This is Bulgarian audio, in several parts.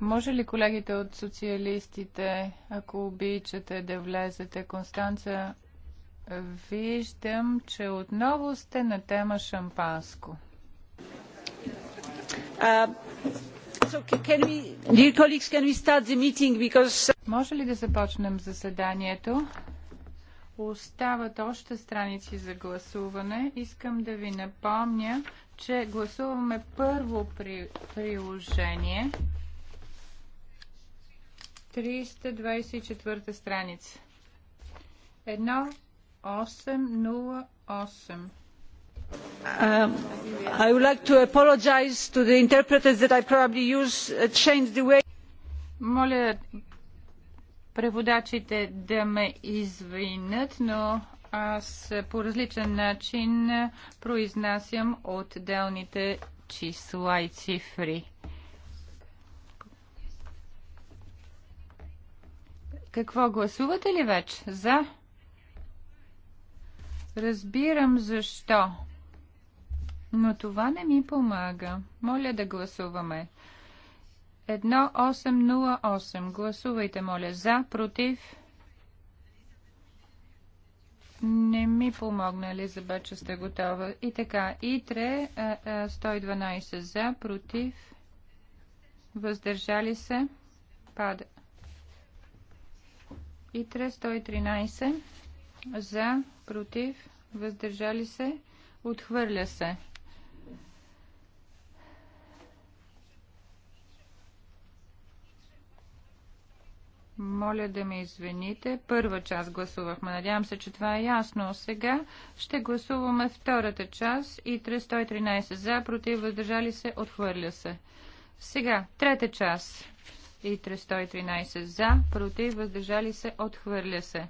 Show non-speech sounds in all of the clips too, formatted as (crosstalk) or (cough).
Може ли колегите от социалистите, ако обичате да влезете, Констанца, виждам, че отново сте на тема шампанско. Uh, uh, Може ли да започнем заседанието? Остават още страници за гласуване. Искам да ви напомня, че гласуваме първо при, приложение 324 страница. 1808. Um, I would like to apologize to the interpreters that I probably use uh, change the way. Моля преводачите да ме извинят, но аз по различен начин произнасям отделните числа и цифри. Какво гласувате ли вече? За? Разбирам защо. Но това не ми помага. Моля да гласуваме. 1808. Гласувайте, моля. За, против, не ми помогна, Елизабет, че сте готова. И така, ИТРЕ 112 е, е, за, против, въздържали се, пада. ИТРЕ 113 за, против, въздържали се, отхвърля се. Моля да ме извините. Първа част гласувахме. Надявам се, че това е ясно. Сега ще гласуваме втората част и 313 за, против, въздържали се, отхвърля се. Сега, трета част и 313 за, против, въздържали се, отхвърля се.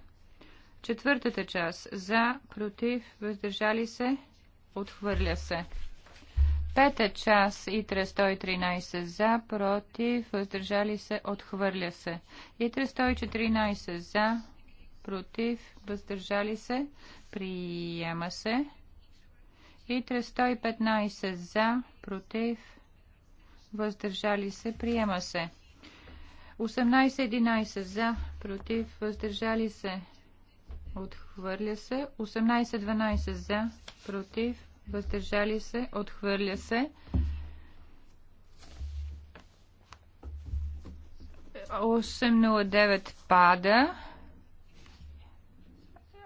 Четвъртата част за, против, въздържали се, отхвърля се. Пета част Итре 113 за, против, въздържали се, отхвърля се. Итре 114 за, против, въздържали се, приема се. Итре 115 за, против, въздържали се, приема се. 18-11 за, против, въздържали се, отхвърля се. 18-12 за, против, въздържали се, отхвърля се. Осем пада.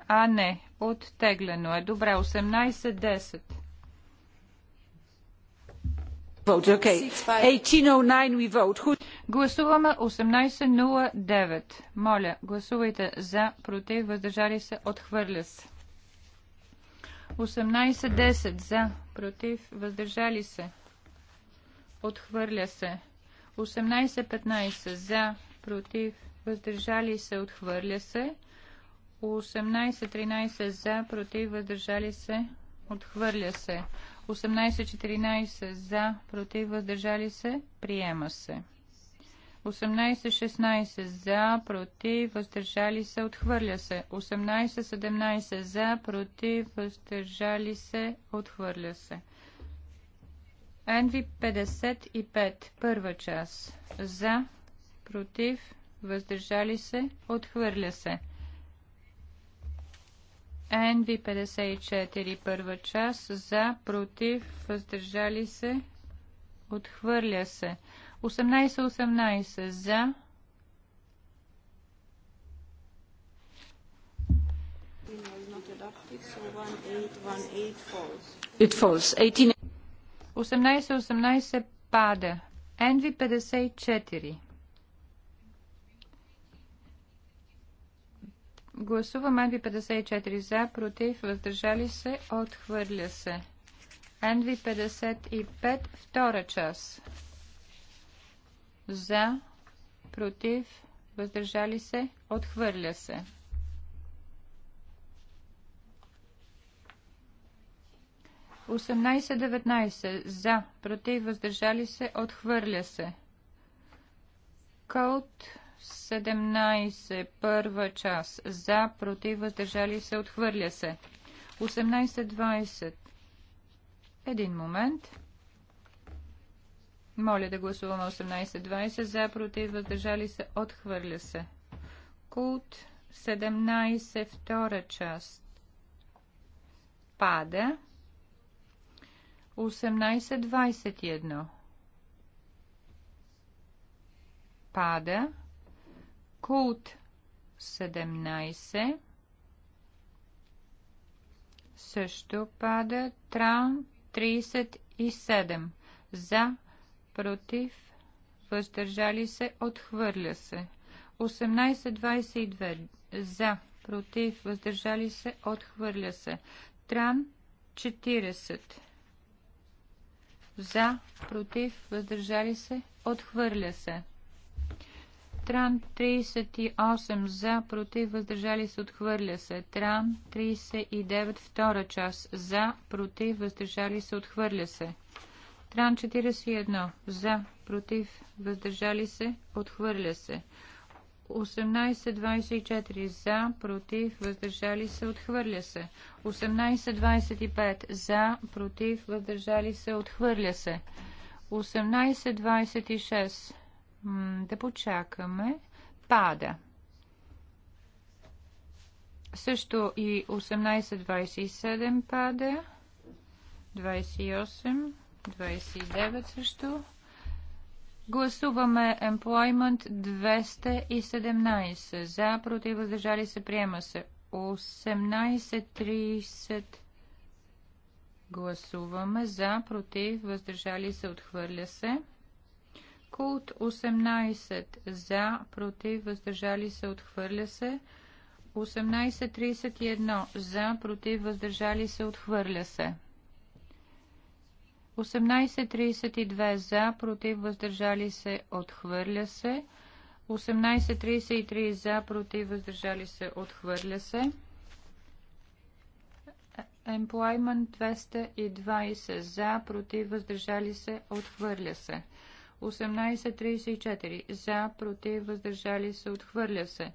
А не, оттеглено е. Добре, 18-10. Гласуваме 1809. Моля, гласувайте за, против, въздържали се, отхвърля се. 18-10 за, против, въздържали се. Отхвърля се. 18-15 за, против, въздържали се, отхвърля се. 18-13 за, против, въздържали се, отхвърля се. 18-14 за, против, въздържали се, приема се. 18-16 за, против, въздържали се, отхвърля се. 18-17 за, против, въздържали се, отхвърля се. Енви 55, първа час. За, против, въздържали се, отхвърля се. Енви 54, първа част. За, против, въздържали се, отхвърля се. 18-18 за. It falls. 18-18 пада. Envy 54. Гласувам Envy 54 за, против, въздържали се, отхвърля се. NV 55, втора част за, против, въздържали се, отхвърля се. 18-19 за, против, въздържали се, отхвърля се. Код 17, първа част, за, против, въздържали се, отхвърля се. 18-20. Един момент. Моля да гласуваме 18-20 за, против, въздържали се, отхвърля се. Култ 17, втора част. Пада. 18-21. Пада. Култ 17. Също пада. Тран 37. За против, въздържали се, отхвърля се. 18.22 за, против, въздържали се, отхвърля се. Тран 40 за, против, въздържали се, отхвърля се. Тран 38 за, против, въздържали се, отхвърля се. Тран 39 втора част за, против, въздържали се, отхвърля се. Тран 41. За. Против. Въздържали се. Отхвърля се. 18.24 за, против, въздържали се, отхвърля се. 18.25 за, против, въздържали се, отхвърля се. 18.26 да почакаме. Пада. Също и 18.27 пада. 28. 29 също. Гласуваме Employment 217. За, против, въздържали се, приема се. 18.30. Гласуваме за, против, въздържали се, отхвърля се. Култ 18. За, против, въздържали се, отхвърля се. 18.31. За, против, въздържали се, отхвърля се. 18.32 за, против, въздържали се, отхвърля се. 18.33 за, против, въздържали се, отхвърля се. Employment 220 за, против, въздържали се, отхвърля се. 18.34 за, против, въздържали се, отхвърля се.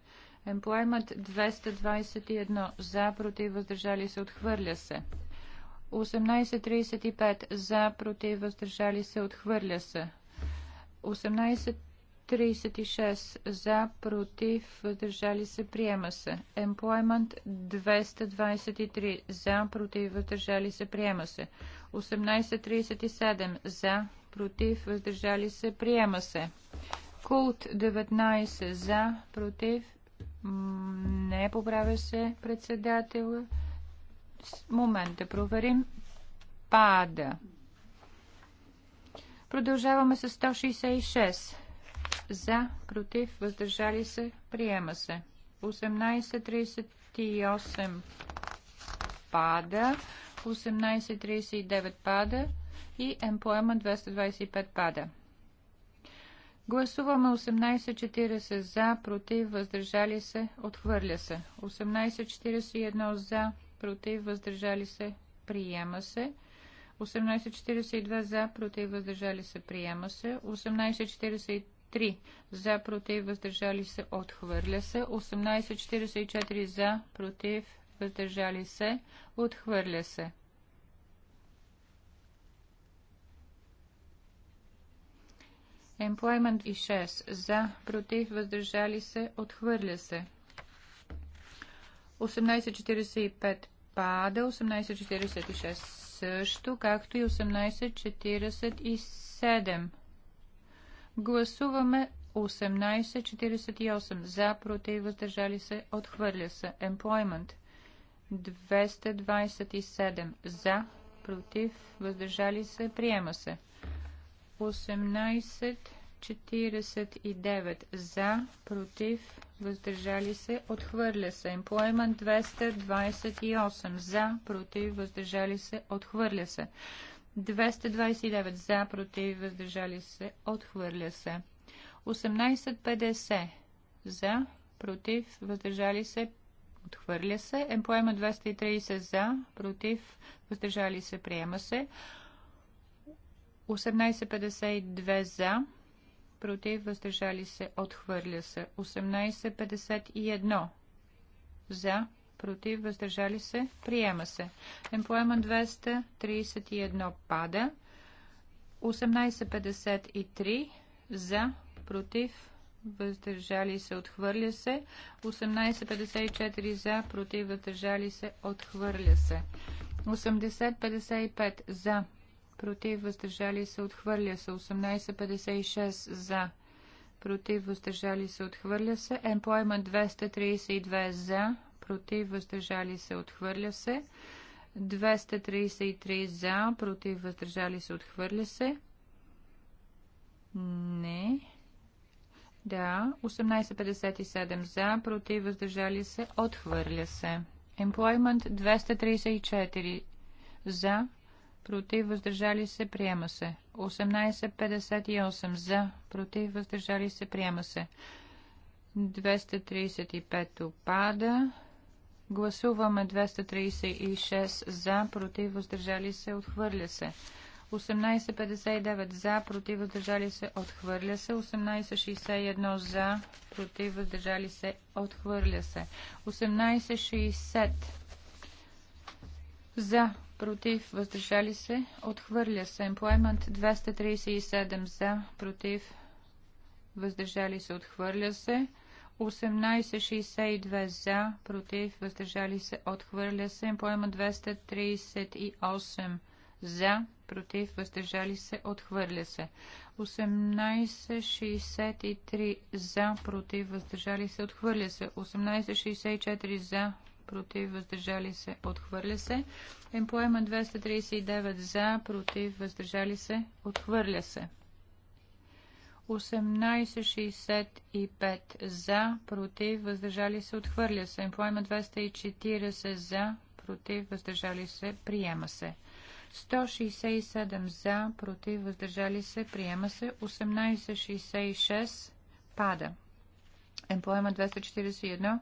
Employment 221 за, против, въздържали се, отхвърля се. 18.35 за, против, въздържали се, отхвърля се. 18.36 за, против, въздържали се, приема се. Employment 223 за, против, въздържали се, приема се. 18.37 за, против, въздържали се, приема се. Култ 19 за, против, не поправя се председателът момент да проверим. Пада. Продължаваме с 166. За, против, въздържали се, приема се. 18.38 пада. 18.39 пада. И МПОМа 225 пада. Гласуваме 18.40 за, против, въздържали се, отхвърля се. 18.41 за, против, въздържали се, приема се. 18.42 за, против, въздържали се, приема се. 18.43 за, против, въздържали се, отхвърля се. 18.44 за, против, въздържали се, отхвърля се. Employment и 6 за, против, въздържали се, отхвърля се. 18.45 пада, 18.46 също, както и 18.47. Гласуваме 18.48. За, против, въздържали се, отхвърля се. Employment. 227. За, против, въздържали се, приема се. 18. 49 за, против, въздържали се, отхвърля се. Employment 228 за, против, въздържали се, отхвърля се. 229 за, против, въздържали се, отхвърля се. 1850 за, против, въздържали се, отхвърля се. Employment 230 за, против, въздържали се, приема се. 1852 за, против, въздържали се, отхвърля се. 18.51 за, против, въздържали се, приема се. Емплоема 231 пада. 18.53 за, против, въздържали се, отхвърля се. 18.54 за, против, въздържали се, отхвърля се. 80.55 за, против, въздържали се, отхвърля се. 1856 за, против, въздържали се, отхвърля се. Employment 232 за, против, въздържали се, отхвърля се. 233 за, против, въздържали се, отхвърля се. Не. Да, 1857 за, против, въздържали се, отхвърля се. Employment 234 за, против, въздържали се, приема се. 1858 за, против, въздържали се, приема се. 235 опада. Гласуваме 236 за, против, въздържали се, отхвърля се. 1859 за, против, въздържали се, отхвърля се. 1861 за, против, въздържали се, отхвърля се. 1860 за, против, въздържали се, отхвърля се. Employment 237 за, против, въздържали се, отхвърля се. 1862 за, против, въздържали се, отхвърля се. Employment 238 за, против, въздържали се, отхвърля се. 1863 за, против, въздържали се, отхвърля се. 1864 за, против, въздържали се, отхвърля се. Емплоема 239 за, против, въздържали се, отхвърля се. 1865 за, против, въздържали се, отхвърля се. Емплоема 240 за, против, въздържали се, приема се. 167 за, против, въздържали се, приема се. 1866 пада. Емплоема 241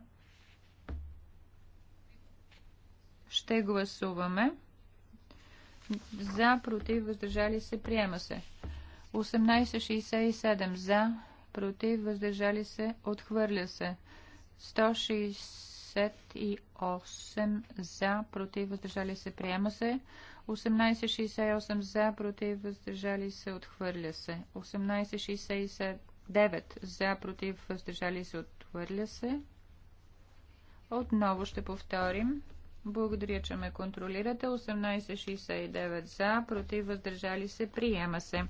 ще гласуваме. За, против, въздържали се, приема се. 1867 за, против, въздържали се, отхвърля се. 168 за, против, въздържали се, приема се. 1868 за, против, въздържали се, отхвърля се. 1869 за, против, въздържали се, отхвърля се. Отново ще повторим. Благодаря, че ме контролирате. 1869 за, против въздържали се, приема се.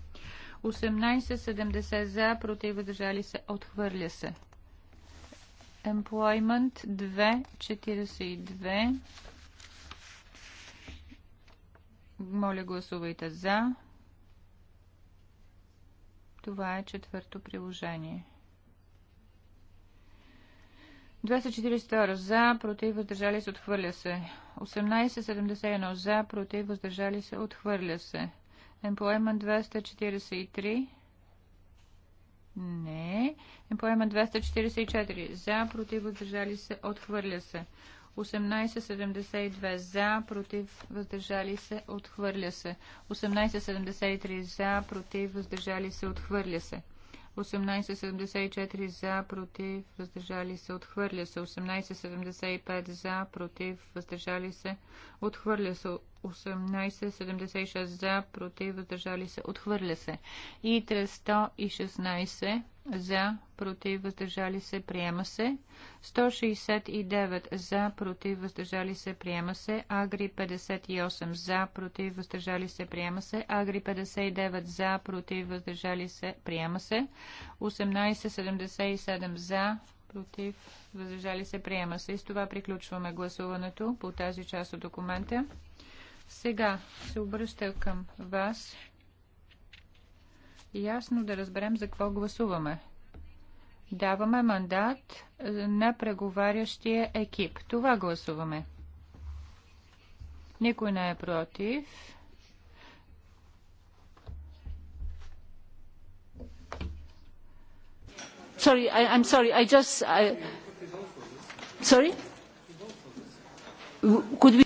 1870 за, против въздържали се, отхвърля се. Employment 242. Моля, гласувайте за. Това е четвърто приложение. 242 за, против, въздържали се, отхвърля се. 1871 за, против, въздържали се, отхвърля се. Employment 243. Не. Employment 244 за, против, въздържали се, отхвърля се. 1872 за, против, въздържали се, отхвърля се. 1873 за, против, въздържали се, отхвърля се. 1874 за, против, въздържали се, отхвърля се. 1875 за, против, въздържали се, отхвърля се. 1876 за, против, въздържали се, отхвърля се. И 316 за, против, въздържали се, приема се. 169 за, против, въздържали се, приема се. Агри 58 за, против, въздържали се, приема се. Агри 59 за, против, въздържали се, приема се. 1877 за, против, въздържали се, приема се. И с това приключваме гласуването по тази част от документа. Сега се обръща към вас. Ясно да разберем за какво гласуваме. Даваме мандат на преговарящия екип. Това гласуваме. Никой не е против. Sorry, I, I'm sorry. I just. I... Sorry? Could we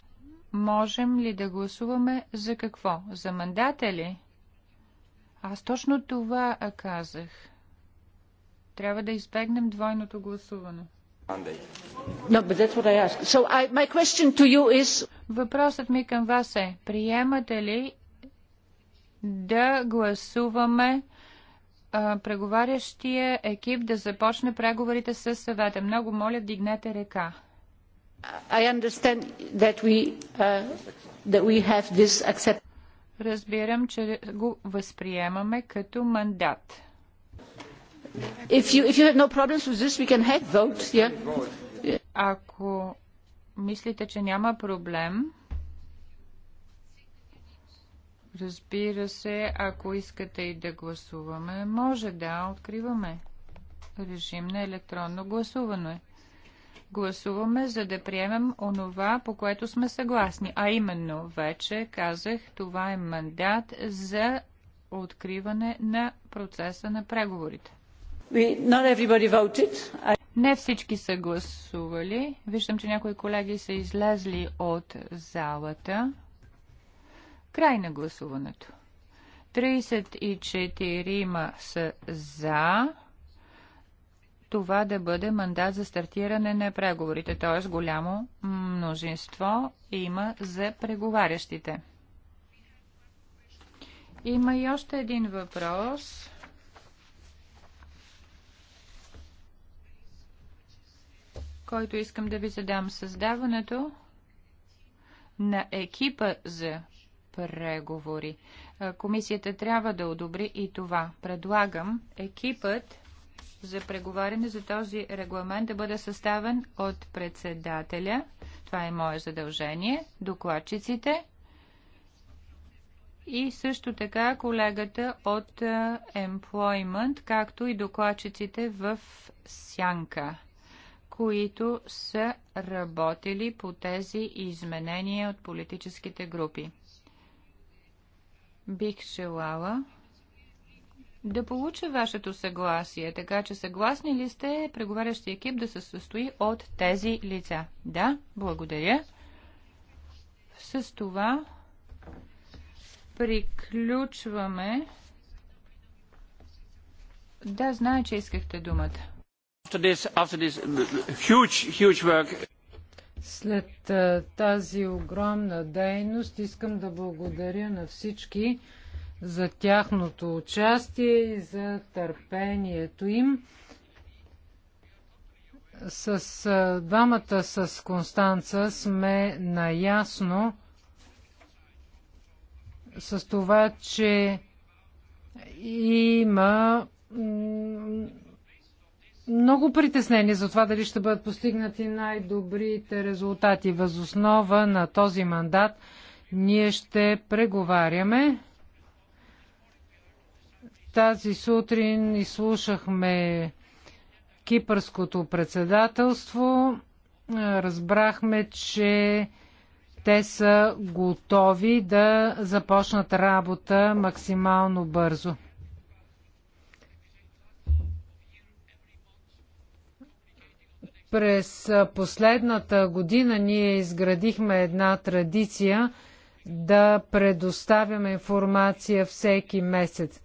можем ли да гласуваме за какво? За мандата ли? Аз точно това казах. Трябва да избегнем двойното гласуване. No, so I, is... Въпросът ми към вас е, приемате ли да гласуваме а, преговарящия екип да започне преговорите с съвета? Много моля, вдигнете ръка. I understand that we, uh, that we have this accept... Разбирам, че го възприемаме като мандат. If you, if you have no problems with this, we can have vote. yeah. Ако мислите, че няма проблем, разбира се, ако искате и да гласуваме, може да, откриваме. Режим на електронно гласуване гласуваме, за да приемем онова, по което сме съгласни. А именно, вече казах, това е мандат за откриване на процеса на преговорите. Не всички са гласували. Виждам, че някои колеги са излезли от залата. Край на гласуването. 34 са за това да бъде мандат за стартиране на преговорите, т.е. голямо мнозинство има за преговарящите. Има и още един въпрос. който искам да ви задам. Създаването на екипа за преговори. Комисията трябва да одобри и това. Предлагам екипът за преговаряне за този регламент да бъде съставен от председателя. Това е мое задължение, докладчиците и също така колегата от Employment, както и докладчиците в Сянка, които са работили по тези изменения от политическите групи. Бих желала да получа вашето съгласие. Така че съгласни ли сте преговарящия екип да се състои от тези лица? Да, благодаря. С това приключваме. Да, знае, че искахте думата. След тази огромна дейност искам да благодаря на всички, за тяхното участие и за търпението им. С двамата с Констанца сме наясно с това, че има много притеснение за това дали ще бъдат постигнати най-добрите резултати. Възоснова на този мандат ние ще преговаряме тази сутрин изслушахме кипърското председателство. Разбрахме, че те са готови да започнат работа максимално бързо. През последната година ние изградихме една традиция да предоставяме информация всеки месец.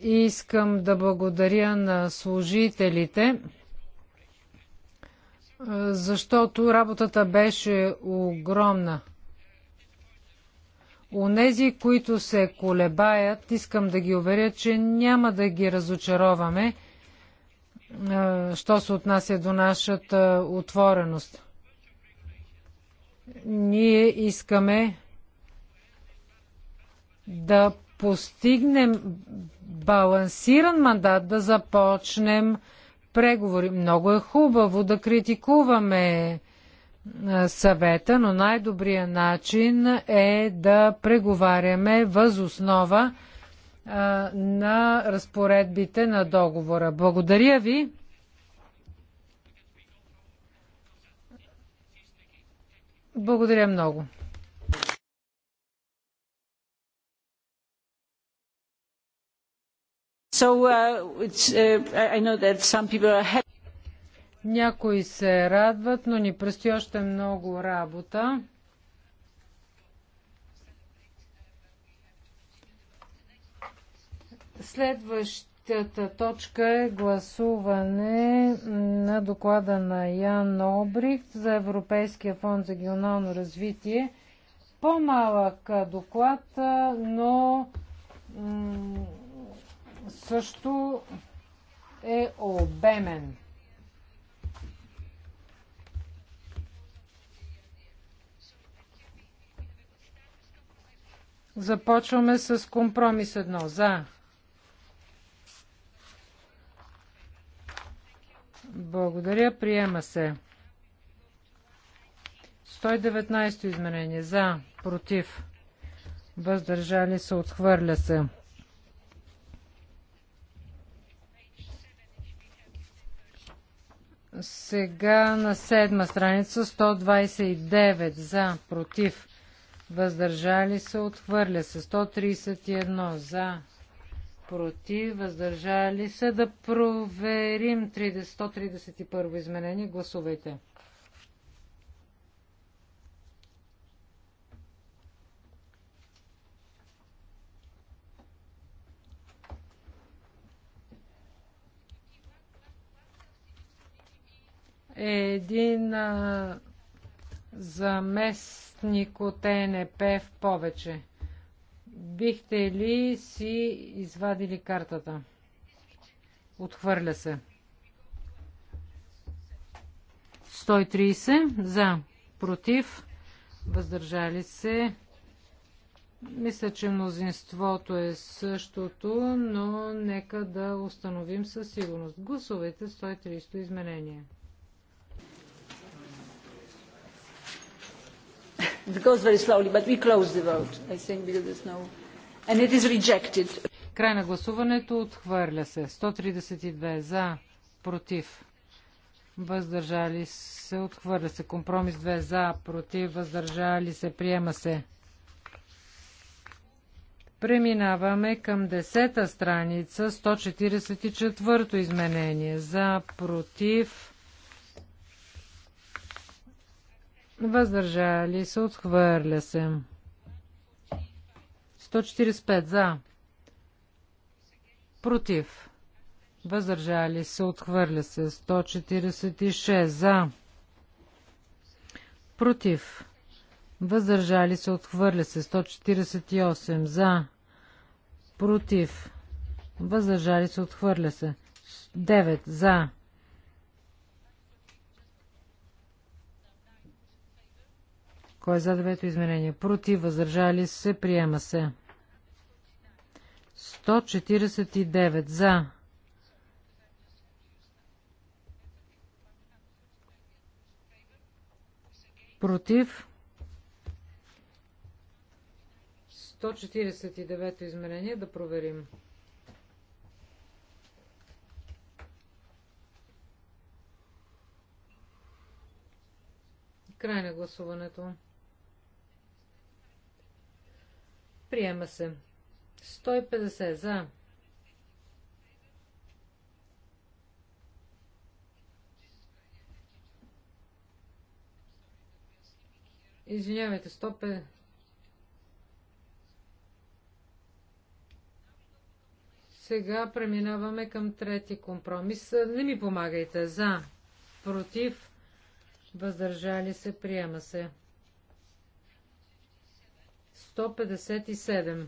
Искам да благодаря на служителите, защото работата беше огромна. Онези, които се колебаят, искам да ги уверя, че няма да ги разочароваме, що се отнася до нашата отвореност. Ние искаме да постигнем балансиран мандат да започнем преговори. Много е хубаво да критикуваме съвета, но най-добрият начин е да преговаряме въз основа на разпоредбите на договора. Благодаря ви. Благодаря много. Uh, uh, Някои се радват, но ни предстои още много работа. Следващата точка е гласуване на доклада на Ян Обрихт за Европейския фонд за регионално развитие. По-малък доклад, но също е обемен. Започваме с компромис едно. За. Благодаря. Приема се. 119 изменение. За. Против. Въздържали се. Отхвърля се. Сега на седма страница 129 за, против, въздържали се, отхвърля се. 131 за, против, въздържали се. Да проверим 30, 131 изменение. Гласувайте. Е един а, заместник от ЕНП в повече. Бихте ли си извадили картата? Отхвърля се. 130 за, против, въздържали се. Мисля, че мнозинството е същото, но нека да установим със сигурност. Гласувайте 130 изменение. It goes very slowly, but we close the vote, I think, because there's no... And it is rejected. Край на гласуването отхвърля се. 132 за, против, въздържали се, отхвърля се. Компромис 2 за, против, въздържали се, приема се. Преминаваме към 10-та страница, 144-то изменение. За, против, Въздържали се. Отхвърля се. 145 за. Против. Въздържали се. Отхвърля се. 146 за. Против. Въздържали се. Отхвърля се. 148 за. Против. Въздържали се. Отхвърля се. 9 за. Кой е за девето изменение? Против, въздържали се, приема се. 149 за. Против. 149 измерение да проверим. Край на гласуването. Приема се. 150 за. Извинявайте, 150. Сега преминаваме към трети компромис. Не ми помагайте. За, против, въздържали се, приема се. 157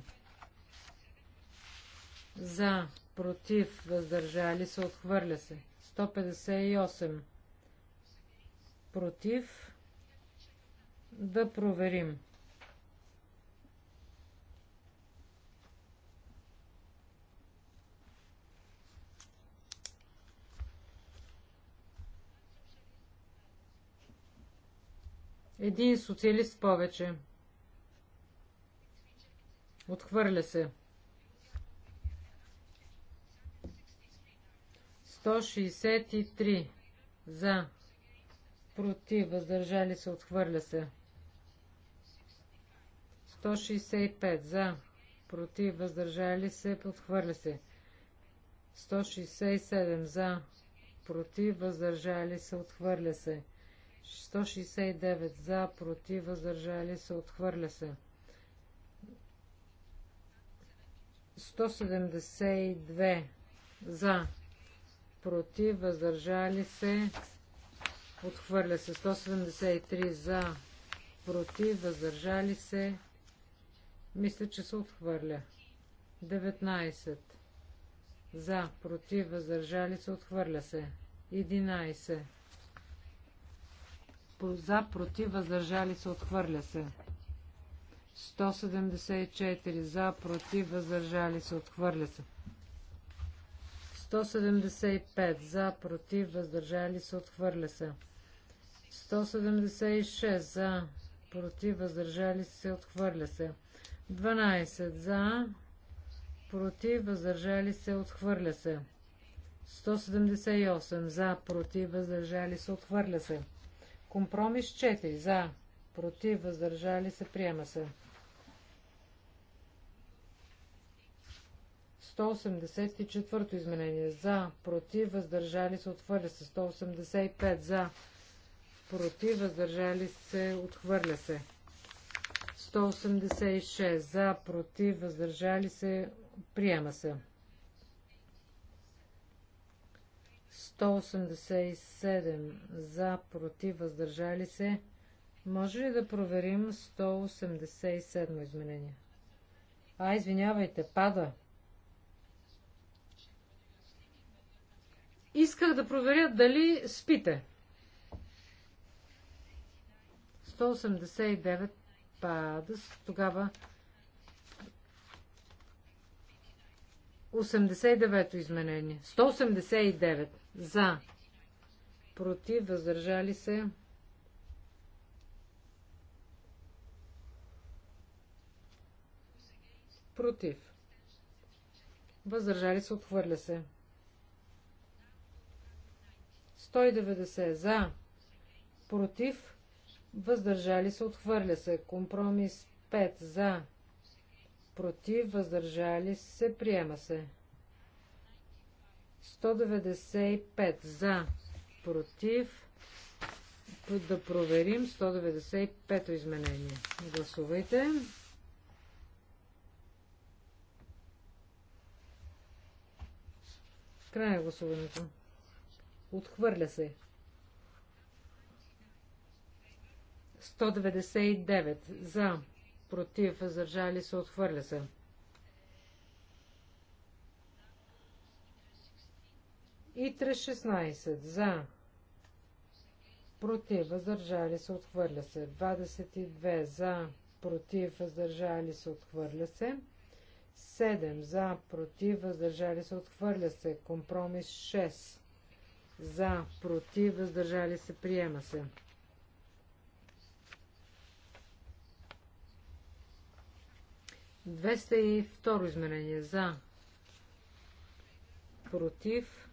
за, против, въздържали се, отхвърля се. 158 против, да проверим. Един социалист повече. Отхвърля се. 163 за. Против. Въздържали се. Отхвърля се. 165 за. Против. Въздържали се. Отхвърля се. 167 за. Против. Въздържали се. Отхвърля се. 169 за. Против. Въздържали се. Отхвърля се. 172 за, против, въздържали се, отхвърля се. 173 за, против, въздържали се, мисля, че се отхвърля. 19 за, против, въздържали се, отхвърля се. 11 за, против, въздържали се, отхвърля се. 174 за, против, въздържали се, отхвърля се. 175 за, против, въздържали се, отхвърля се. 176 за, против, въздържали се, отхвърля се. 12 за, против, въздържали се, отхвърля се. 178 за, против, въздържали се, отхвърля се. Компромис 4 за, против, въздържали се, приема се. 184 изменение за, против, въздържали се, отхвърля се. 185 за, против, въздържали се, отхвърля се. 186 за, против, въздържали се, приема се. 187 за, против, въздържали се. Може ли да проверим 187 изменение? А, извинявайте, пада. Исках да проверя дали спите. 189 пада. Тогава 89-то изменение. 189 за. Против, въздържали се. Против. Въздържали се, отхвърля се. 190 за, против, въздържали се, отхвърля се. Компромис 5 за, против, въздържали се, приема се. 195 за, против, да проверим 195-то изменение. Гласувайте. Край на гласуването. Отхвърля се. 199 за, против, въздържали се, отхвърля се. 3.16 за, против, въздържали се, отхвърля се. 22 за, против, въздържали се, отхвърля се. 7 за, против, въздържали се, отхвърля се. Компромис 6 за, против, въздържали се, приема се. Двеста и второ изменение за, против,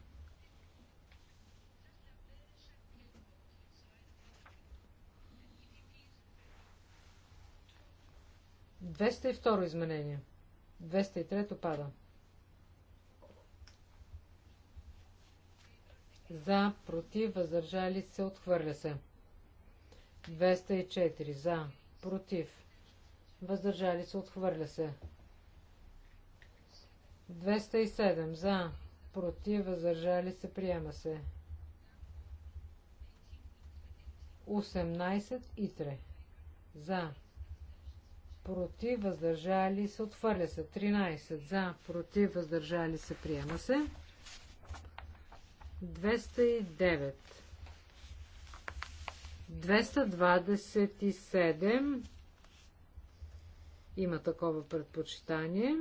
Двеста и второ изменение. Двеста и трето пада. за, против, въздържали се, отхвърля се. 204 за, против, въздържали се, отхвърля се. 207 за, против, въздържали се, приема се. 18 и 3 за, против, въздържали се, отхвърля се. 13 за, против, въздържали се, приема се. 209. 227. Има такова предпочитание.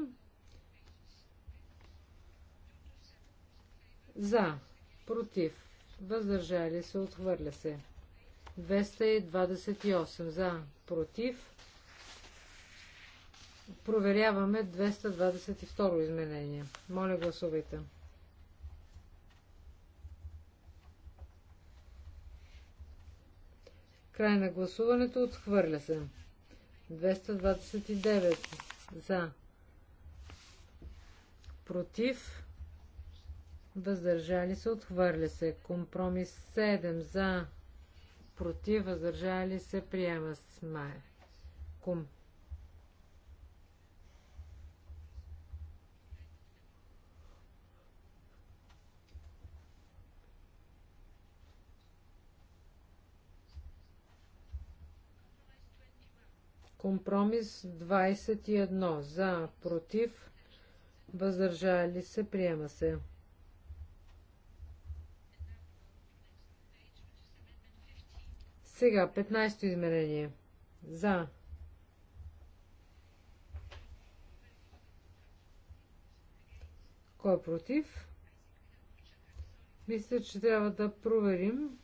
За. Против. Въздържали се. Отхвърля се. 228. За. Против. Проверяваме 222 изменение. Моля гласувайте. 228. Край на гласуването. Отхвърля се. 229 за. Против. Въздържали се. Отхвърля се. Компромис 7 за. Против. Въздържали се. Приема с Мая. Компромис Компромис 21. За, против, въздържали се, приема се. Сега, 15-то измерение. За. Кой е против? Мисля, че трябва да проверим.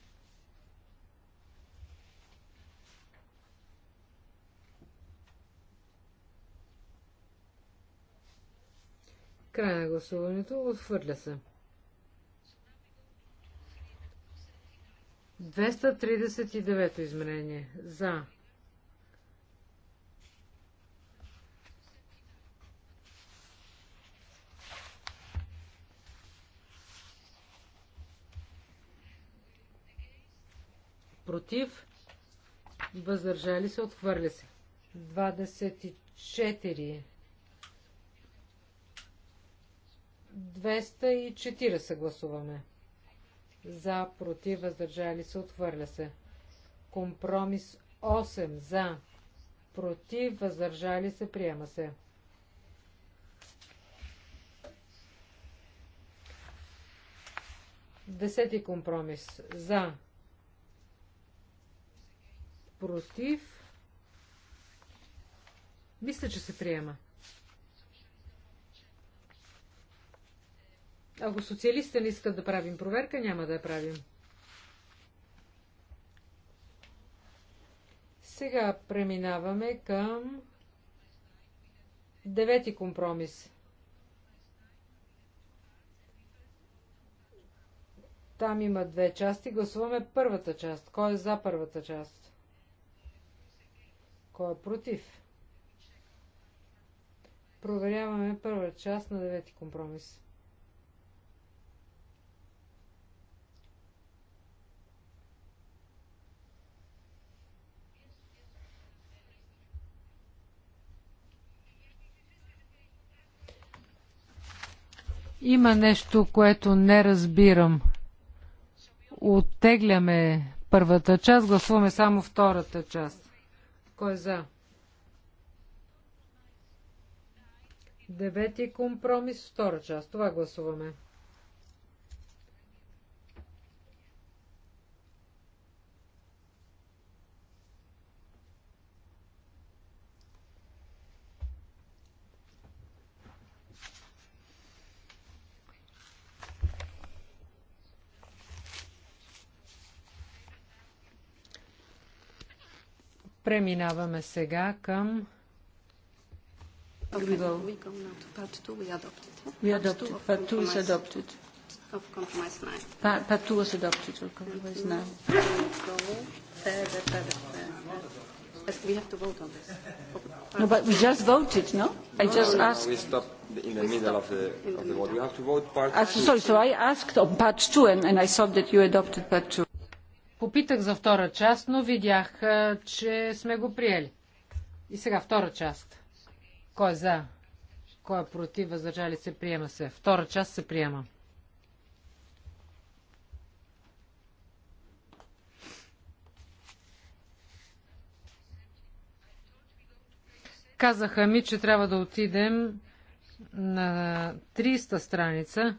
Край на гласуването. Отхвърля се. 239 изменение. За. Против. Въздържали се. Отхвърля се. 24 240 гласуваме. За, против, въздържали се, отхвърля се. Компромис 8 за, против, въздържали се, приема се. Десети компромис за, против, мисля, че се приема. Ако социалистите не искат да правим проверка, няма да я правим. Сега преминаваме към девети компромис. Там има две части. Гласуваме първата част. Кой е за първата част? Кой е против? Проверяваме първа част на девети компромис. Има нещо, което не разбирам. Оттегляме първата част, гласуваме само втората част. Кой е за? Девети компромис, втора част. Това гласуваме. Преминаваме сега към We We go now to part two. We adopted. Part two is adopted. part two adopted. No, but we just voted, no? I just no, asked. No, we stopped in the middle of the, of the vote. We have to vote part. Uh, sorry, so I asked on part two, and, and I saw that you adopted part two. Попитах за втора част, но видях, че сме го приели. И сега втора част. Кой е за? Кой е против? Въздържали се? Приема се. Втора част се приема. Казаха ми, че трябва да отидем на 300 страница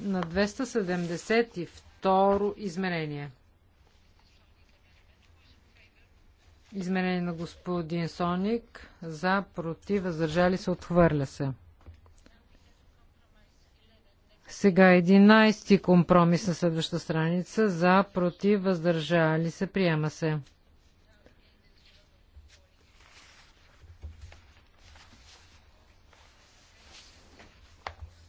на 272 второ изменение. Изменение на господин Соник. За, против, въздържали се, отхвърля се. Сега 11 компромис на следващата страница. За, против, въздържали се, приема се.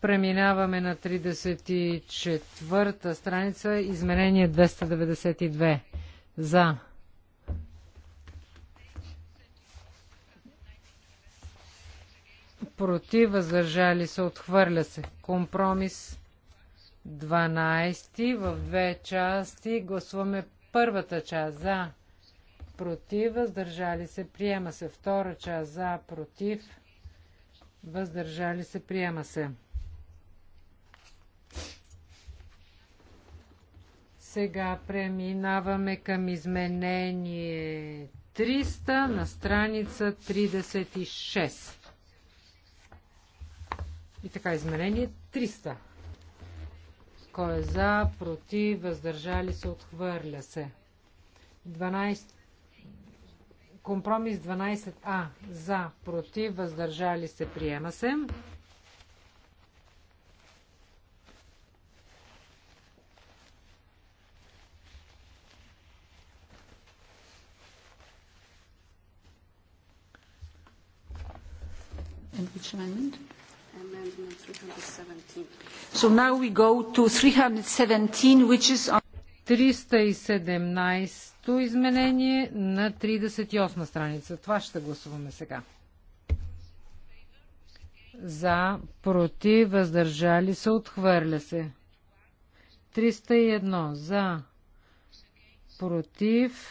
Преминаваме на 34-та страница, изменение 292. За. Против, въздържали се, отхвърля се. Компромис 12 в две части. Гласуваме първата част за, против, въздържали се, приема се. Втора част за, против, въздържали се, приема се. Сега преминаваме към изменение 300 на страница 36. И така, изменение 300. Кой е за, против, въздържали се, отхвърля се. 12... Компромис 12А. За, против, въздържали се, приема се. And which amendment? Amendment 317. So now we go to 317, which is on... 317-то изменение на 38 страница. Това ще гласуваме сега. За, против, въздържали се, отхвърля се. 301 за, против.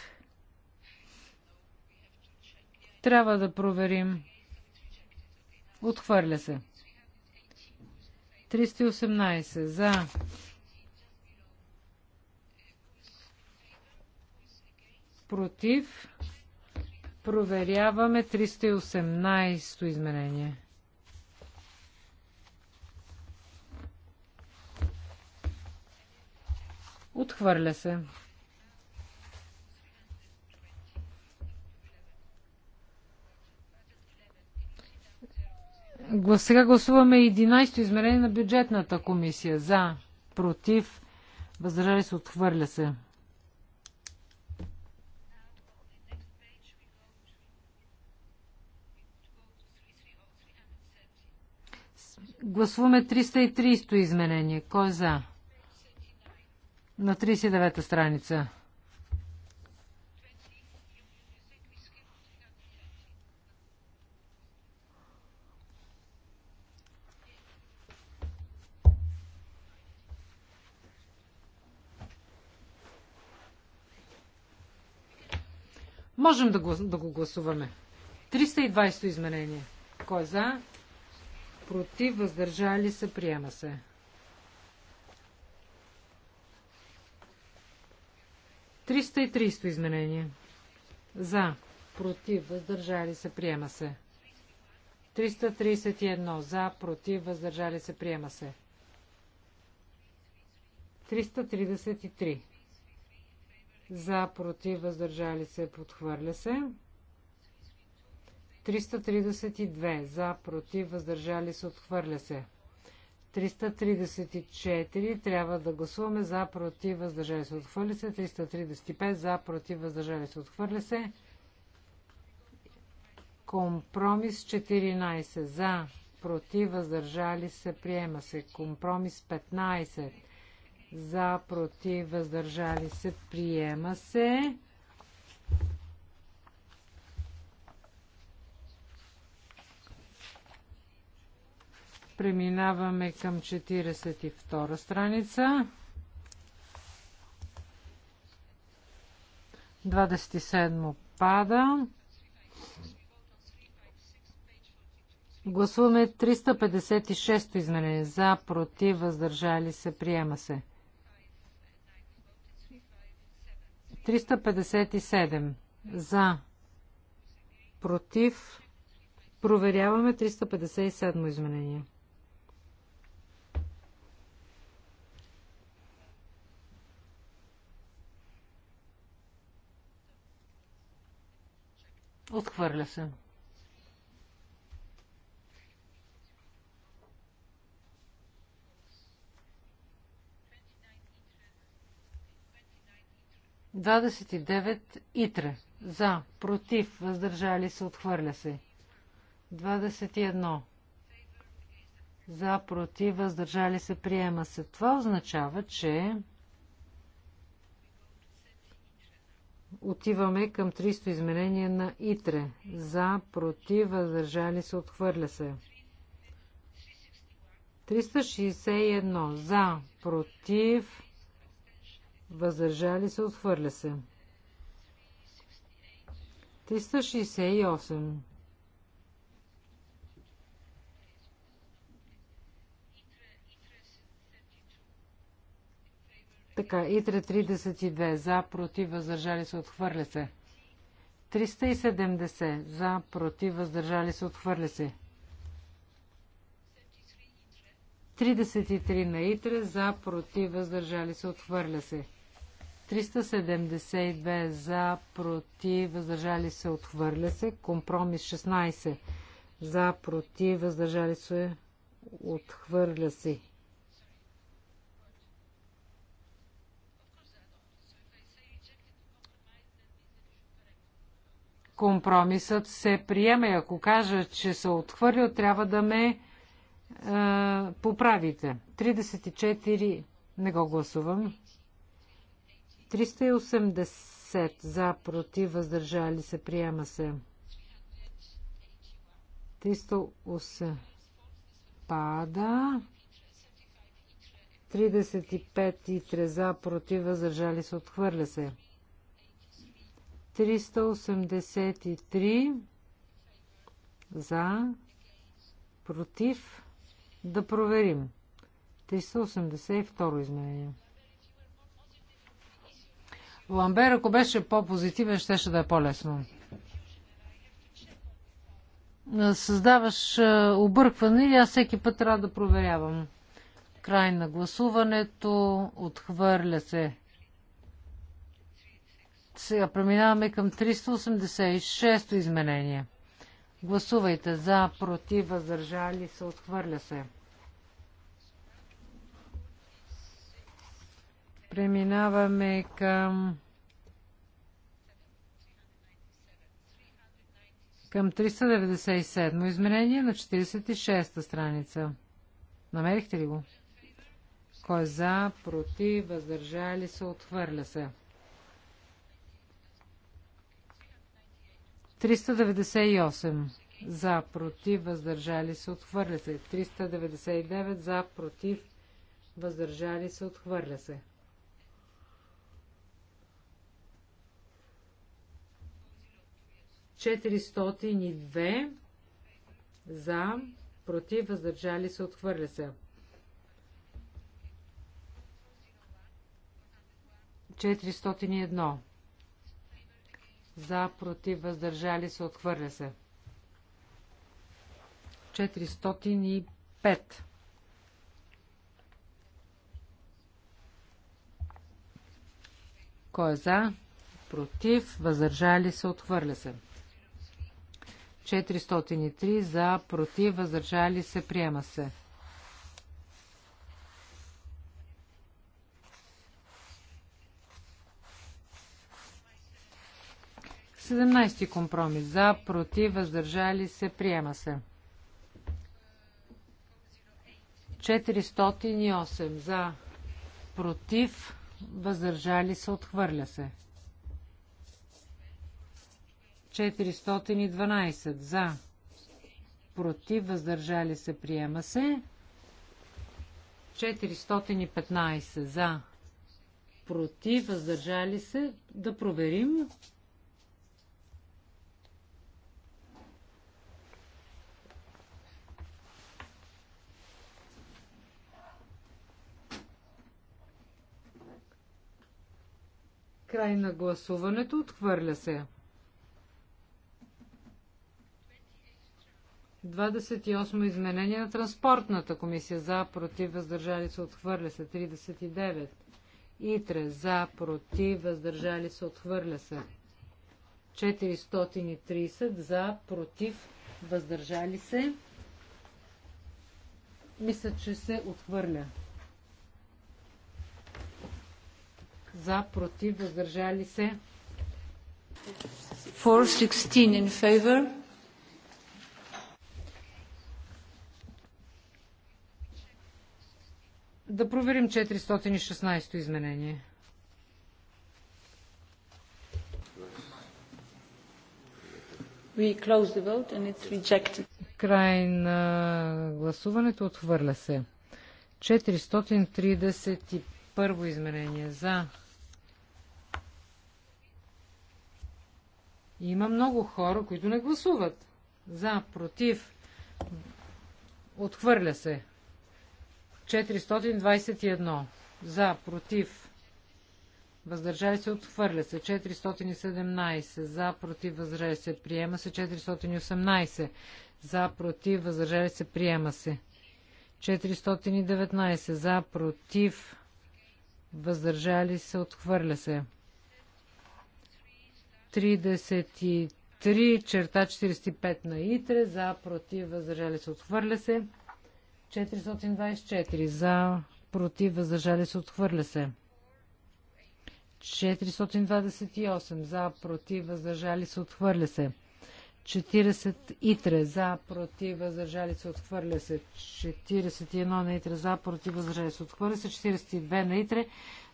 Трябва да проверим. Отхвърля се. 318 за. Против. Проверяваме 318 изменение. Отхвърля се. Сега гласуваме 11-то измерение на бюджетната комисия. За, против, въздържали се, отхвърля се. Гласуваме 330 изменение. Кой е за? На 39-та страница. Можем да го, да го гласуваме. 320 изменение. Кой е за? Против, въздържали се, приема се. Триста и триста изменение. За. Против, въздържали се, приема се. 331. За, против, въздържали се, приема се. 333 за, против, въздържали се, подхвърля се. 332 за, против, въздържали се, отхвърля се. 334 трябва да гласуваме за, против, въздържали се, отхвърля се. 335 за, против, въздържали се, отхвърля се. Компромис 14 за, против, въздържали се, приема се. Компромис 15 за, против, въздържали се, приема се. Преминаваме към 42 страница. 27 пада. Гласуваме 356 изменение. За, против, въздържали се, приема се. 357 за, против, проверяваме 357 изменение. Отхвърля се. 29 итре. За, против, въздържали се, отхвърля се. 21. За, против, въздържали се, приема се. Това означава, че отиваме към 300 изменение на ИТРЕ. За, против, въздържали се, отхвърля се. 361. За, против, въздържали се, отхвърля се. 368 Така, ИТРЕ 32 за, против, въздържали се, отхвърля се. 370 за, против, въздържали се, отхвърля се. 33 на ИТРЕ за, против, въздържали се, отхвърля се. 372 за, против, въздържали се, отхвърля се. Компромис 16 за, против, въздържали се, отхвърля се. Компромисът се приема и ако кажа, че се отхвърлил, трябва да ме е, поправите. 34 не го гласувам. 380 за, против, въздържали се, приема се. 308 пада. 35 и 3 за, против, въздържали се, отхвърля се. 383 за, против, да проверим. 382 изменение. Ламбер, ако беше по-позитивен, щеше да е по-лесно. Създаваш объркване и аз всеки път трябва да проверявам. Край на гласуването. Отхвърля се. Сега преминаваме към 386-то изменение. Гласувайте за, против, въздържали се, отхвърля се. Преминаваме към Към 397 изменение на 46-та страница. Намерихте ли го? Кой е за, против, въздържали се, отхвърля се. 398 за, против, въздържали се, отхвърля се. 399 за, против, въздържали се, отхвърля се. 402 за, против, въздържали се, отхвърля се. 401 за, против, въздържали се, отхвърля се. 405 Кой е за? Против, въздържали се, отхвърля се. 406 403 за, против, въздържали се, приема се. Седемнайсти компромис. За, против, въздържали се, приема се. 408 за, против, въздържали се, отхвърля се. 409 412 за, против, въздържали се, приема се. 415 за, против, въздържали се. Да проверим. Край на гласуването отхвърля се. 28 изменение на транспортната комисия за, против, въздържали се, отхвърля се. 39. Итре за, против, въздържали се, отхвърля се. 430 за, против, въздържали се. Мисля, че се отхвърля. За, против, въздържали се. 416 in favor. Да проверим 416 то изменение. We close the vote and it's rejected. Край на гласуването отхвърля се. 431 изменение за. Има много хора, които не гласуват. За, против. Отхвърля се. 421 за, против, въздържали се, отхвърля се. 417 за, против, въздържали се, приема се. 418 за, против, въздържали се, приема се. 419 за, против, въздържали се, отхвърля се. 33 черта 45 на ИТРЕ за, против, въздържали се, отхвърля се. 424 за, против, въздържали се, отхвърля се. 428 за, против, въздържали се, отхвърля се. 40 итре за, против, въздържали се, отхвърля се. 41 на итре за, против, въздържали се, отхвърля се. 42 на итре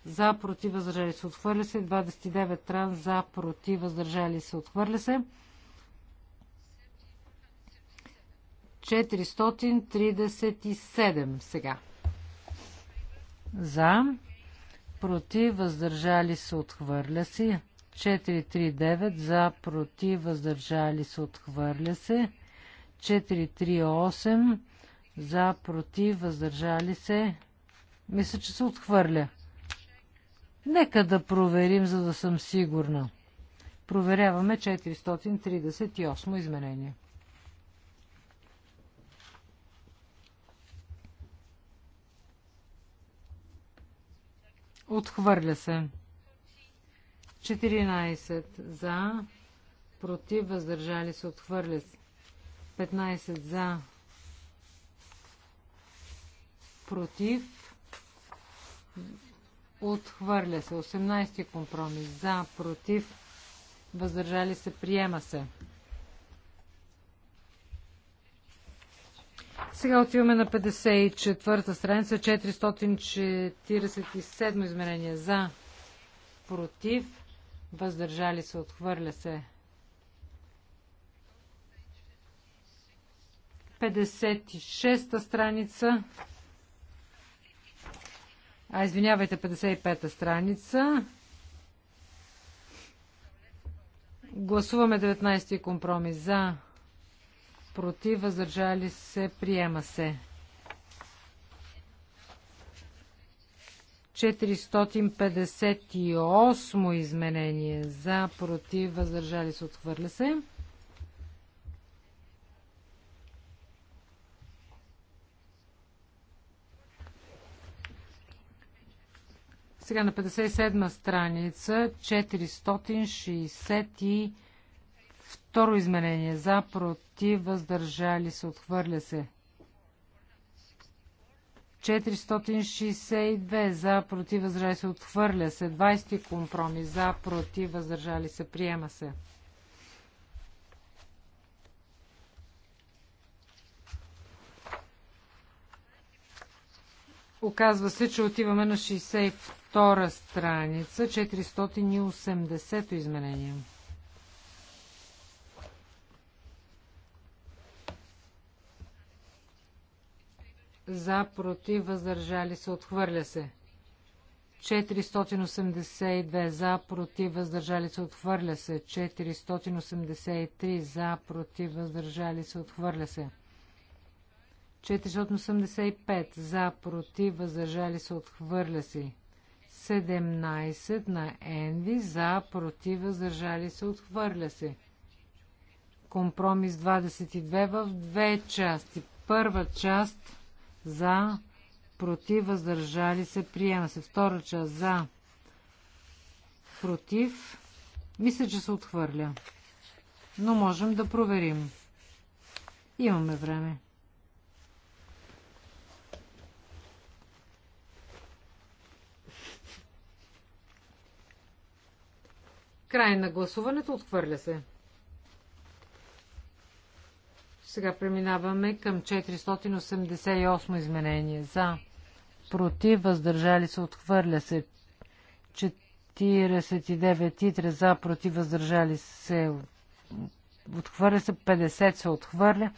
за, против, въздържали се, отхвърля се. 29 тран за, против, въздържали се, отхвърля се. 437 сега. За. Против. Въздържали се. Отхвърля се. 439 за. Против. Въздържали се. Отхвърля се. 438 за. Против. Въздържали се. Мисля, че се отхвърля. Нека да проверим, за да съм сигурна. Проверяваме 438 изменение. Отхвърля се. 14 за, против, въздържали се, отхвърля се. 15 за, против, отхвърля се. 18 компромис за, против, въздържали се, приема се. Сега отиваме на 54-та страница, 447 измерение за, против, въздържали се, отхвърля се. 56-та страница. А, извинявайте, 55-та страница. Гласуваме 19-ти компромис за против, въздържали се, приема се. 458 изменение за, против, въздържали се, отхвърля се. Сега на 57 страница 460 и. Второ изменение. За, против, въздържали се, отхвърля се. 462 за, против, въздържали се, отхвърля се. 20 компромис за, против, въздържали се, приема се. Оказва се, че отиваме на 62 страница, 480 изменение. за, против, въздържали се, отхвърля се. 482 за, против, въздържали се, отхвърля се. 483 за, против, въздържали се, отхвърля се. 485 за, против, въздържали се, отхвърля се. 17 на Енви за, против, въздържали се, отхвърля се. Компромис 22 в две части. Първа част за, против, въздържали се, приема се. Втора част за, против, мисля, че се отхвърля. Но можем да проверим. Имаме време. Край на гласуването отхвърля се. Сега преминаваме към 488 изменение. За, против, въздържали се, отхвърля се. 49 титра за, против, въздържали се, отхвърля се. 50 се отхвърля.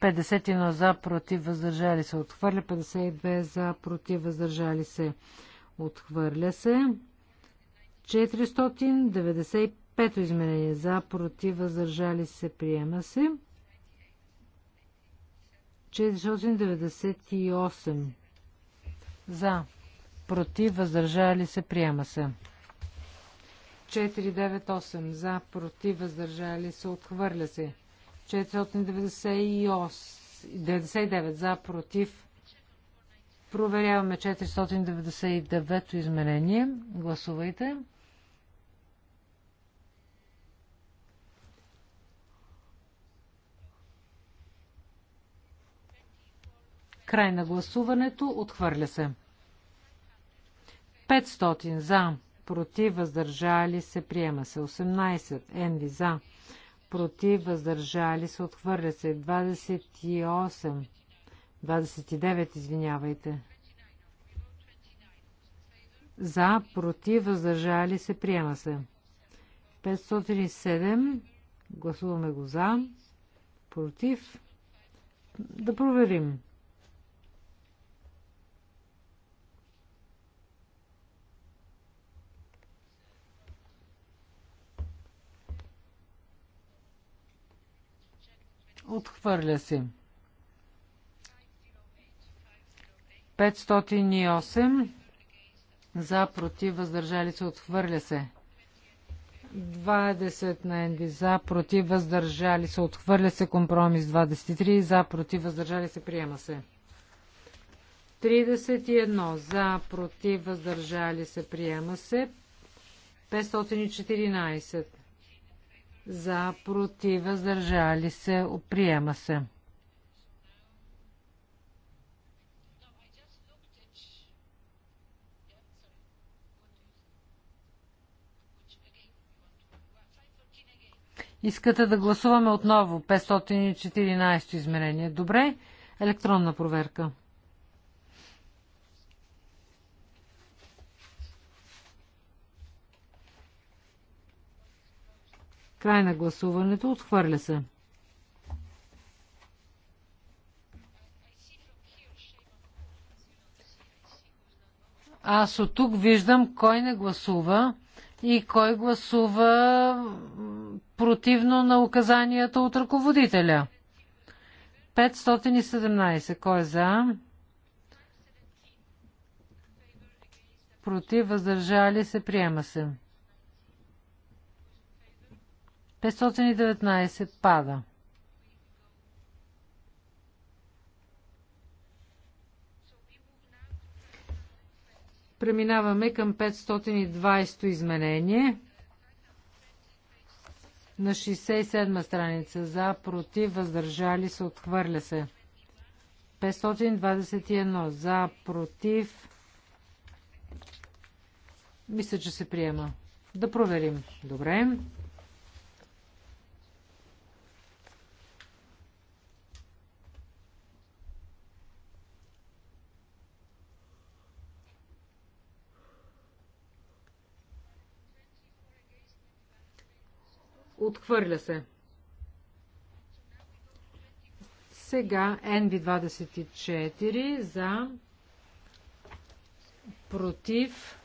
51 за, против, въздържали се, отхвърля. 52 за, против, въздържали се, отхвърля се. 495 изменение за, против, въздържали се, приема се. 498 за, против, въздържали се, приема се. 498 за, против, въздържали се, отхвърля се. 499 за, против. Проверяваме 499 изменение. Гласувайте. Край на гласуването. Отхвърля се. 500 за. Против. Въздържали се. Приема се. 18. Енви за. Против. Въздържали се. Отхвърля се. 28. 29. Извинявайте. За. Против. Въздържали се. Приема се. 507. Гласуваме го за. Против. Да проверим. Отхвърля се. 508 за, против, въздържали се, отхвърля се. 20 на Енви за, против, въздържали се, отхвърля се, компромис 23 за, против, въздържали се, приема се. 31 за, против, въздържали се, приема се. 514 за, против, въздържали се, приема се. Искате да гласуваме отново 514 измерение. Добре, електронна проверка. Край на гласуването. Отхвърля се. Аз от тук виждам кой не гласува и кой гласува противно на указанията от ръководителя. 517. Кой е за? Против, въздържали се, приема се. 519 пада. Преминаваме към 520 изменение. На 67 страница за, против, въздържали се, отхвърля се. 521 за, против. Мисля, че се приема. Да проверим. Добре. Отхвърля се. Сега NV24 за против.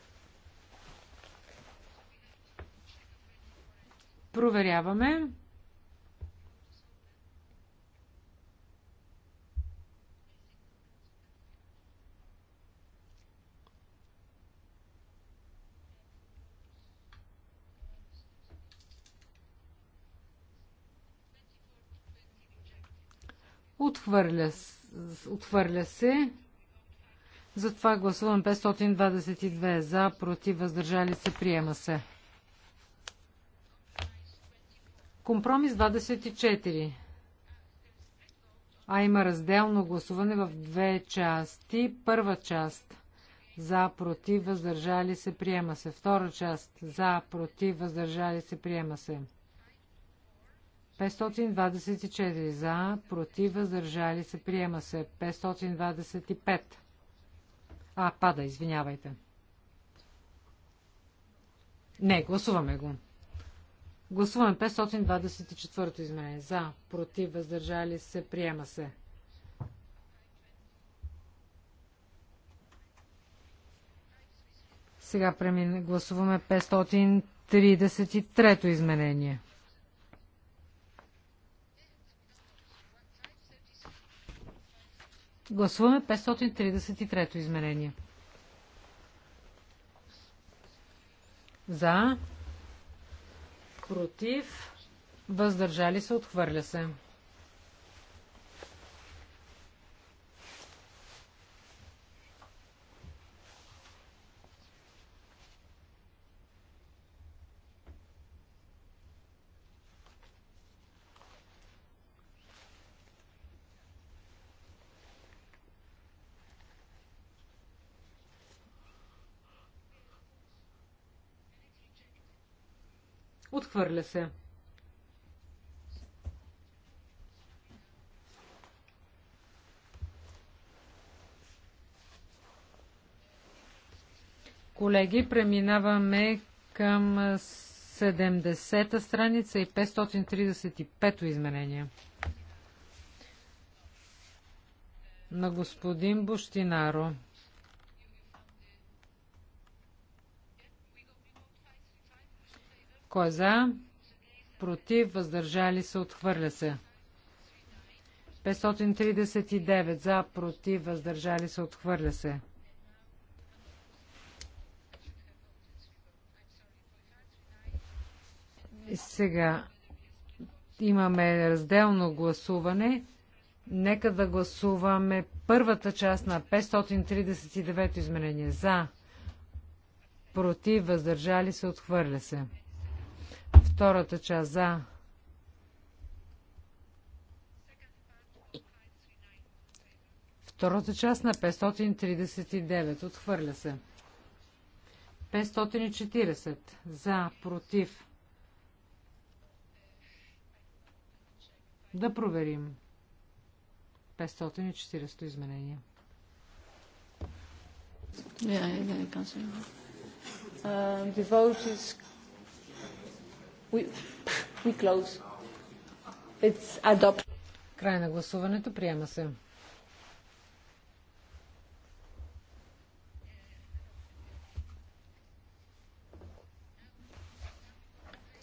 Проверяваме. Отхвърля, отхвърля се. Затова гласувам 522 за, против, въздържали се, приема се. Компромис 24. А има разделно гласуване в две части. Първа част за, против, въздържали се, приема се. Втора част за, против, въздържали се, приема се. 524 за, против, въздържали се, приема се. 525. А, пада, извинявайте. Не, гласуваме го. Гласуваме 524-то изменение. За, против, въздържали се, приема се. Сега премин... гласуваме 533-то изменение. Гласуваме 533-то измерение. За. Против. Въздържали се. Отхвърля се. Отхвърля се. Колеги, преминаваме към 70-та страница и 535-то изменение. На господин Буштинаро. Кой е за? Против, въздържали се, отхвърля се. 539 за, против, въздържали се, отхвърля се. И сега имаме разделно гласуване. Нека да гласуваме първата част на 539 изменение. За, против, въздържали се, отхвърля се. Втората част за. Втората част на 539. Отхвърля се. 540. За, против. Да проверим. 540 изменение. Yeah, yeah, yeah, We, close. It's adopted. Край на гласуването. Приема се.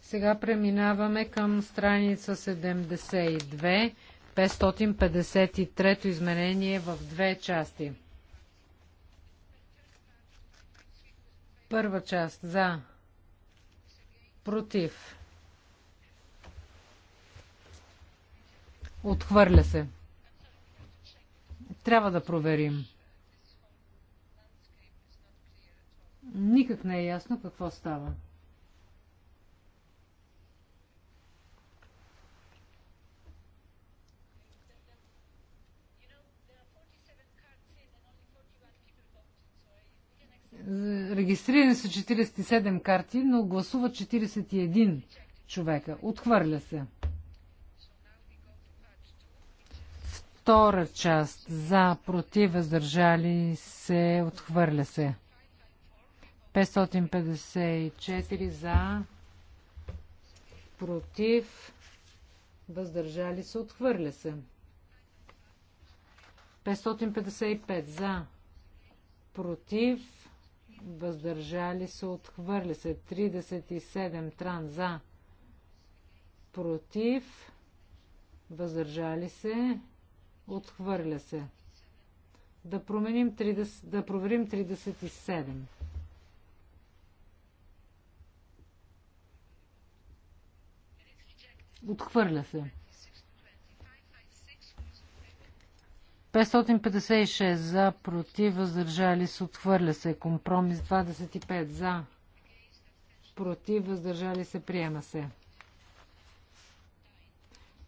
Сега преминаваме към страница 72, 553 изменение в две части. Първа част за, против, Отхвърля се. Трябва да проверим. Никак не е ясно какво става. Регистрирани са 47 карти, но гласува 41 човека. Отхвърля се. Втора част за, против, въздържали се, отхвърля се. 554 за, против, въздържали се, отхвърля се. 555 за, против, въздържали се, отхвърля се. 37 тран за, против, въздържали се, Отхвърля се. Да, променим 30, да проверим 37. Отхвърля се. 556 за, против, въздържали се, отхвърля се. Компромис 25 за, против, въздържали се, приема се.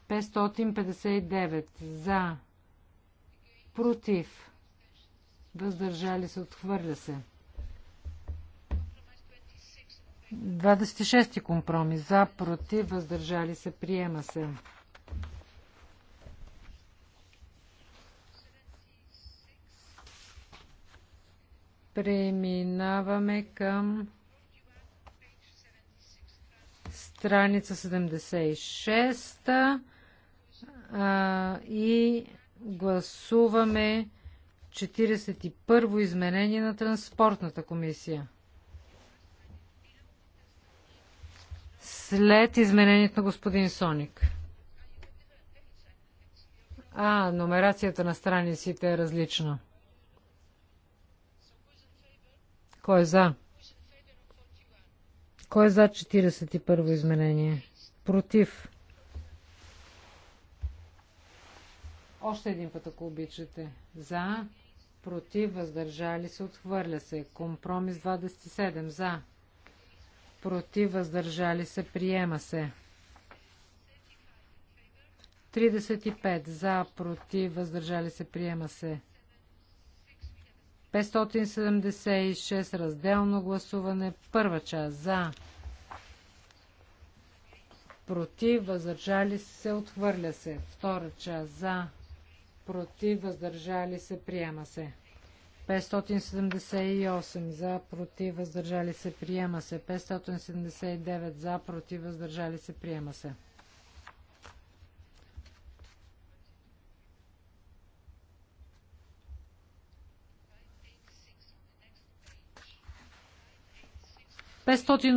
559 за, против, въздържали се, отхвърля се. 26 компромис за, против, въздържали се, приема се. 76. Преминаваме към страница 76 а, и Гласуваме 41-во изменение на Транспортната комисия. След изменението на господин Соник. А, номерацията на страниците е различна. Кой е за? Кой е за 41-во изменение? Против. Още един път, ако обичате. За, против, въздържали се, отхвърля се. Компромис 27. За, против, въздържали се, приема се. 35. За, против, въздържали се, приема се. 576. Разделно гласуване. Първа част. За. Против, въздържали се, отхвърля се. Втора част. За против, въздържали се, приема се. 578 за, против, въздържали се, приема се. 579 за, против, въздържали се, приема се. Петстотин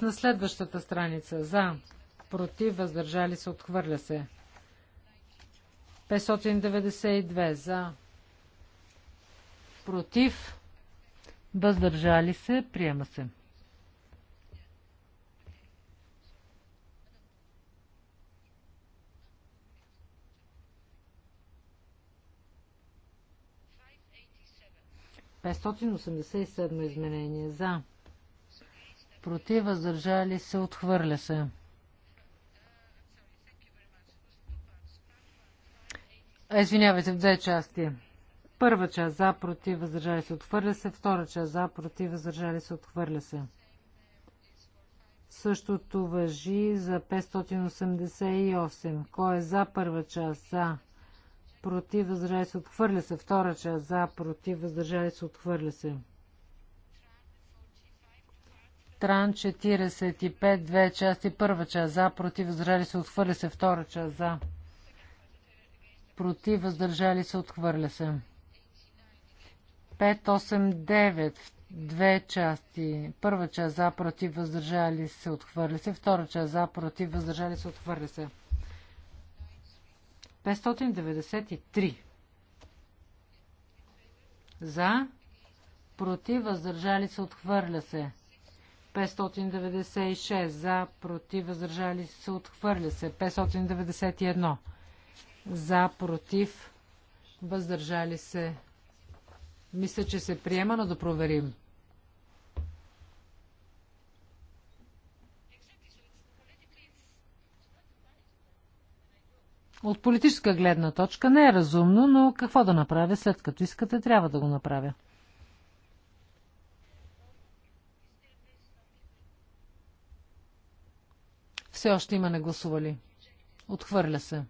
на следващата страница. За, против, въздържали се, отхвърля се. 592 за. Против. Въздържали се. Приема се. Петстотин изменение за. Против въздържали се, отхвърля се. Извинявайте, в две части. Първа част за, против, въздържали се, отхвърля се. Втора част за, против, въздържали се, отхвърля се. Същото въжи за 588. Кой е за първа част? За. Против, въздържали се, отхвърля се. Втора част за, против, въздържали се, отхвърля се. Тран 45, две части. Първа част за, против, въздържали се, отхвърля се. Втора част за против, въздържали се, отхвърля се. 589 в две части. Първа част за, против, въздържали се, отхвърля се. Втора част за, против, въздържали се, отхвърля се. 593 за, против, въздържали се, отхвърля се. 596 за, против, въздържали се, отхвърля се. 591 за, против, въздържали се. Мисля, че се приема, но да проверим. От политическа гледна точка не е разумно, но какво да направя след като искате, трябва да го направя. Все още има гласували. Отхвърля се.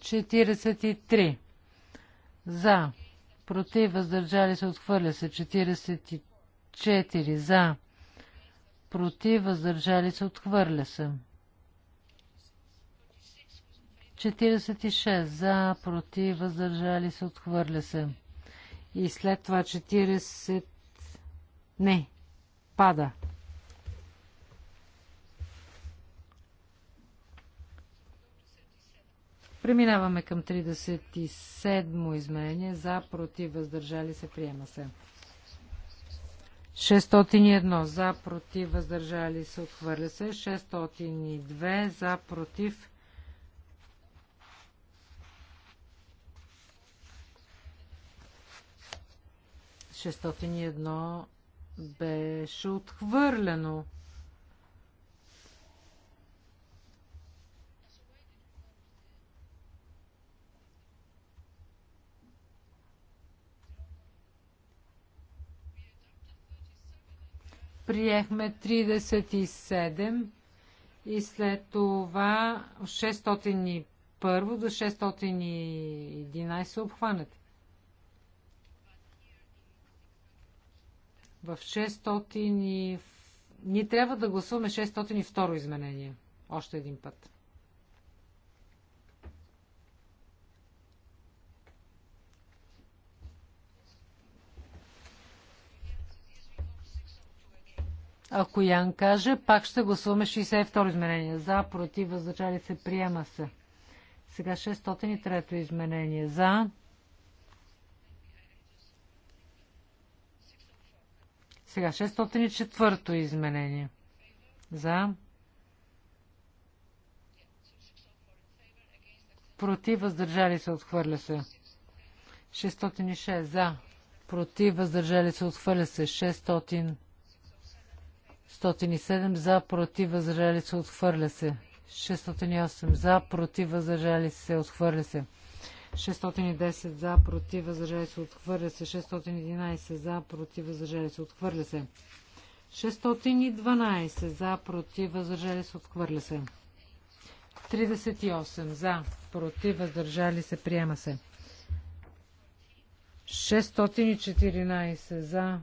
43. За. Против. Въздържали се. Отхвърля се. 44. За. Против. Въздържали се. Отхвърля се. 46. За. Против. Въздържали се. Отхвърля се. И след това 40. Не. Пада. Преминаваме към 37-мо изменение. За, против, въздържали се, приема се. 601 за, против, въздържали се, отхвърля се. 602 за, против. Шестотин едно беше отхвърлено. Приехме 37 и след това 601 до 611 обхванати. В 600 и... Ние трябва да гласуваме 602 изменение. Още един път. Ако Ян каже, пак ще гласуваме 62 изменение. За, против, въздържали се, приема се. Сега 603 изменение. За. Сега 604 изменение. За. Против, въздържали се, отхвърля се. 606. За. Против, въздържали се, отхвърля се. 600. 607 за, против, възражали се, отхвърля се. 608 за, против, възражали се, отхвърля се. 610 за, против, възражали се, отхвърля се. 611 за, против, възражали се, отхвърля се. 612 за, против, възражали се, отхвърля се. 38 за, против, въздържали се, приема се. 614 за,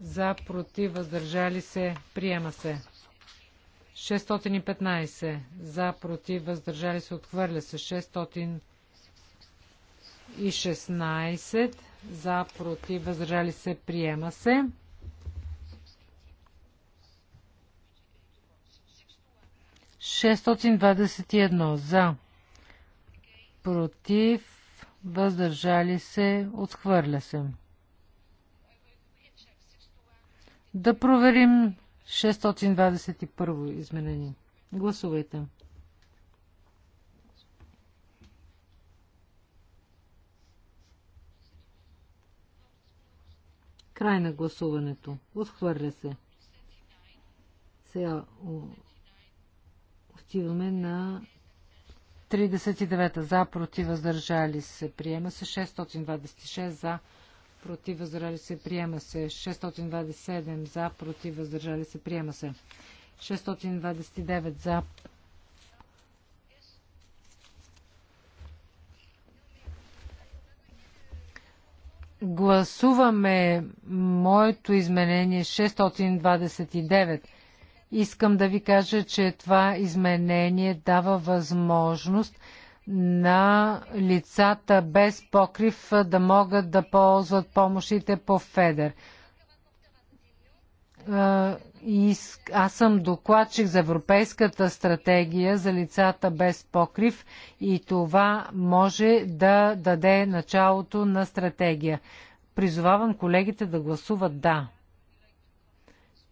за, против, въздържали се, приема се. 615 за, против, въздържали се, отхвърля се. 616 за, против, въздържали се, приема се. 621 за, против, въздържали се, отхвърля се. Да проверим 621 изменение. Гласувайте. Край на гласуването. Отхвърля се. Сега отиваме на 39 за, против, въздържали се. Приема се 626 за, против въздържали се, приема се. 627 за, против въздържали се, приема се. 629 за. Гласуваме моето изменение 629. Искам да ви кажа, че това изменение дава възможност на лицата без покрив да могат да ползват помощите по ФЕДЕР. Аз съм докладчик за Европейската стратегия за лицата без покрив и това може да даде началото на стратегия. Призовавам колегите да гласуват да.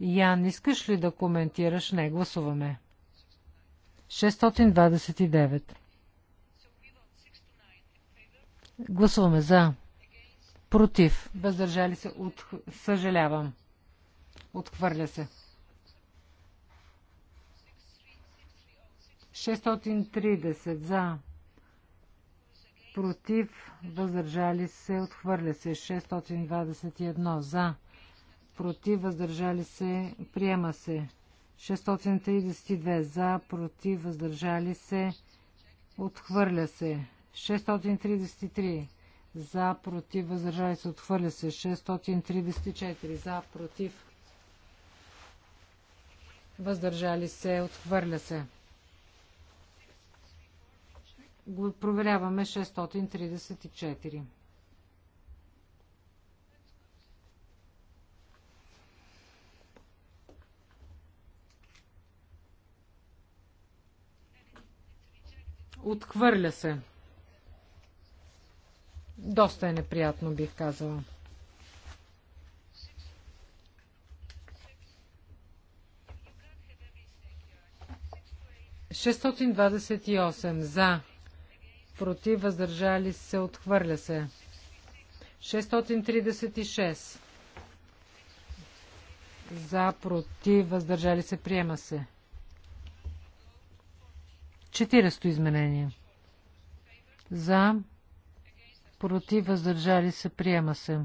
Ян, искаш ли да коментираш? Не, гласуваме. 629. Гласуваме за. Против. Въздържали се. От... Съжалявам. Отхвърля се. 630 за. Против. Въздържали се. Отхвърля се. 621 за. Против. Въздържали се. Приема се. 632 за. Против. Въздържали се. Отхвърля се. 633 за, против, въздържали се, отхвърля се. 634 за, против, въздържали се, отхвърля се. Го проверяваме 634. Отхвърля се. Доста е неприятно, бих казала. Шестотин за. Против въздържали се. Отхвърля се. 636. За, против, въздържали се, приема се. Четиресто изменение. За, против, въздържали се, приема се.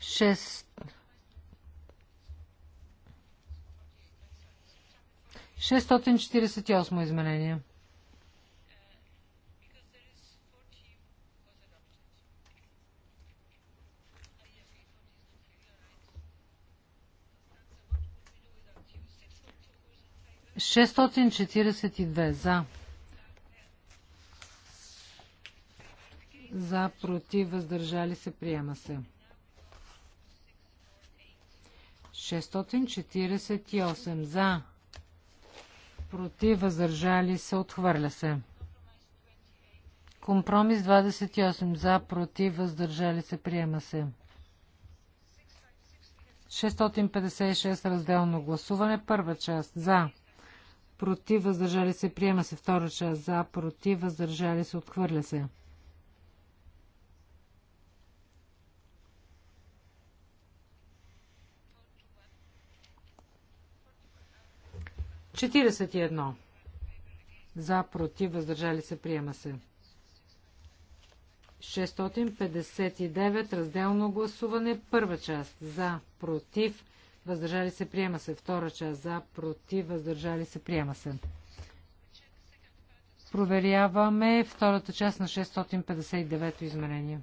Шест 648 изменение. 642 за. За, против, въздържали се, приема се. 648 за. Против, въздържали се, отхвърля се. Компромис 28 за, против, въздържали се, приема се. 656 разделно гласуване. Първа част за, против, въздържали се, приема се. Втора част за, против, въздържали се, отхвърля се. Четиридесет и едно. За, против, въздържали се, приема се. 659 разделно гласуване. Първа част за, против, въздържали се, приема се. Втора част за, против, въздържали се, приема се. Проверяваме втората част на 659 изменение.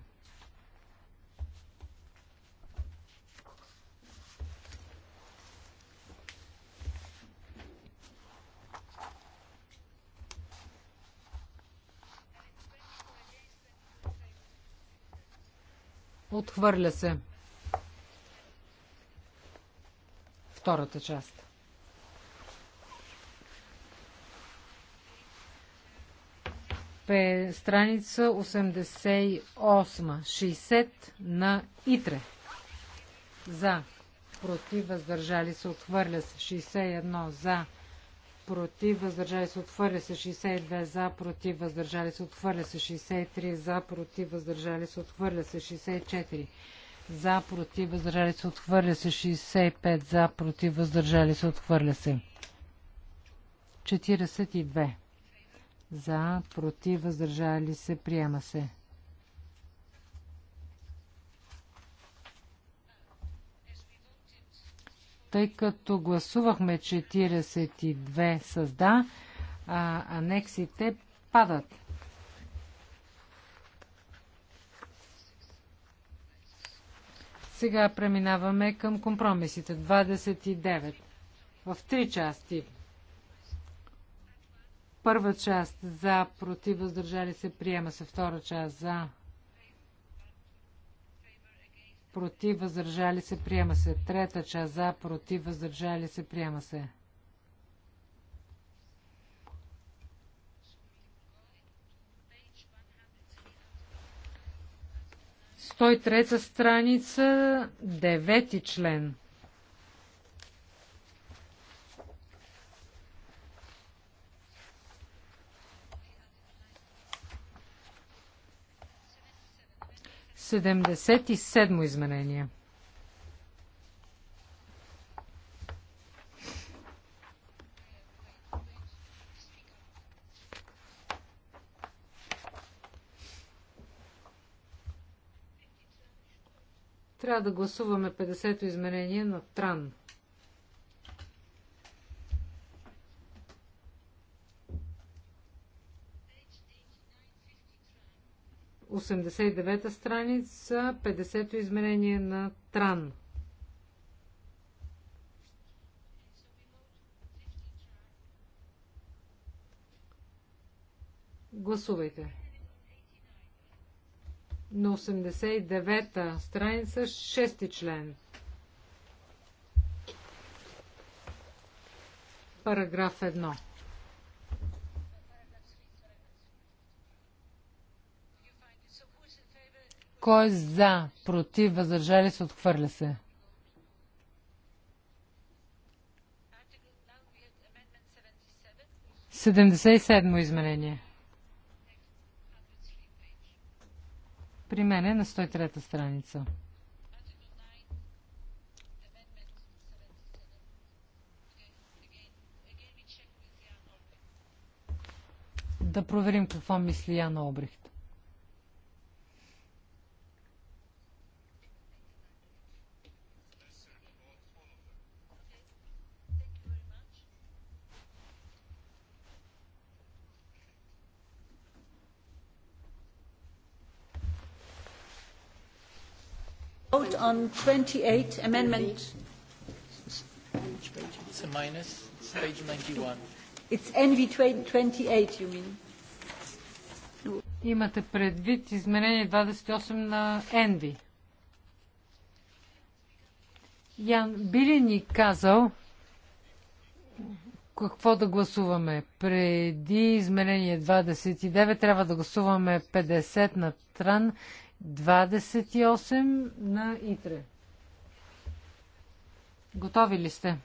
Отхвърля се. втората част. Пе, страница 88, 60 на Итре. За, против, въздържали се, отхвърля се, 61 за, против, въздържали се, отхвърля се, 62 за, против, въздържали се, отхвърля се, 63 за, против, въздържали се, отхвърля се, 64 за, против, въздържали се, отхвърля се. 65 за, против, въздържали се, отхвърля се. 42 за, против, въздържали се, приема се. Тъй като гласувахме 42 с да, а анексите падат. Сега преминаваме към компромисите. 29. В три части. Първа част за, против, въздържали се, приема се. Втора част за, против, въздържали се, приема се. Трета част за, против, въздържали се, приема се. 103 страница, 9 член. Седемдесет и седмо изменение. Трябва да гласуваме 50-то изменение на Тран. Осемдесет страница, 50-то изменение на Тран. Гласувайте на 89-та страница, 6 ти член. Параграф 1. Кой е за, против, въздържали се, отхвърля се. Седемдесет и седмо изменение. При мен е на 103-та страница. Да проверим какво мисли Яна Обрихт. Vote on 28 amendment. It's a minus. It's page 91. It's NV 28, you mean? Имате предвид изменение 28 на НВ. Ян, би ли ни казал какво да гласуваме? Преди изменение 29 трябва да гласуваме 50 на Тран 28 на ИТРЕ. Готови ли сте?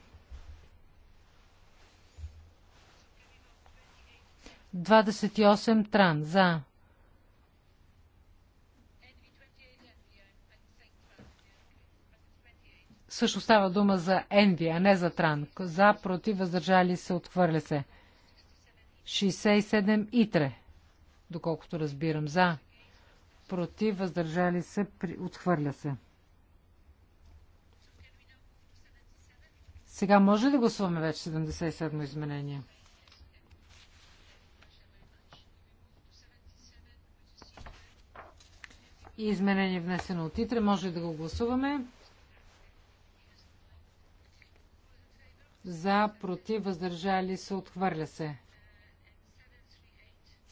28 тран за. Също става дума за Енви, а не за Тран. За, против, въздържали се, отхвърля се. 67 Итре. Доколкото разбирам, за против, въздържали се, при... отхвърля се. Сега може ли гласуваме вече 77 изменение? И изменение внесено от Итре, може ли да го гласуваме? За, против, въздържали се, отхвърля се.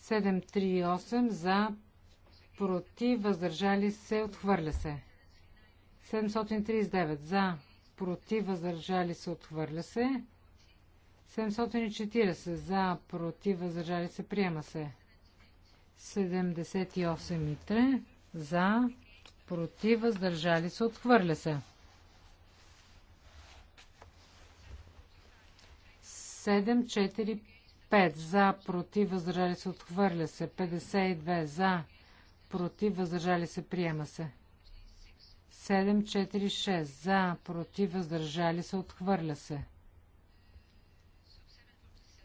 738 за, против, въздържали се, отхвърля се. 739 за, против, въздържали се, отхвърля се. 740 за, против, въздържали се, приема се. 78 и 3 за, против, въздържали се, отхвърля се. 7, 4, 5 за, против, въздържали се, отхвърля се. 52 за, против, въздържали се, приема се. 746 за, против, въздържали се, отхвърля се.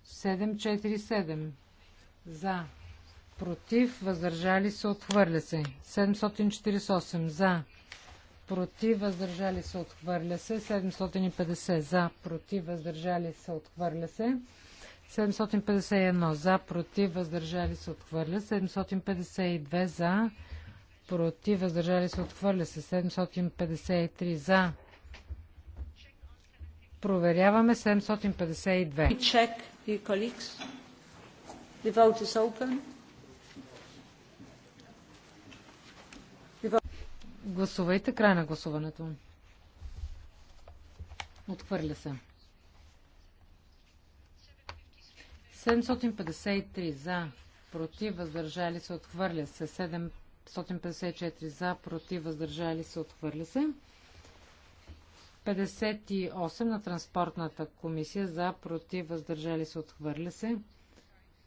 747 за, против, въздържали се, отхвърля се. 748 за, против, въздържали се, отхвърля се. 750 за, против, въздържали се, отхвърля се. 751 за, против, въздържали се, отхвърля 752 за, против, въздържали се, отхвърля се. 753 за. Проверяваме 752. Check your colleagues. The vote is open. Гласувайте край на гласуването. Отхвърля се. 753 за, против, въздържали се, отхвърля се. 754 за, против, въздържали се, отхвърля се. 58 на Транспортната комисия за, против, въздържали се, отхвърля се.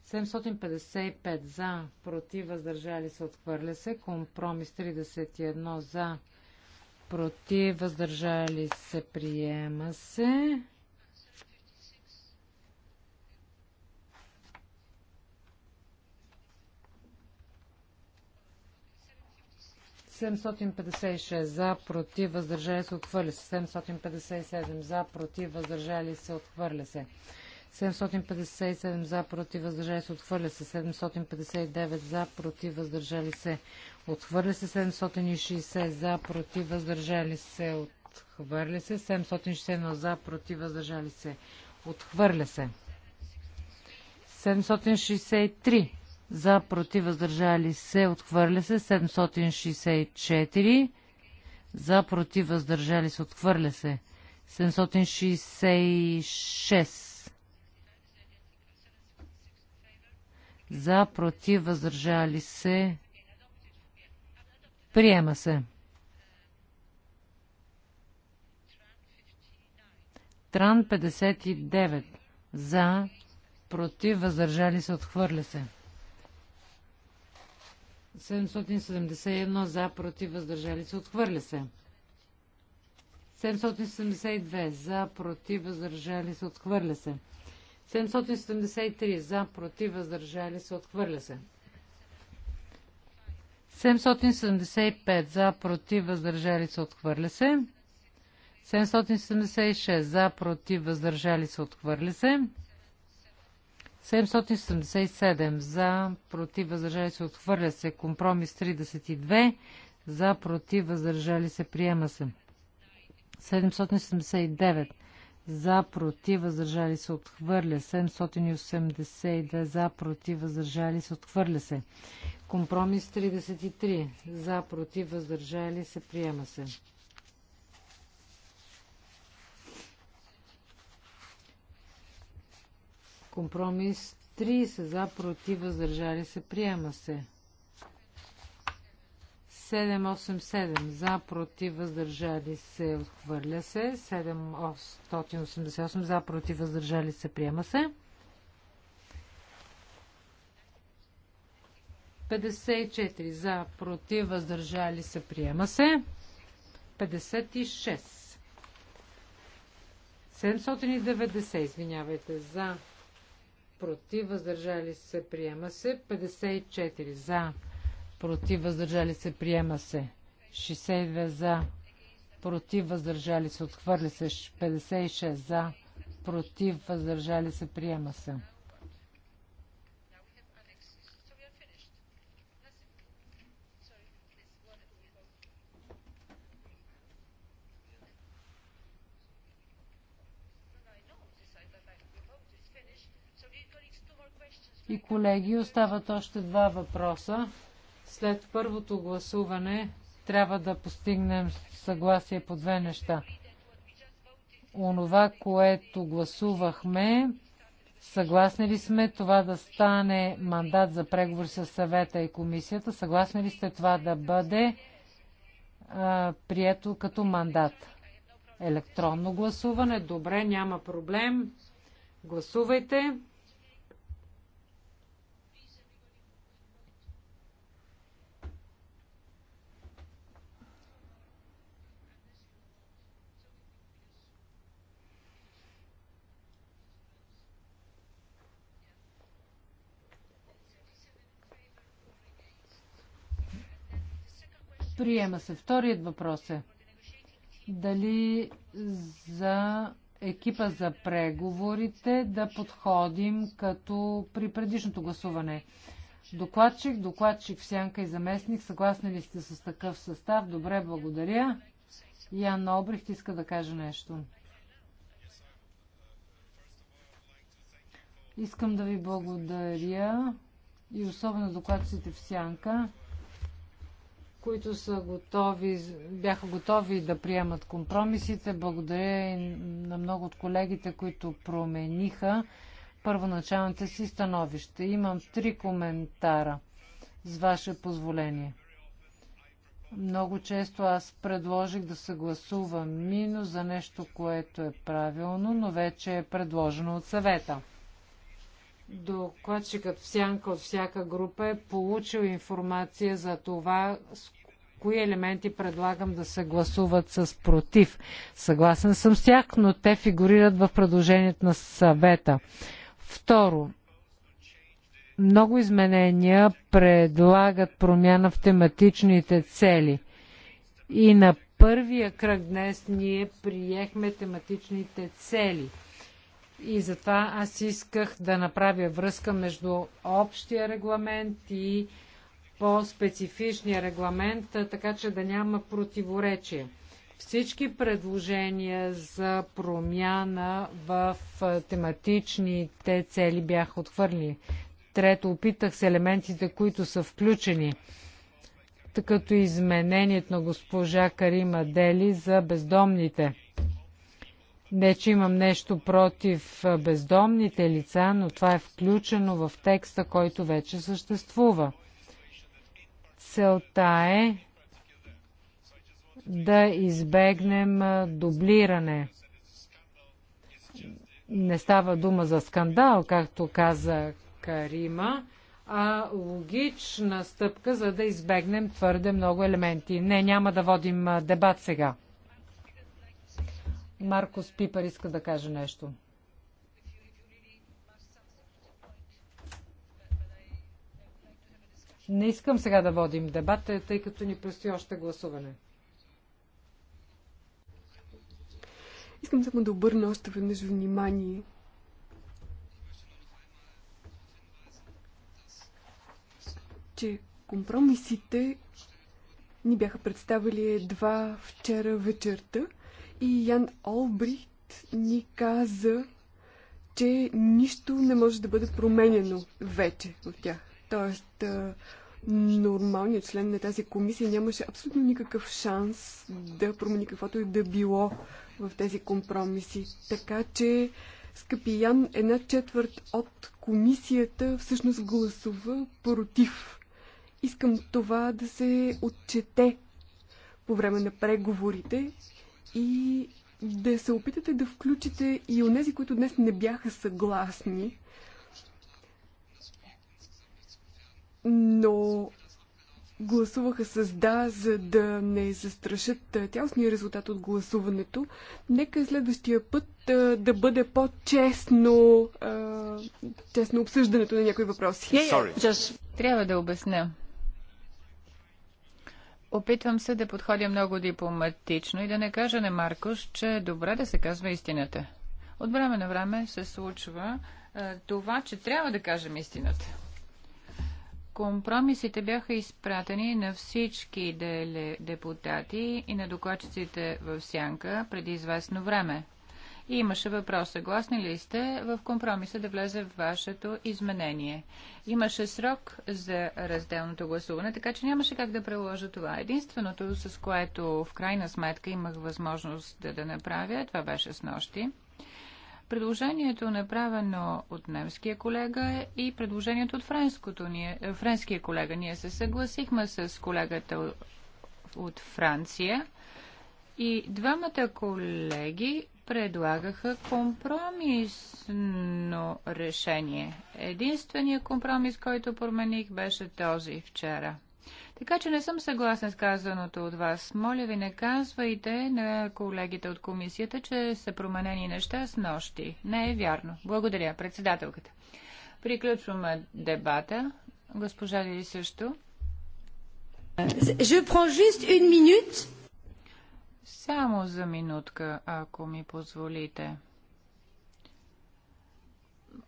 755 за, против, въздържали се, отхвърля се. Компромис 31 за, против, въздържали се, приема се. 756 за, против, въздържали се, отхвърля се. 757 за, против, въздържали се, отхвърля се. 757 за, против, въздържали се, отхвърля се. 759 за, против, въздържали се, отхвърля се. 760 за, против, въздържали се, отхвърля се. 761 за, против, въздържали се, отхвърля се. 763 за против въздържали се отхвърля се 764 за против въздържали се отхвърля се 766 за против въздържали се приема се Тран 59 за против въздържали се отхвърля се 771 за, против, въздържали се, отхвърля се. 772 за, против, въздържали се, отхвърля се. 773 за, против, въздържали се, отхвърля се. 775 за, против, въздържали се, отхвърля се. 776 за, против, въздържали се, отхвърля се. 777 за, против, въздържали се, отхвърля се. Компромис 32 за, против, въздържали се, приема се. 779 за, против, въздържали се, отхвърля. 782 за, против, въздържали се, отхвърля се. Компромис 33 за, против, въздържали се, приема се. Компромис 30 за, против, въздържали се, приема се. 787 за, против, въздържали се, отхвърля се. 788 за, против, въздържали се, приема се. 54 за, против, въздържали се, приема се. 56. 790, извинявайте, за, против, въздържали се, приема се. 54 за, против, въздържали се, приема се. 62 за, против, въздържали се, отхвърли се. 56 за, против, въздържали се, приема се. и колеги, остават още два въпроса. След първото гласуване трябва да постигнем съгласие по две неща. Онова, което гласувахме, съгласни ли сме това да стане мандат за преговор с съвета и комисията? Съгласни ли сте това да бъде а, прието като мандат? Електронно гласуване. Добре, няма проблем. Гласувайте. Приема се. Вторият въпрос е дали за екипа за преговорите да подходим като при предишното гласуване. Докладчик, докладчик в сянка и заместник, съгласни ли сте с такъв състав? Добре, благодаря. Ян Обрихт иска да каже нещо. Искам да ви благодаря и особено докладците в сянка които са готови, бяха готови да приемат компромисите. Благодаря и на много от колегите, които промениха първоначалните си становище. Имам три коментара с ваше позволение. Много често аз предложих да се гласува минус за нещо, което е правилно, но вече е предложено от съвета докладчикът в сянка от всяка група е получил информация за това, с кои елементи предлагам да се гласуват с против. Съгласен съм с тях, но те фигурират в предложението на съвета. Второ, много изменения предлагат промяна в тематичните цели. И на първия кръг днес ние приехме тематичните цели – и затова аз исках да направя връзка между общия регламент и по-специфичния регламент, така че да няма противоречие. Всички предложения за промяна в тематичните цели бяха отхвърлени. Трето, опитах с елементите, които са включени, като изменението на госпожа Карима Дели за бездомните. Не, че имам нещо против бездомните лица, но това е включено в текста, който вече съществува. Целта е да избегнем дублиране. Не става дума за скандал, както каза Карима, а логична стъпка, за да избегнем твърде много елементи. Не, няма да водим дебат сега. Маркус Пипър иска да каже нещо. Не искам сега да водим дебата, тъй като ни предстои още гласуване. Искам само да обърна още веднъж внимание. Че компромисите ни бяха представили едва вчера вечерта – и Ян Олбрит ни каза, че нищо не може да бъде променено вече от тях. Тоест, нормалният член на тази комисия нямаше абсолютно никакъв шанс да промени каквото и да било в тези компромиси. Така че, скъпи Ян, една четвърт от комисията всъщност гласува против. Искам това да се отчете по време на преговорите и да се опитате да включите и онези, които днес не бяха съгласни. Но гласуваха с да, за да не застрашат тялостния резултат от гласуването. Нека следващия път да бъде по-честно честно обсъждането на някои въпроси. Just... Трябва да обясня. Опитвам се да подходя много дипломатично и да не кажа на Маркош, че е добре да се казва истината. От време на време се случва е, това, че трябва да кажем истината. Компромисите бяха изпратени на всички депутати и на докладчиците в Сянка преди известно време. И имаше въпрос, съгласни ли сте в компромиса да влезе в вашето изменение? Имаше срок за разделното гласуване, така че нямаше как да преложа това. Единственото, с което в крайна сметка имах възможност да, да направя, това беше с нощи. Предложението направено от немския колега и предложението от френското ние, френския колега. Ние се съгласихме с колегата от Франция. И двамата колеги предлагаха компромисно решение. Единственият компромис, който промених, беше този вчера. Така че не съм съгласен с казаното от вас. Моля ви, не казвайте на колегите от комисията, че са променени неща с нощи. Не е вярно. Благодаря, председателката. Приключваме дебата. Госпожа ли също. Je prends juste une minute само за минутка, ако ми позволите.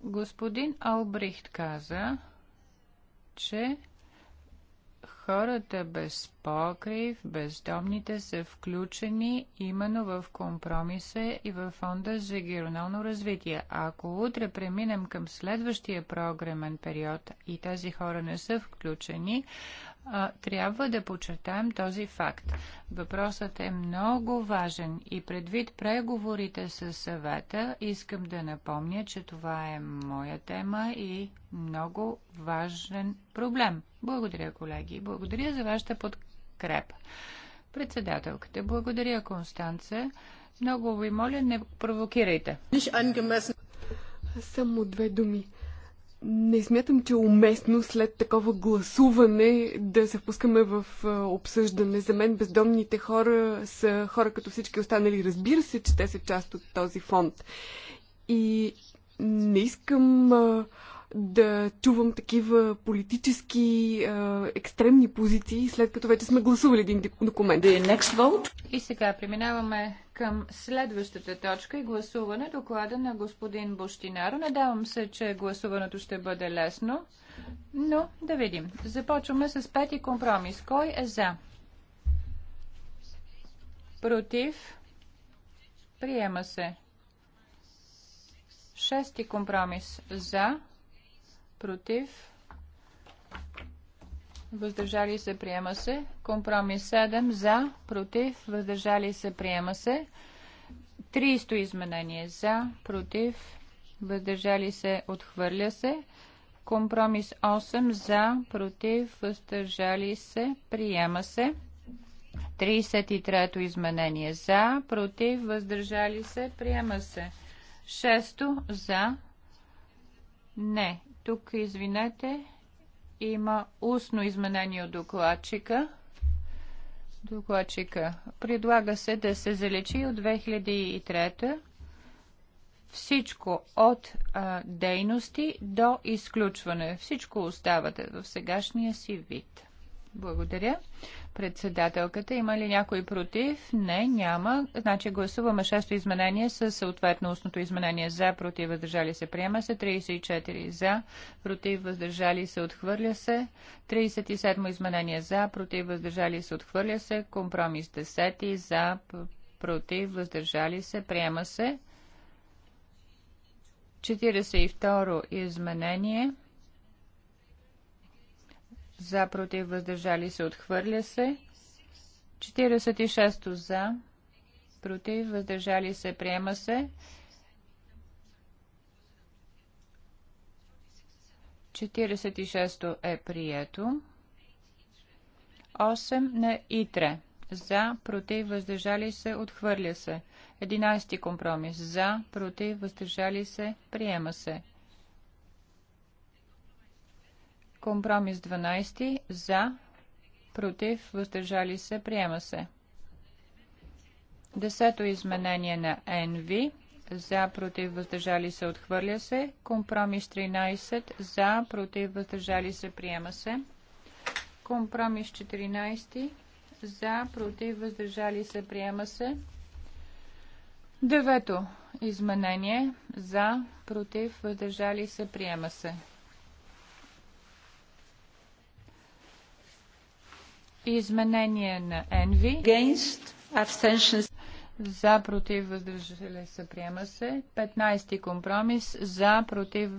Господин Албрихт каза, че хората без покрив, бездомните са включени именно в компромиса и в фонда за регионално развитие. ако утре преминем към следващия програмен период и тези хора не са включени, а, трябва да подчертаем този факт. Въпросът е много важен и предвид преговорите с съвета искам да напомня, че това е моя тема и много важен проблем. Благодаря, колеги. Благодаря за вашата подкрепа. Председателката, благодаря, Констанце. Много ви моля, не провокирайте. Само две думи. Не смятам, че е уместно след такова гласуване да се впускаме в обсъждане. За мен бездомните хора са хора като всички останали. Разбира се, че те са част от този фонд. И не искам да чувам такива политически е, екстремни позиции, след като вече сме гласували един документ. The next vote. И сега преминаваме към следващата точка и гласуване доклада на господин Бощинаро. Надявам се, че гласуването ще бъде лесно, но да видим. Започваме с пети компромис. Кой е за? Против? Приема се. Шести компромис. За? против, въздържали се, приема се. Компромис 7 за, против, въздържали се, приема се. 300 изменение за, против, въздържали се, отхвърля се. Компромис 8 за, против, въздържали се, приема се. 33-то изменение за, против, въздържали се, приема се. 6 за, не, тук, извинете, има устно изменение от докладчика. Докладчика. Предлага се да се залечи от 2003 всичко от а, дейности до изключване. Всичко оставате в сегашния си вид. Благодаря. Председателката, има ли някой против? Не, няма. Значи гласуваме 6 изменение с съответно устното изменение за, против, въздържали се, приема се. 34 за, против, въздържали се, отхвърля се. 37 изменение за, против, въздържали се, отхвърля се. Компромис 10 за, против, въздържали се, приема се. 42 изменение за, против, въздържали се, отхвърля се. 46 за, против, въздържали се, приема се. 46 е прието. 8 на ИТРЕ. За, против, въздържали се, отхвърля се. 11 компромис. За, против, въздържали се, приема се. Компромис 12 за, против, въздържали се, приема се. Десето изменение на НВ за, против, въздържали се, отхвърля се. Компромис 13 за, против, въздържали се, приема се. Компромис 14 за, против, въздържали се, приема се. Девето изменение за, против, въздържали се, приема се. Изменение на Envy. Against. Abstentions. За, против, въздържали се, приема се. 15 компромис. За, против,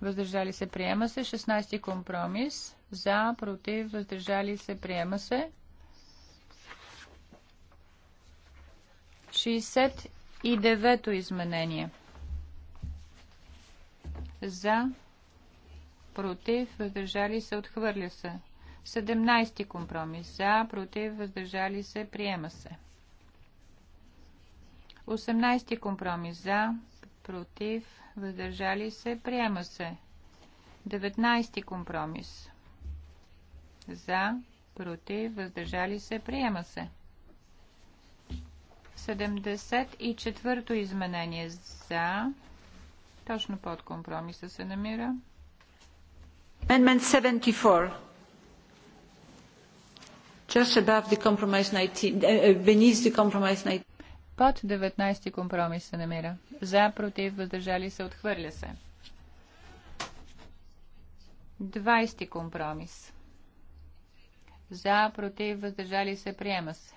въздържали се, приема се. 16 компромис. За, против, въздържали се, приема се. 69-то изменение. За, против, въздържали се, отхвърля се. 17 компромис за, против, въздържали се, приема се. 18 компромис за, против, въздържали се, приема се. 19 компромис за, против, въздържали се, приема се. 74-то изменение за, точно под компромиса се намира. Amendment 74. Just above the compromise 19, uh, uh, beneath the compromise 19. Под 19 компромис се намира. За, против, въздържали се, отхвърля се. 20 компромис. За, против, въздържали се, приема се.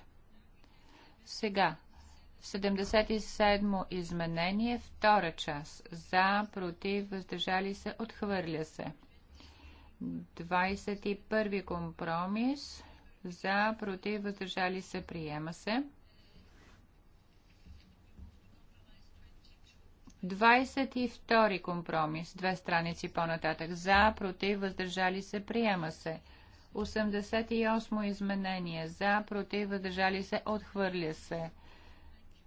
Сега, 77 изменение, втора част. За, против, въздържали се, отхвърля се. 21 компромис за, против, въздържали се, приема се. 22 компромис, две страници по-нататък. За, против, въздържали се, приема се. 88 изменение. За, против, въздържали се, отхвърля се.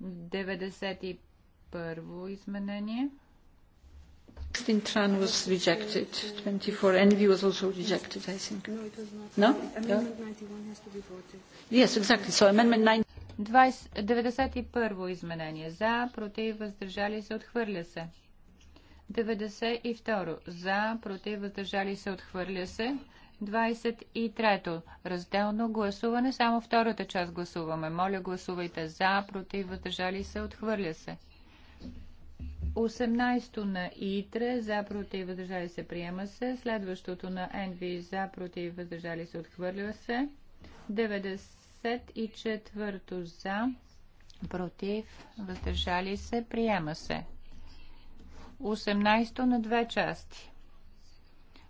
91 изменение. 16 Tran was rejected. 24 was also rejected, I think. No, it was not. No? Amendment 91 has to be voted. Yes, exactly. So amendment 9... 91 изменение. За, против, въздържали се, отхвърля се. 92. За, против, въздържали се, отхвърля се. 23. Разделно гласуване. Само втората част гласуваме. Моля, гласувайте за, против, въздържали се, отхвърля се. 24. 18 на ИТРЕ, за против въздържали се, приема се. Следващото на НВ, за против въздържали се, отхвърля се. 94 за против въздържали се, приема се. 18 на две части.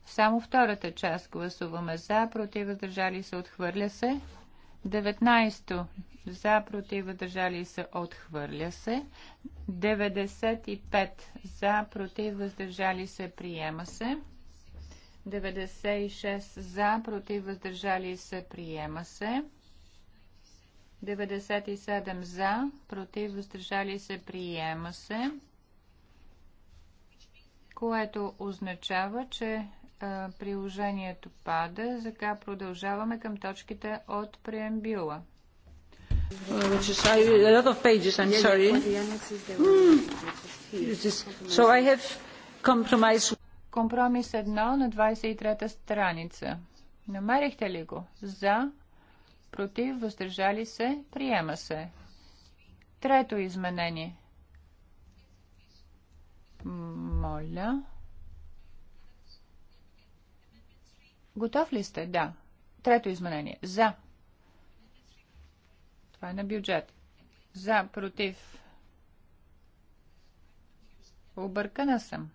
Само втората част гласуваме за, против въздържали се, отхвърля се. 19 за, против, въздържали се, отхвърля се. 95 за, против, въздържали се, приема се. 96 за, против, въздържали се, приема се. 97 за, против, въздържали се, приема се. Което означава, че приложението пада, така продължаваме към точките от преамбюла. Which is I, a lot of pages, I'm sorry. Mm. So I have compromise. Компромис едно на 23-та страница. Намерихте ли го? За, против, въздържали се, приема се. Трето изменение. Моля. Готов ли сте? Да. Трето изменение. За. Това е на бюджет. За, против. Объркана съм.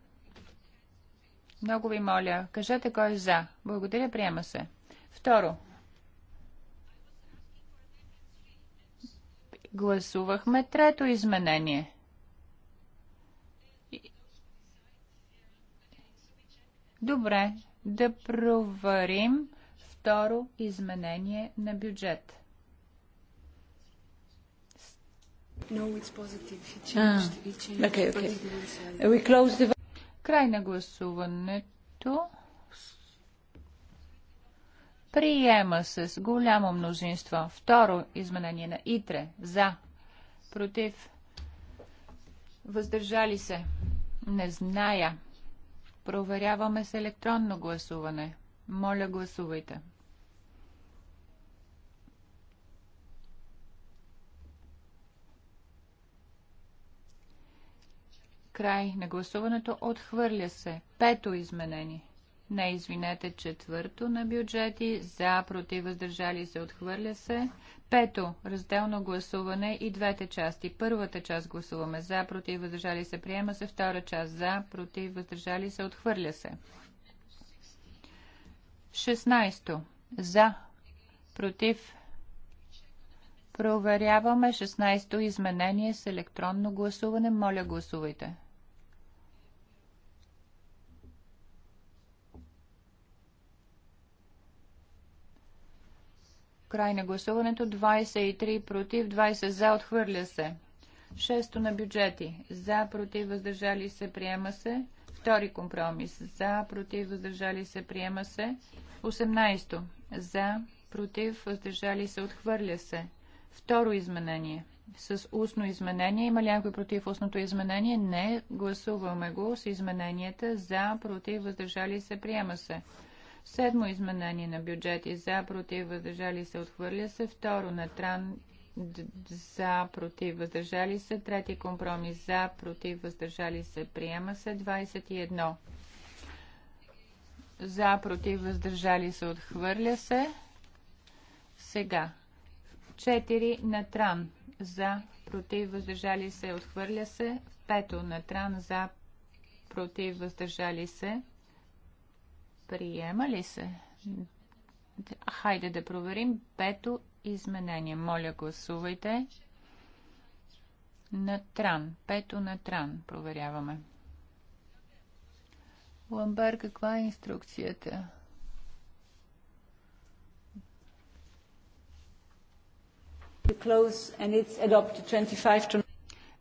Много ви моля, кажете кой е за. Благодаря, приема се. Второ. Гласувахме трето изменение. Добре, да проварим второ изменение на бюджет. Край на гласуването. Приема с голямо мнозинство. Второ изменение на ИТРЕ. За. Против. Въздържали се. Не зная. Проверяваме с електронно гласуване. Моля, гласувайте. Край на гласуването отхвърля се. Пето изменение не, извинете, четвърто на бюджети, за, против, въздържали се, отхвърля се. Пето, разделно гласуване и двете части. Първата част гласуваме за, против, въздържали се, приема се. Втора част за, против, въздържали се, отхвърля се. Шестнайсто, за, против, проверяваме 16-то изменение с електронно гласуване. Моля, гласувайте. Край на гласуването. 23 против, 20 за. Отхвърля се. Шесто на бюджети. За, против, въздържали се, приема се. Втори компромис. За, против, въздържали се, приема се. 18. За, против, въздържали се, отхвърля се. Второ изменение. С устно изменение. Има ли някой против устното изменение? Не. Гласуваме го с измененията. За, против, въздържали се, приема се. Седмо изменение на бюджети за, против, въздържали се, отхвърля се. Второ на Тран за, против, въздържали се. Трети компромис за, против, въздържали се, приема се. 21. За, против, въздържали се, отхвърля се. Сега. 4 на Тран за, против, въздържали се, отхвърля се. Пето на Тран за, против, въздържали се, Приема ли се? Хайде да проверим пето изменение. Моля, гласувайте. На Тран. Пето на Тран. Проверяваме. Ламбер, каква е инструкцията? To close and it's adopted 25 to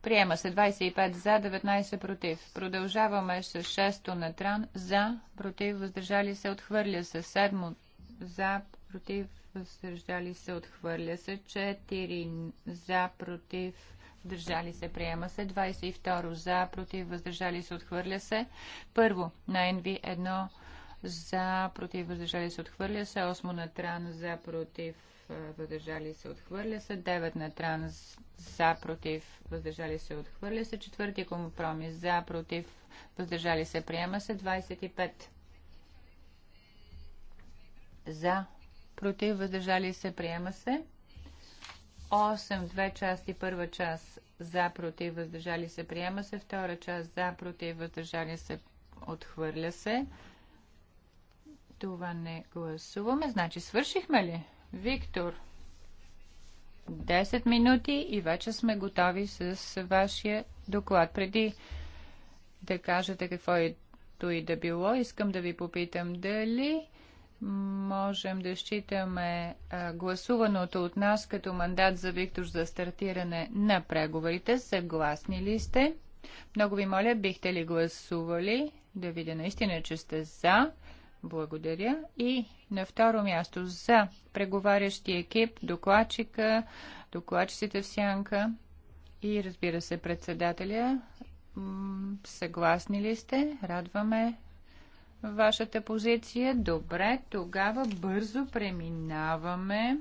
Приема се 25 за, 19 против. Продължаваме с 6 на тран за, против, въздържали се, отхвърля се 7 за, против, въздържали се, отхвърля се 4 за, против, въздържали се, приема се 22 за, против, въздържали се, отхвърля се. Първо на НВ 1 за, против, въздържали се, отхвърля се 8 на тран за, против, е, въздържали се, отхвърля се. 9 на транс, за, против, въздържали се, отхвърля се. Четвърти компромис, за, против, въздържали се, приема се. 25 за, против, въздържали се, приема се. 8, две части, първа част за, против, въздържали се, приема се. Втора част за, против, въздържали се, отхвърля се. Това не гласуваме. Значи свършихме ли? Виктор, 10 минути и вече сме готови с вашия доклад. Преди да кажете какво е то и да било, искам да ви попитам дали можем да считаме а, гласуваното от нас като мандат за Виктор за стартиране на преговорите. Съгласни ли сте? Много ви моля, бихте ли гласували? Да видя наистина, че сте за. Благодаря. И на второ място за преговарящия екип, докладчика, докладчиците в сянка и разбира се председателя. Съгласни ли сте? Радваме вашата позиция. Добре, тогава бързо преминаваме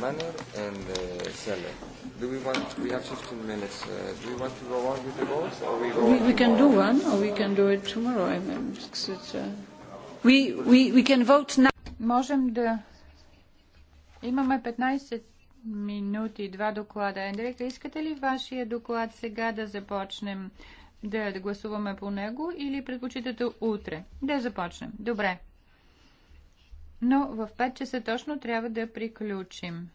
manner and uh, seller. Do we want? We have 15 minutes. Uh, do we want to go on with the votes, or we go? We, we can do one, or we can do it tomorrow. I mean, it's, uh, we we we can vote now. Можем да имаме 15 минути, два доклада. Ендрика, искате ли вашия доклад сега да започнем да, да гласуваме по него или предпочитате утре? Да започнем. Добре но в 5 часа точно трябва да приключим.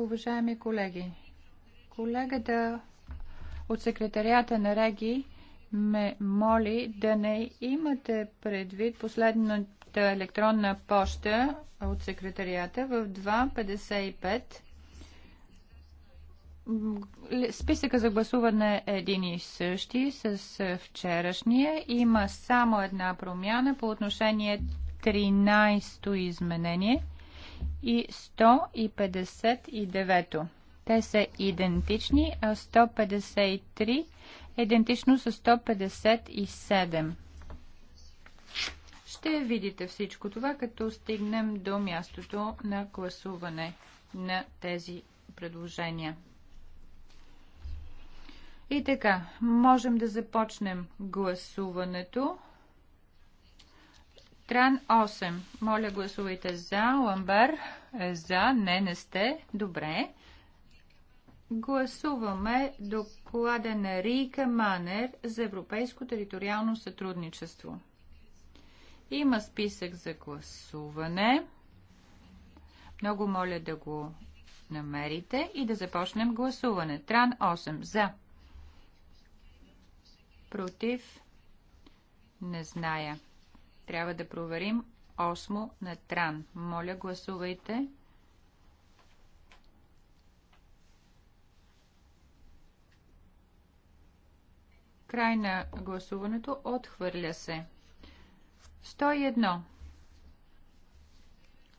Уважаеми колеги, колегата от секретарията на Реги ме моли да не имате предвид последната електронна поща от секретарията в 2.55 Списъка за гласуване е един и същи с вчерашния. Има само една промяна по отношение 13-то изменение и 159-то. Те са идентични, а 153 е идентично с 157. Ще видите всичко това, като стигнем до мястото на гласуване на тези предложения. И така, можем да започнем гласуването. Тран 8. Моля, гласувайте за. Ламбер е за. Не, не сте. Добре. Гласуваме доклада на Рика Манер за европейско териториално сътрудничество. Има списък за гласуване. Много моля да го намерите и да започнем гласуване. Тран 8. За. Против? Не зная. Трябва да проверим. Осмо на Тран. Моля, гласувайте. Край на гласуването. Отхвърля се. 101.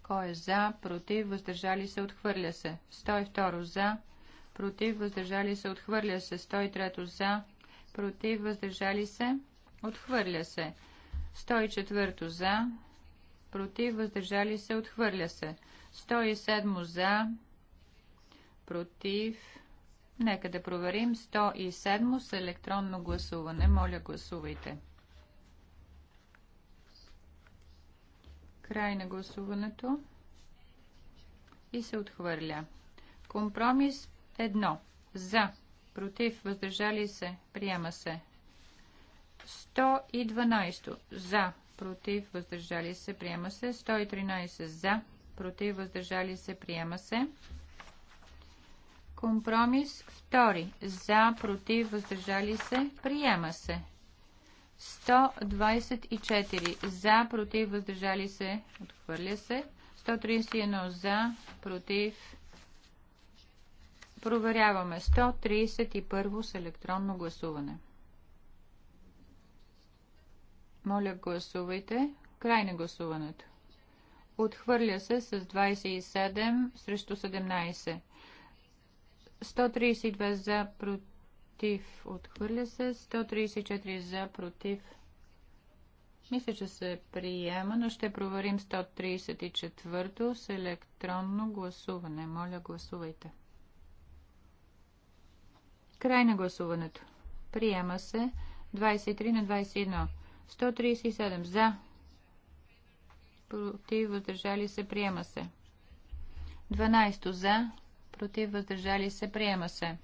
Кой е за, против, въздържали се, отхвърля се. 102 за, против, въздържали се, отхвърля се. 103 за, против, въздържали се, отхвърля се. 104 за, против, въздържали се, отхвърля се. 107 за, против, нека да проверим, 107 с електронно гласуване. Моля, гласувайте. Край на гласуването и се отхвърля. Компромис 1. За против, въздържали се, приема се. 112 за, против, въздържали се, приема се. 113 за, против, въздържали се, приема се. Компромис 2. За, против, въздържали се, приема се. 124. За, против, въздържали се, отхвърля се. 131. За, против, Проверяваме 131 с електронно гласуване. Моля, гласувайте. Край на гласуването. Отхвърля се с 27 срещу 17. 132 за против. Отхвърля се. 134 за против. Мисля, че се приема, но ще проверим 134 с електронно гласуване. Моля, гласувайте. Край на гласуването. Приема се 23 на 21. 137 за. Против въздържали се. Приема се. 12 за. Против въздържали се. Приема се.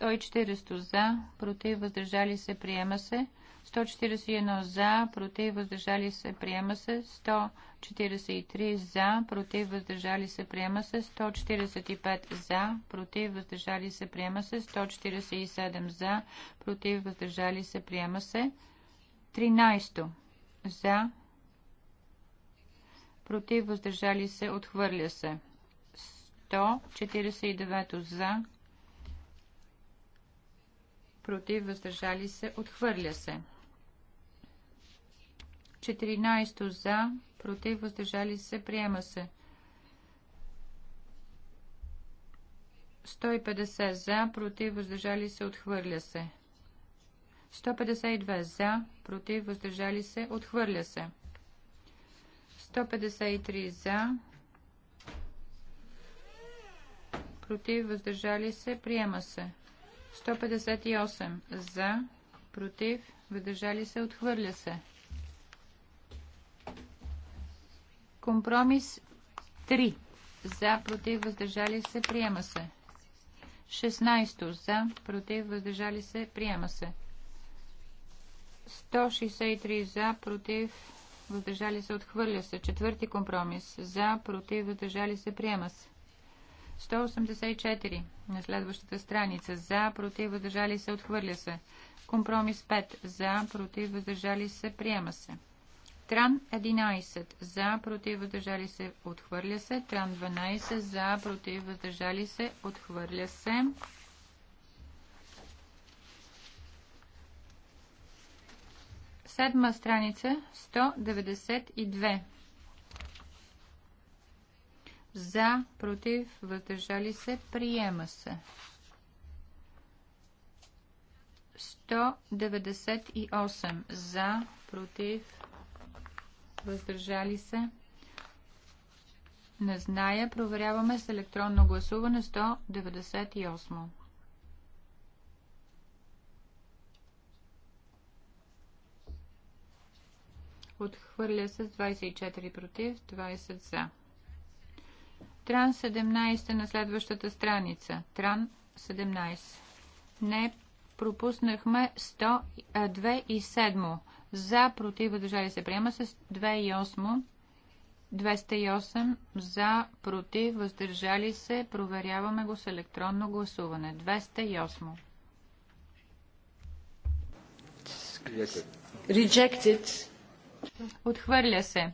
140 за. Против въздържали се. Приема се. 141 за, против, въздържали се, приема се. 143 за, против, въздържали се, приема се. 145 за, против, въздържали се, приема се. 147 за, против, въздържали се, приема се. 13 за, против, въздържали се, отхвърля се. 149 за, против, въздържали се, отхвърля се. 14 за, против, въздържали се, приема се. 150 за, против, въздържали се, отхвърля се. 152 за, против, въздържали се, отхвърля се. 153 за, против, въздържали се, приема се. 158 за, против, въздържали се, отхвърля се. Компромис 3 за, против, въздържали се, приема се. 16 за, против, въздържали се, приема се. 163 за, против, въздържали се, отхвърля се. Четвърти компромис за, против, въздържали се, приема се. 184 на следващата страница. За, против, въздържали се, отхвърля се. Компромис 5. За, против, въздържали се, приема се. Тран 11. За, против, въздържали се, отхвърля се. Тран 12. За, против, въздържали се, отхвърля се. Седма страница 192. За, против, въздържали се, приема се. 198 за, против, въздържали се. Не зная, проверяваме с електронно гласуване 198. Отхвърля се с 24 против, 20 за. Тран 17 е на следващата страница. Тран 17. Не пропуснахме 102 и 7. За, против, въздържали се. Приема с 2 и 8. 208 за, против, въздържали се. Проверяваме го с електронно гласуване. 208. Rejected. Отхвърля се.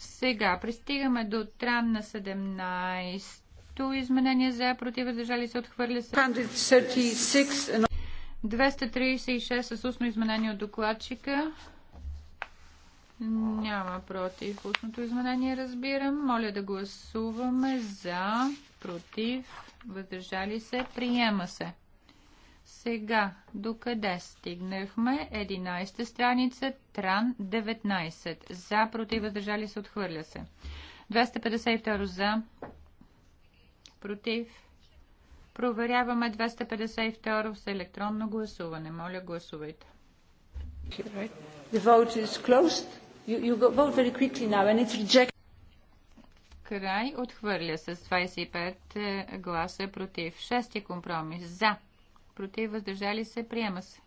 Сега пристигаме до тран на 17 то изменение за против въздържали се отхвърля се. 236 с устно изменение от докладчика. Няма против устното изменение, разбирам. Моля да гласуваме за, против, въздържали се, приема се. Сега, докъде стигнахме? 11 страница, Тран 19. За, против, въздържали се, отхвърля се. 252 за, против. Проверяваме 252 с електронно гласуване. Моля, гласувайте. Край отхвърля с 25 е, гласа против. Шести компромис за против, въздържали се, приема се.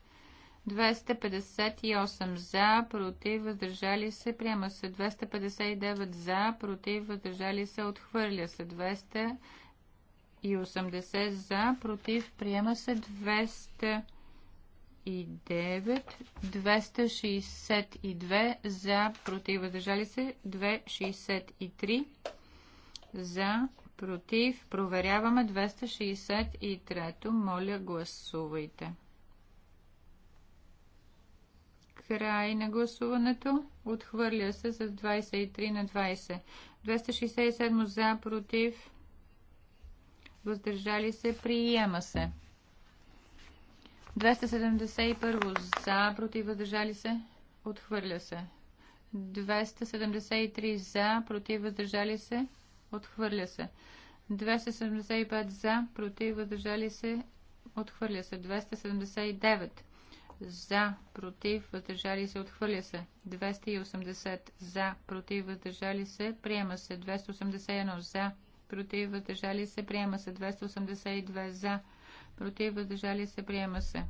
258 за, против, въздържали се, приема се. 259 за, против, въздържали се, отхвърля се. 280 за, против, приема се. 200 209, 262 за, против, въздържали се, 263 за, против. Проверяваме 263-то. Моля, гласувайте. Край на гласуването. Отхвърля се с 23 на 20. 267 за, против. Въздържали се. Приема се. 271 за, против. Въздържали се. Отхвърля се. 273 за, против. Въздържали се. Отхвърля се. 275 за, против, въздържали се. Отхвърля се. 279 за, против, въздържали се, отхвърля се. 280 за, против, въздържали се, приема се. 281 за, против, въздържали се, приема се. 282 за, против, въздържали се, приема се.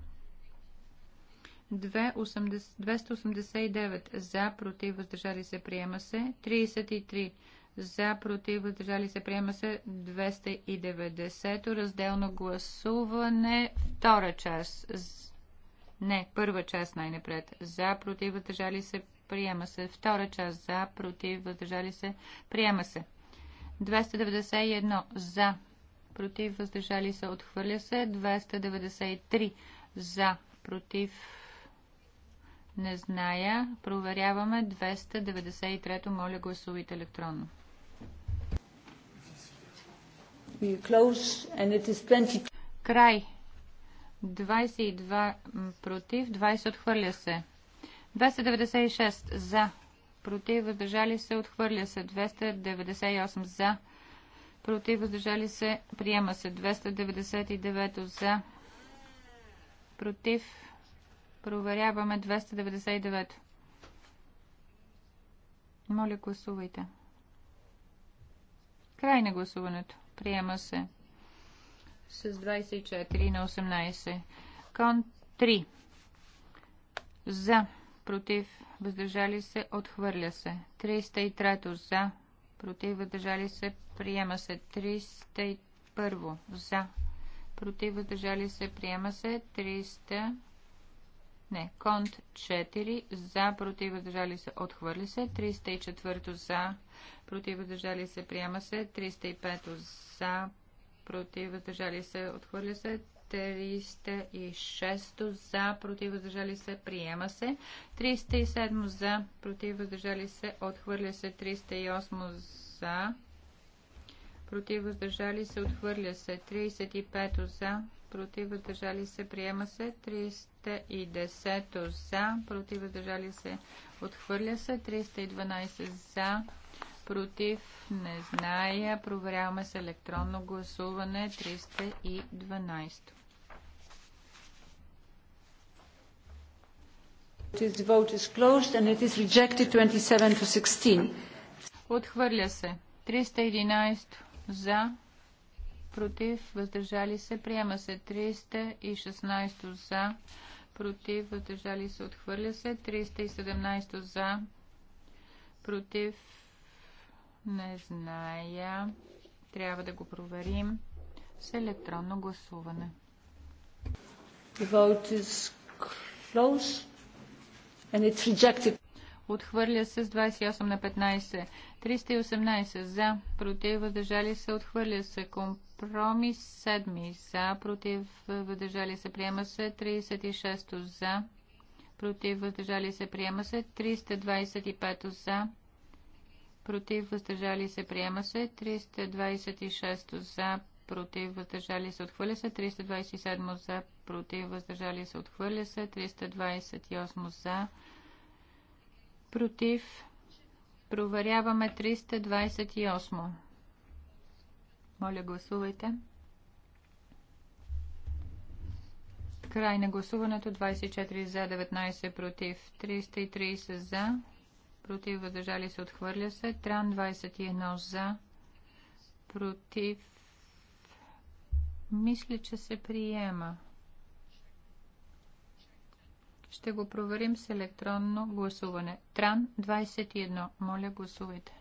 289 за, против, въздържали се, приема се. 33 за, против, въздържали се, приема се 290 разделно гласуване, втора част, не, първа част най-напред, за, против, въздържали се, приема се, втора част, за, против, въздържали се, приема се. 291 за, против, въздържали се, отхвърля се, 293 за, против, не зная. Проверяваме 293. Моля гласувайте електронно close and it is 20. Край. 22 против, 20 отхвърля се. 296 за, против, въздържали се, отхвърля се. 298 за, против, въздържали се, приема се. 299 за, против, проверяваме 299. Моля, гласувайте. Край на гласуването. Приема се. С 24 на 18. Кон 3. За. Против. Въздържали се. Отхвърля се. 303. За. Против. Въздържали се. Приема се. 301. За. Против. Въздържали се. Приема се. 300. Не, конт 4 за, против, въздържали се, отхвърли се. 304 за, против въздържали се, приема се. 305 за, против въздържали се, отхвърля се. 306 за, против въздържали се, приема се. 307 за, против въздържали се, отхвърля се. 308 за, против въздържали се, отхвърля се. 35 за, против въздържали се, приема се. 310 за, против въздържали се, отхвърля се. 312 за, против, не зная. Проверяваме с електронно гласуване 312. The vote is closed and it is rejected 27 to 16. Отхвърля се. 311 за, против, въздържали се, приема се 316 за, против, въздържали се, отхвърля се, 317 за, против, не зная. Трябва да го проверим с електронно гласуване. Отхвърля се с 28 на 15. 318 за, против, въздържали се, отхвърля се. Компромис 7 за, против, въздържали се, приема се. 36 за, против, въздържали се, приема се. 325 за, против, въздържали се, приема се. 326 за, против, въздържали се, отхвърля се. 327 за, против, въздържали се, отхвърля се. 328 за, против. Проверяваме 328. Моля, гласувайте. Край на гласуването 24 за, 19 против, 330 за против, въздържали се, отхвърля се. Тран 21 за, против, мисля, че се приема. Ще го проверим с електронно гласуване. Тран 21. Моля, гласувайте.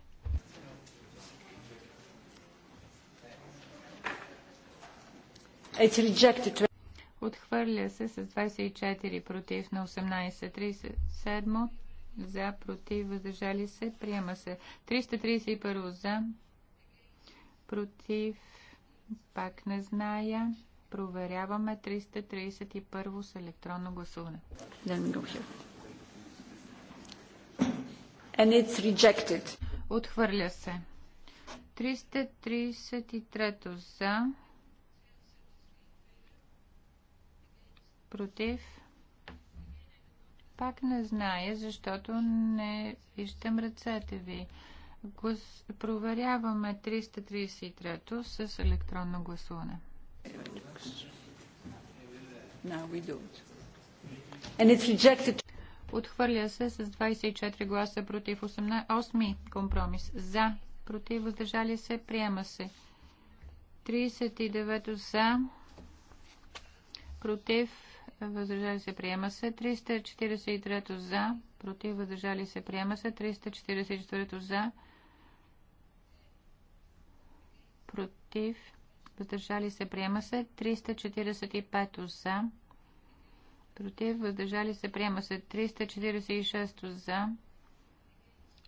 Отхвърля се с 24 против на 18.37 за, против, въздържали се, приема се. 331 за, против, пак не зная. Проверяваме 331 с електронно гласуване. And it's rejected. Отхвърля се. 333 за, против, пак не зная, защото не виждам ръцете ви. Гос... Проверяваме 333-то с електронно гласуване. Отхвърля се с 24 гласа против 18. 8 компромис. За. Против. Въздържали се. Приема се. 39 за. Против въздържали се, приема се. 343 за, против, въздържали се, приема се. 344 за, против, въздържали се, приема се. 345 за, против, въздържали се, приема се. 346 за,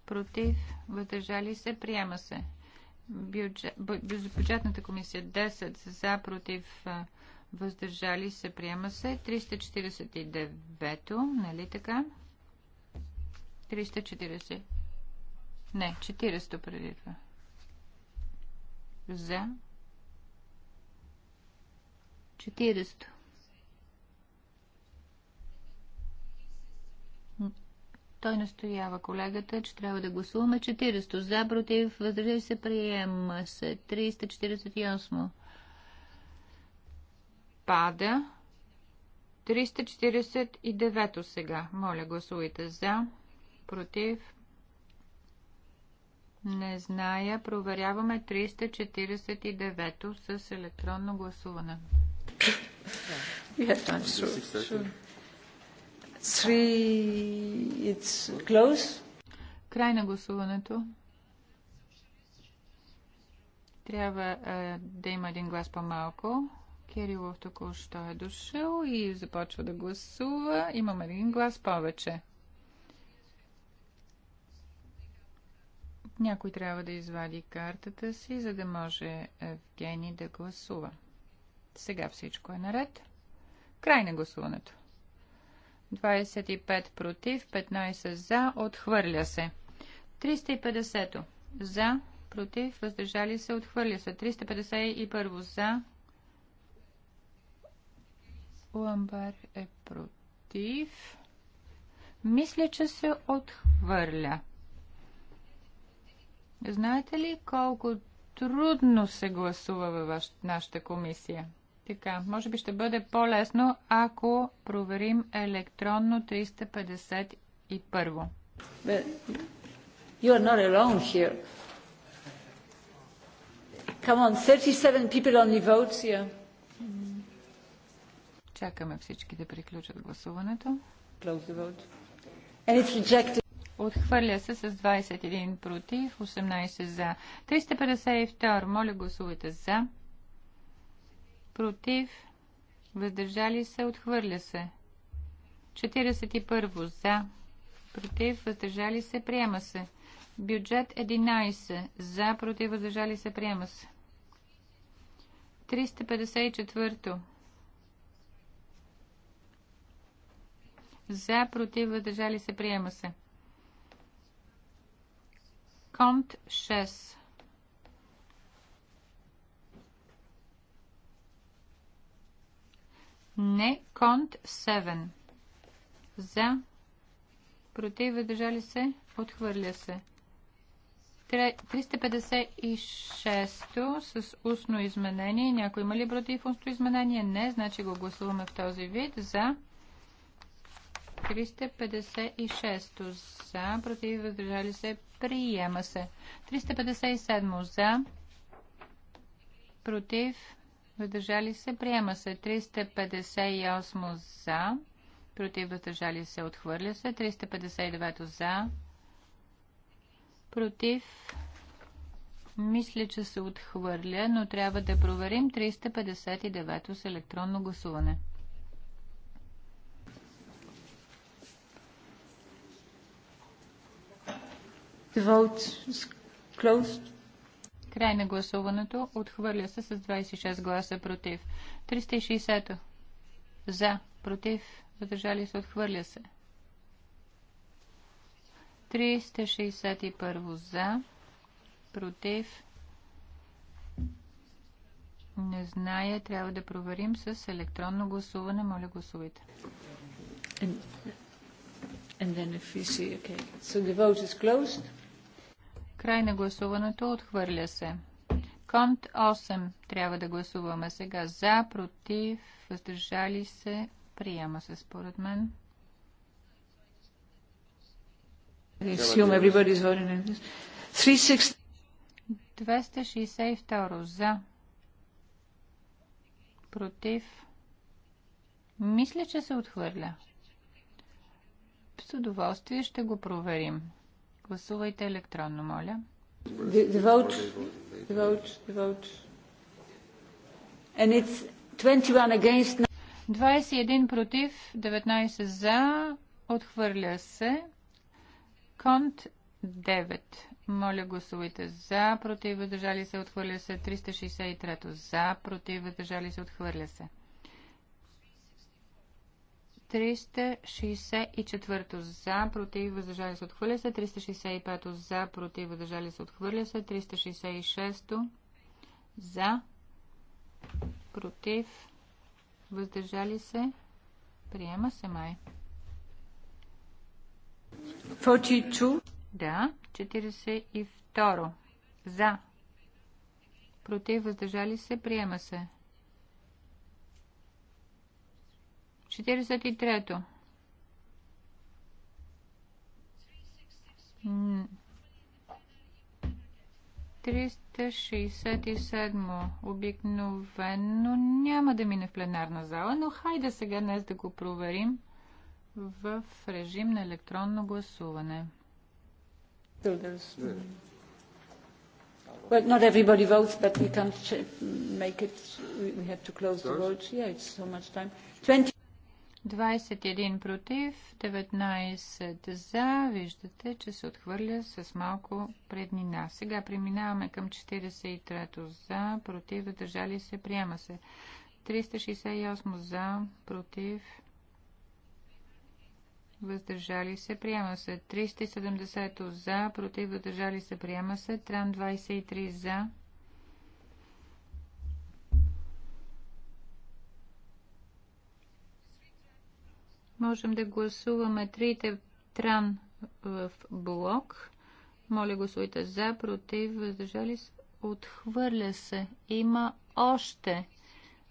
против, въздържали се, приема се. Бюджетната комисия 10 за, против, въздържали се, приема се. 349-то, нали така? 340. Не, 400 преди това. За. 400. Той настоява колегата, че трябва да гласуваме 400. За, против, въздържали се, приема се. 348. Пада. 349 сега. Моля, гласувайте за. Против. Не зная. Проверяваме 349 с електронно гласуване. Край на гласуването. Трябва е, да има един глас по-малко. Кирилов току-що е дошъл и започва да гласува. Имам един глас повече. Някой трябва да извади картата си, за да може Евгений да гласува. Сега всичко е наред. Край на гласуването. 25 против, 15 за, отхвърля се. 350 за, против, въздържали се, отхвърля се. 351 за, Ламбар е против. Мисля, че се отхвърля. Знаете ли колко трудно се гласува във нашата комисия? Така, може би ще бъде по-лесно, ако проверим електронно 351. you are not alone here. Come on, 37 people only votes here. Чакаме всички да приключат гласуването. Отхвърля се с 21 против, 18 за. 352. Моля гласувайте за. Против. Въздържали се. Отхвърля се. 41. За. Против. Въздържали се. Приема се. Бюджет 11. За. Против. Въздържали се. Приема се. 354. За, против, въздържали се, приема се. Конт 6. Не, конт 7. За, против, въздържали се, отхвърля се. 356 с устно изменение. Някой има ли против устно изменение? Не, значи го гласуваме в този вид. За, 356 за, против, въздържали се, приема се. 357 за, против, въздържали се, приема се. 358 за, против, въздържали се, отхвърля се. 359 за, против, мисля, че се отхвърля, но трябва да проверим 359 с електронно гласуване. The vote is closed. Край на гласуването. Отхвърля се с 26 гласа против. 360 за, против, въздържали се, отхвърля се. 361 за, против, не зная, трябва да проверим с електронно гласуване. Моля, гласувайте. And, and then if you see, okay. So the vote is closed. Край на гласуването. Отхвърля се. Конт 8 трябва да гласуваме сега. За, против, въздържали се. Приема се според мен. Assume 262 за. Против. Мисля, че се отхвърля. С удоволствие ще го проверим. Гласувайте електронно, моля. 21 against. 21 против, 19 за, отхвърля се. Конт 9. Моля гласувайте за, против, въздържали се, отхвърля се. 363 за, против, въздържали се, отхвърля се. 364 за, против, въздържали се, отхвърля се. 365 за, против, въздържали се, отхвърля се. 366 за, против, въздържали се, приема се май. 42. Да, 42. За. Против, въздържали се, приема се. 43-то. Триста обикновено няма да мине в пленарна зала, но хайде сега днес да го проверим в режим на електронно гласуване. Well, not everybody votes, but we can't make it. We have to close the vote. Yeah, it's so much time. 20. 21 против, 19 за. Виждате, че се отхвърля с малко преднина. Сега преминаваме към 43-то за, против, въздържали се, приема се. 368 за, против, въздържали се, приема се. 370 за, против, въздържали се, приема се. Тран 23 за, Можем да гласуваме трите тран в блок. Моля, гласуйте за, против, въздържали се. Отхвърля се. Има още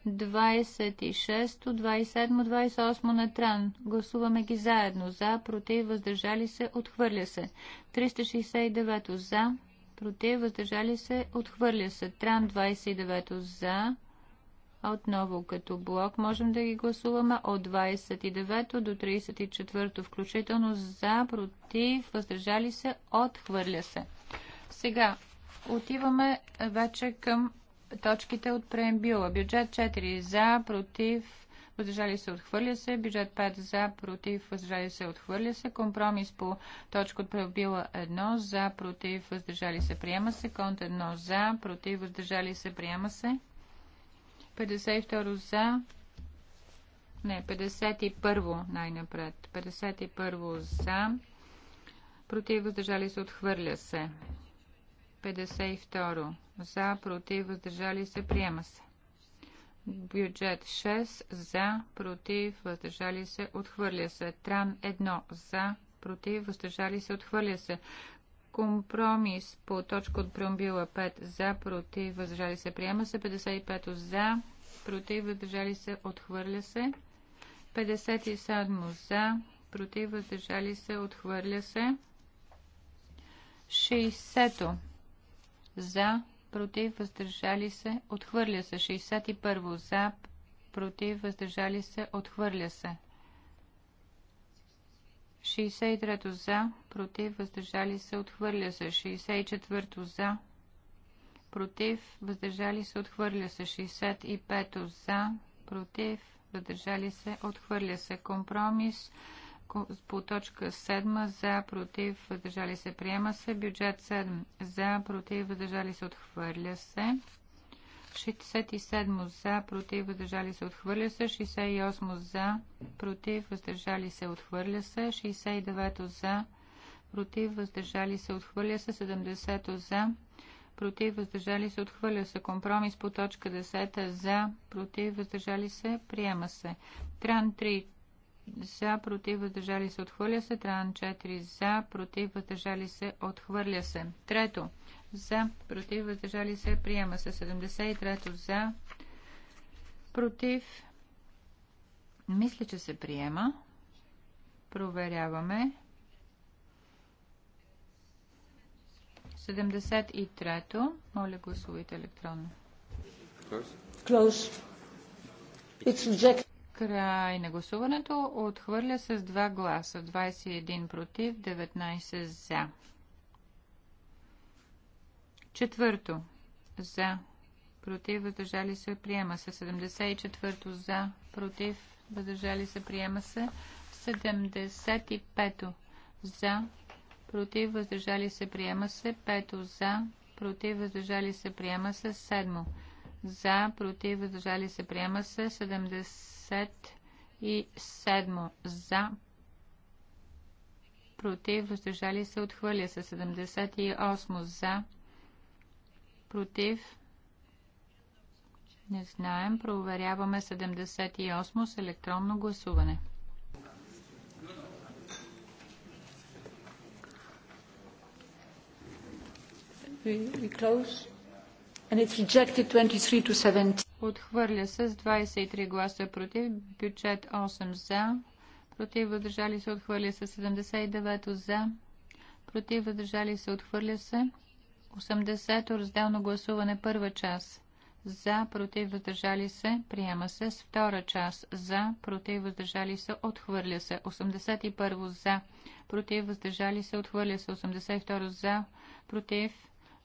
26, 27, 28 на Тран. Гласуваме ги заедно. За, против, въздържали се, отхвърля се. 369 за, против, въздържали се, отхвърля се. Тран 29 за, отново като блок можем да ги гласуваме от 29 до 34 включително за, против, въздържали се, отхвърля се. Сега отиваме вече към точките от преембюла. Бюджет 4 за, против, въздържали се, отхвърля се. Бюджет 5 за, против, въздържали се, отхвърля се. Компромис по точка от правила 1 за, против, въздържали се, приема се. Конт 1 за, против, въздържали се, приема се. 52 за. Не, 51 най-напред. 51 за. Против въздържали се, отхвърля се. 52 за. Против въздържали се, приема се. Бюджет 6 за. Против въздържали се, отхвърля се. Тран 1 за. Против въздържали се, отхвърля се. Компромис по точка от преамбила 5 за, против, въздържали се, приема се. 55 за, против, въздържали се, отхвърля се. 57 за, против, въздържали се, отхвърля се. 60 за, против, въздържали се, отхвърля се. 61 за, против, въздържали се, отхвърля се. 63 за, против, въздържали се, отхвърля се. 64 за, против, въздържали се, отхвърля се. 65 за, против, въздържали се, отхвърля се. Компромис по точка 7 за, против, въздържали се, приема се. Бюджет 7 за, против, въздържали се, отхвърля се. 67 за, против, въздържали се, отхвърля се. 68 за, против, въздържали се, отхвърля се. 69 за, против, въздържали се, отхвърля се. 70 за, против, въздържали се, отхвърля се. Компромис по точка 10 за, против, въздържали се, приема се. Тран 3 за, против, въздържали се, отхвърля се. Тран 4 за, против, въздържали се, отхвърля се. Трето за, против, въздържали се, приема се. 73-то за, против, мисля, че се приема. Проверяваме. 73-то, моля гласувайте електронно. Close. It's rejected. Край на гласуването отхвърля с 2 гласа, 21 против, 19 за. Четвърто. За. Против. Въздържали се. Приема се. 74. За. Против. Въздържали се. Приема се. 75. За. Против. Въздържали се. Приема се. 5. За. Против. Въздържали се. Приема се. 7. За. Против. Въздържали се. Приема се. 77. За против, въздържали се, отхвърля се 78 за, против, не знаем. Проверяваме 78 с електронно гласуване. Отхвърля се с 23 гласа против, бюджет 8 за, против въздържали се, отхвърля се 79 за, против въздържали се, отхвърля се 80-то разделно гласуване първа час. За, против, въздържали се, приема се. С втора част. За, против, въздържали се, отхвърля се. 81 за, против, въздържали се, отхвърля се. 82 за, против,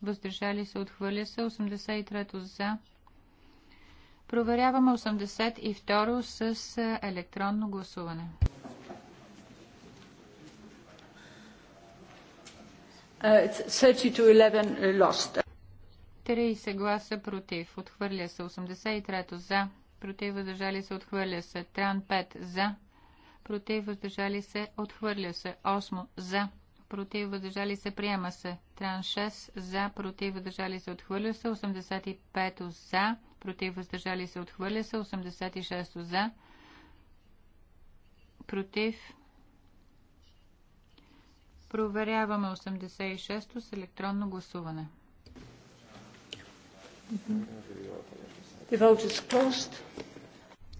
въздържали се, отхвърля се. 83 за. Проверяваме 82 с е, електронно гласуване. 30 uh, 11 uh, lost. 30 гласа против. Отхвърля се 83-то за. Против въздържали се. Отхвърля се. Тран 5 за. Против въздържали се. Отхвърля се. 8 за. Против въздържали се. Приема се. Тран 6 за. Против въздържали се. Отхвърля се. 85-то за. Против въздържали се. Отхвърля се. 86-то за. Против Проверяваме 86-то с електронно гласуване.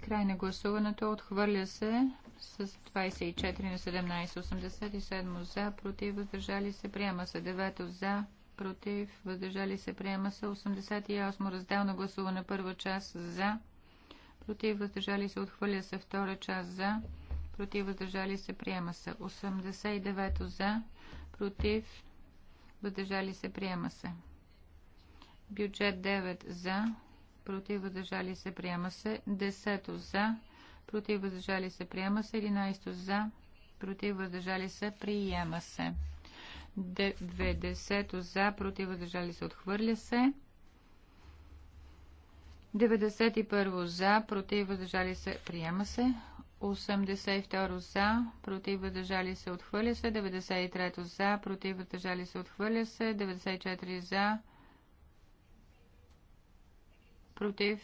Край на гласуването отхвърля се с 24 на 17, 87 за, против, въздържали се, приема се 9 за, против, въздържали се, приема се 88 разделно гласуване първа част за, против, въздържали се, отхвърля се втора част за, против, въздържали се, приема се. 89 за, против, въздържали се, приема се. Бюджет 9 за, против, въздържали се, приема се. 10 за, против, въздържали се, приема се. 11 за, против, въздържали се, приема се. 90 за, против, въздържали се, отхвърля се. 91 за, против, въздържали се, приема се. 82 за, против въздържали се, отхвърля се. 93 за, против въздържали се, отхвърля се. 94 за, против.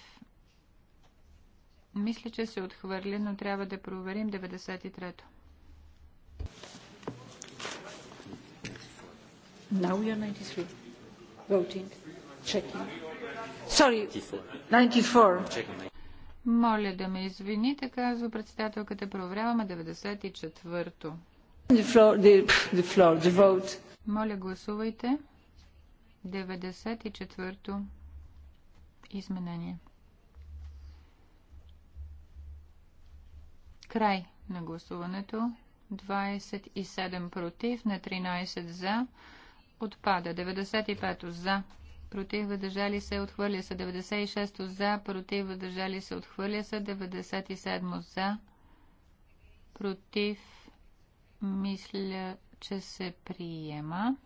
Мисля, че се отхвърли, но трябва да проверим 93-то. Now we are 93. Voting. Checking. Sorry, 94. Моля да ме извините, казва председателката. Проверяваме 94-то. Моля, гласувайте. 94-то изменение. Край на гласуването. 27 против, на 13 за. Отпада. 95 за против, въздържали се, отхвърля се. 96 за, против, въздържали се, отхвърля се. 97 за, против, мисля, че се приема.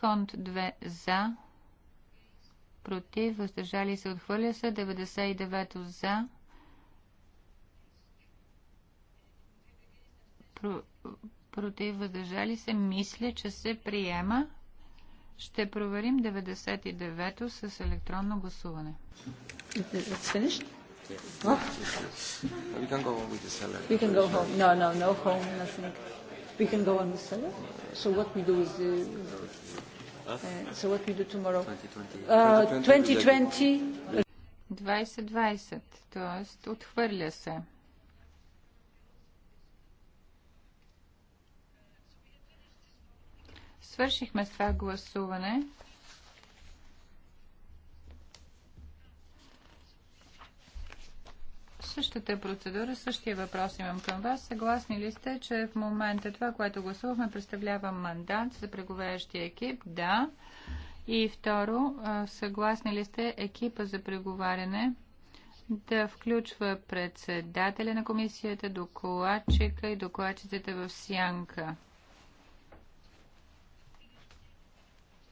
Конт 2 за, против, въздържали се, отхвърля се. 99 за, против, въздържали се, мисля, че се приема. Ще проверим 99-то с електронно гласуване. Двадесет двадесет, т.е. отхвърля се. Свършихме с това гласуване. Същата е процедура, същия въпрос имам към вас. Съгласни ли сте, че в момента това, което гласувахме, представлява мандат за преговарящия екип? Да. И второ, съгласни ли сте екипа за преговаряне? да включва председателя на комисията, докладчика и докладчиците в сянка.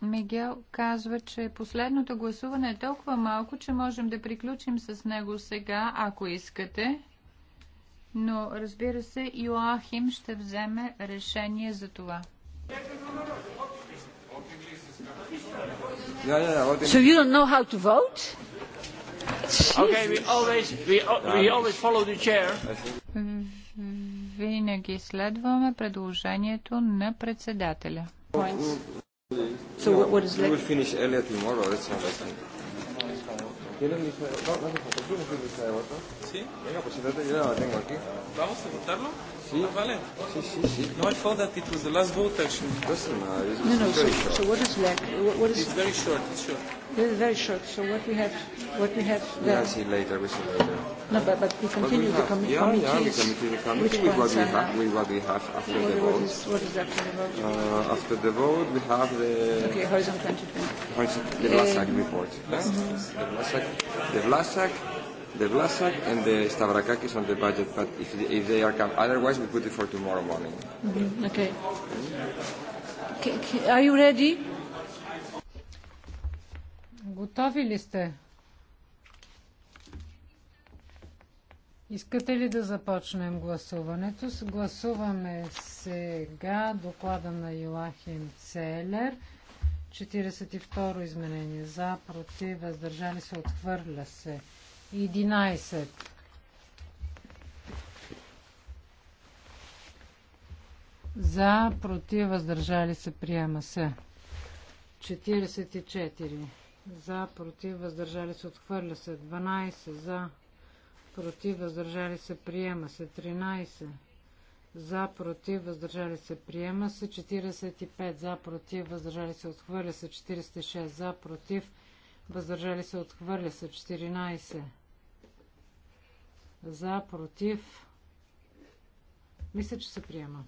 Мигел казва, че последното гласуване е толкова малко, че можем да приключим с него сега, ако искате. Но разбира се, Йоахим ще вземе решение за това. So you don't know how to vote? Okay, we always, we, we always follow the chair. Винаги следваме предложението на председателя. So what, what is we will finish earlier tomorrow, that's all I think. no, a No, I thought that it was the last vote, actually. no, no, so, so what is left? What, what is... It's very short, it's short. This is very short. So what we have, what we have. There. We'll see later. We see later. No, but, but we continue but we the com- yeah, Yeah, we continue the committee with what, we have, with what we have after what, the vote. What is, what is after the vote? Uh, after the vote, we have the. Okay, Horizon 2020. Horizon, the Vlasak report. Yeah? Mm-hmm. The Vlasak. The Vlasak the Vlasak and the Stavrakakis on the budget, but if, the, if they are come, otherwise we put it for tomorrow morning. Mm-hmm. Okay. Are you ready? Готови ли сте? Искате ли да започнем гласуването? Гласуваме сега доклада на Йоахим Целер. 42 изменение. За, против, въздържали се, отхвърля се. 11. За, против, въздържали се, приема се. 44 за, против, въздържали се, отхвърля се. 12 за, против, въздържали се, приема се. 13 за, против, въздържали се, приема се. 45 за, против, въздържали се, отхвърля се. 46 за, против, въздържали се, отхвърля се. 14 за, против. Мисля, че се приема.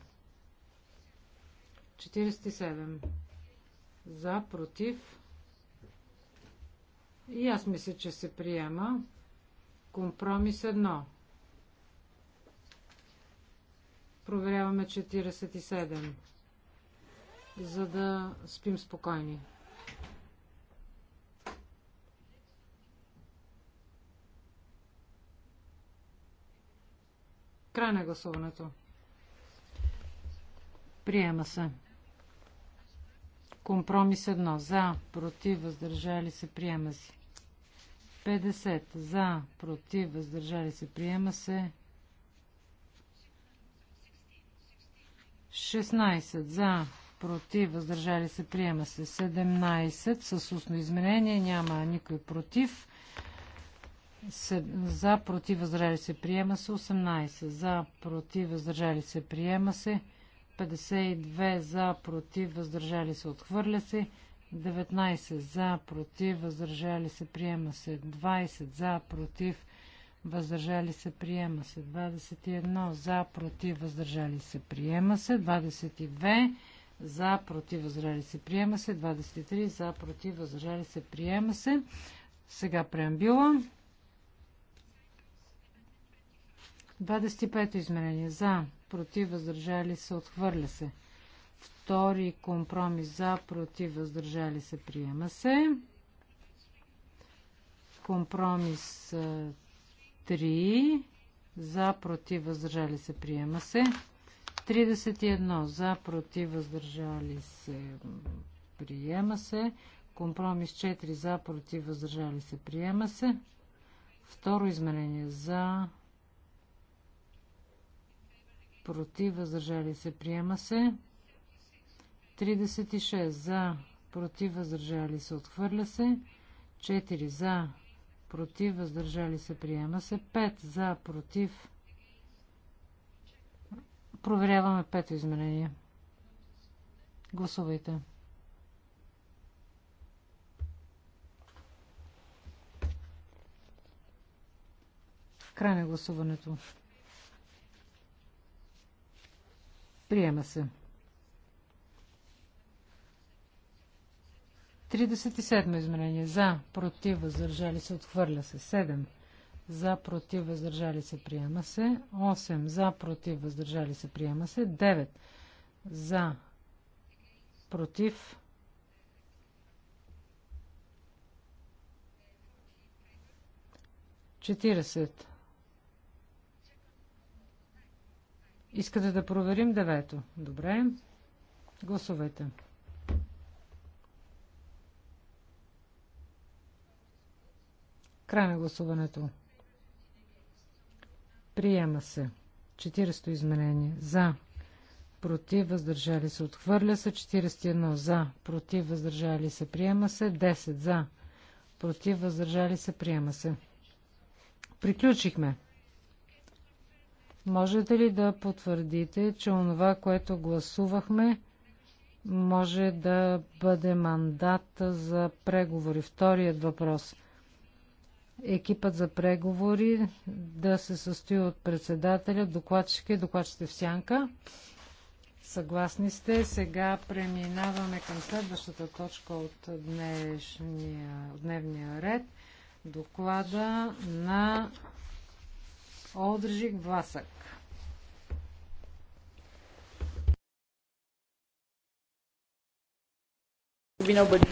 47 за, против. И аз мисля, че се приема. Компромис едно. Проверяваме 47, за да спим спокойни. Край на гласуването. Приема се. Компромис 1. За, против, въздържали се, приема се. 50. За, против, въздържали се, приема се. 16. За, против, въздържали се, приема се. 17. С устно изменение няма никой против. За, против, въздържали се, приема се. 18. За, против, въздържали се, приема се. 19. 52 за, против, въздържали се, отхвърля се. 19 за, против, въздържали се, приема се. 20 за, против, въздържали се, приема се. 21 за, против, въздържали се, приема се. 22 за, против, въздържали се, приема се. 23 за, против, въздържали се, приема се. Сега преамбила. 25 изменение за, против, въздържали се, отхвърля се. Втори компромис за, против, въздържали се, приема се. Компромис 3 за, против, въздържали се, приема се. 31 за, против, въздържали се, приема се. Компромис 4 за, против, въздържали се, приема се. Второ изменение за, против, въздържали се, приема се. 36 за, против, въздържали се, отхвърля се. 4 за, против, въздържали се, приема се. 5 за, против. Проверяваме пето изменение. Гласувайте. Край на гласуването. Приема се. 37 изменение. За, против, въздържали се, отхвърля се. 7. За, против, въздържали се, приема се. 8. За, против, въздържали се, приема се. 9. За, против, Четиридесет. Искате да проверим девето. Добре. Гласувайте. Край на гласуването. Приема се. 40 изменение. За. Против. Въздържали се. Отхвърля се. 41. За. Против. Въздържали се. Приема се. 10. За. Против. Въздържали се. Приема се. Приключихме. Можете ли да потвърдите, че онова, което гласувахме, може да бъде мандат за преговори? Вторият въпрос. Екипът за преговори да се състои от председателя, докладчика и е, докладчите в сянка. Съгласни сте. Сега преминаваме към следващата точка от днешния, дневния ред. Доклада на Олдржик Власък. Вино бъде.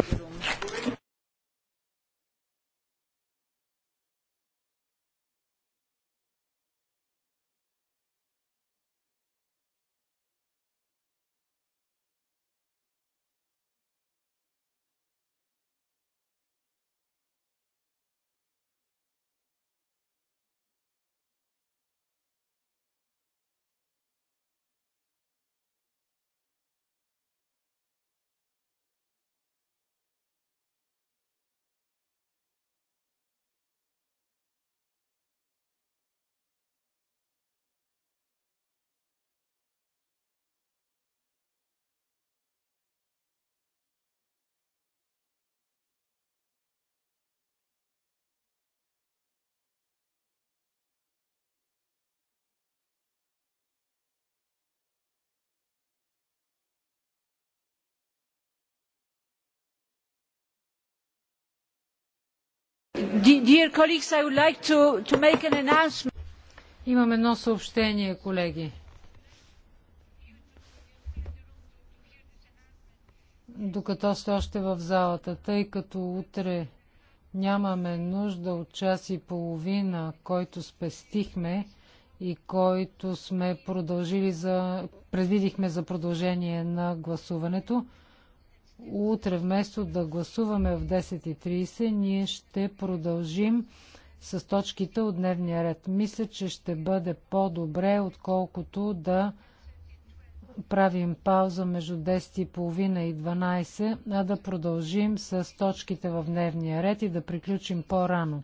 Like Имам едно съобщение, колеги. Докато сте още в залата, тъй като утре нямаме нужда от час и половина, който спестихме и който сме продължили за, предвидихме за продължение на гласуването утре вместо да гласуваме в 10.30, ние ще продължим с точките от дневния ред. Мисля, че ще бъде по-добре, отколкото да правим пауза между 10.30 и 12, а да продължим с точките в дневния ред и да приключим по-рано.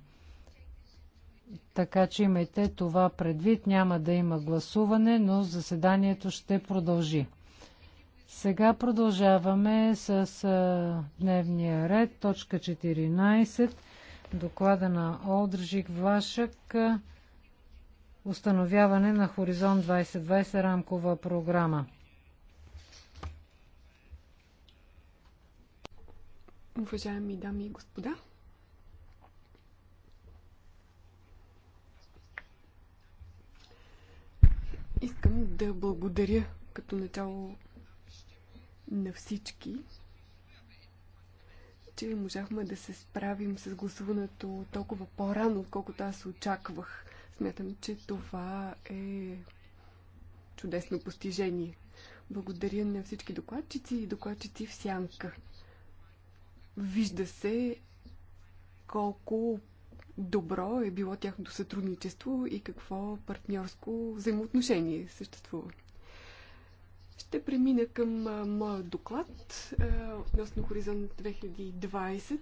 Така че имайте това предвид. Няма да има гласуване, но заседанието ще продължи. Сега продължаваме с дневния ред, точка 14, доклада на Олдржик Влашък, установяване на Хоризонт 2020 рамкова програма. Уважаеми дами и господа, искам да благодаря като начало на всички, че можахме да се справим с гласуването толкова по-рано, отколкото аз очаквах. Смятам, че това е чудесно постижение. Благодаря на всички докладчици и докладчици в сянка. Вижда се колко добро е било тяхното сътрудничество и какво партньорско взаимоотношение съществува. Ще премина към моя доклад относно Хоризонт 2020.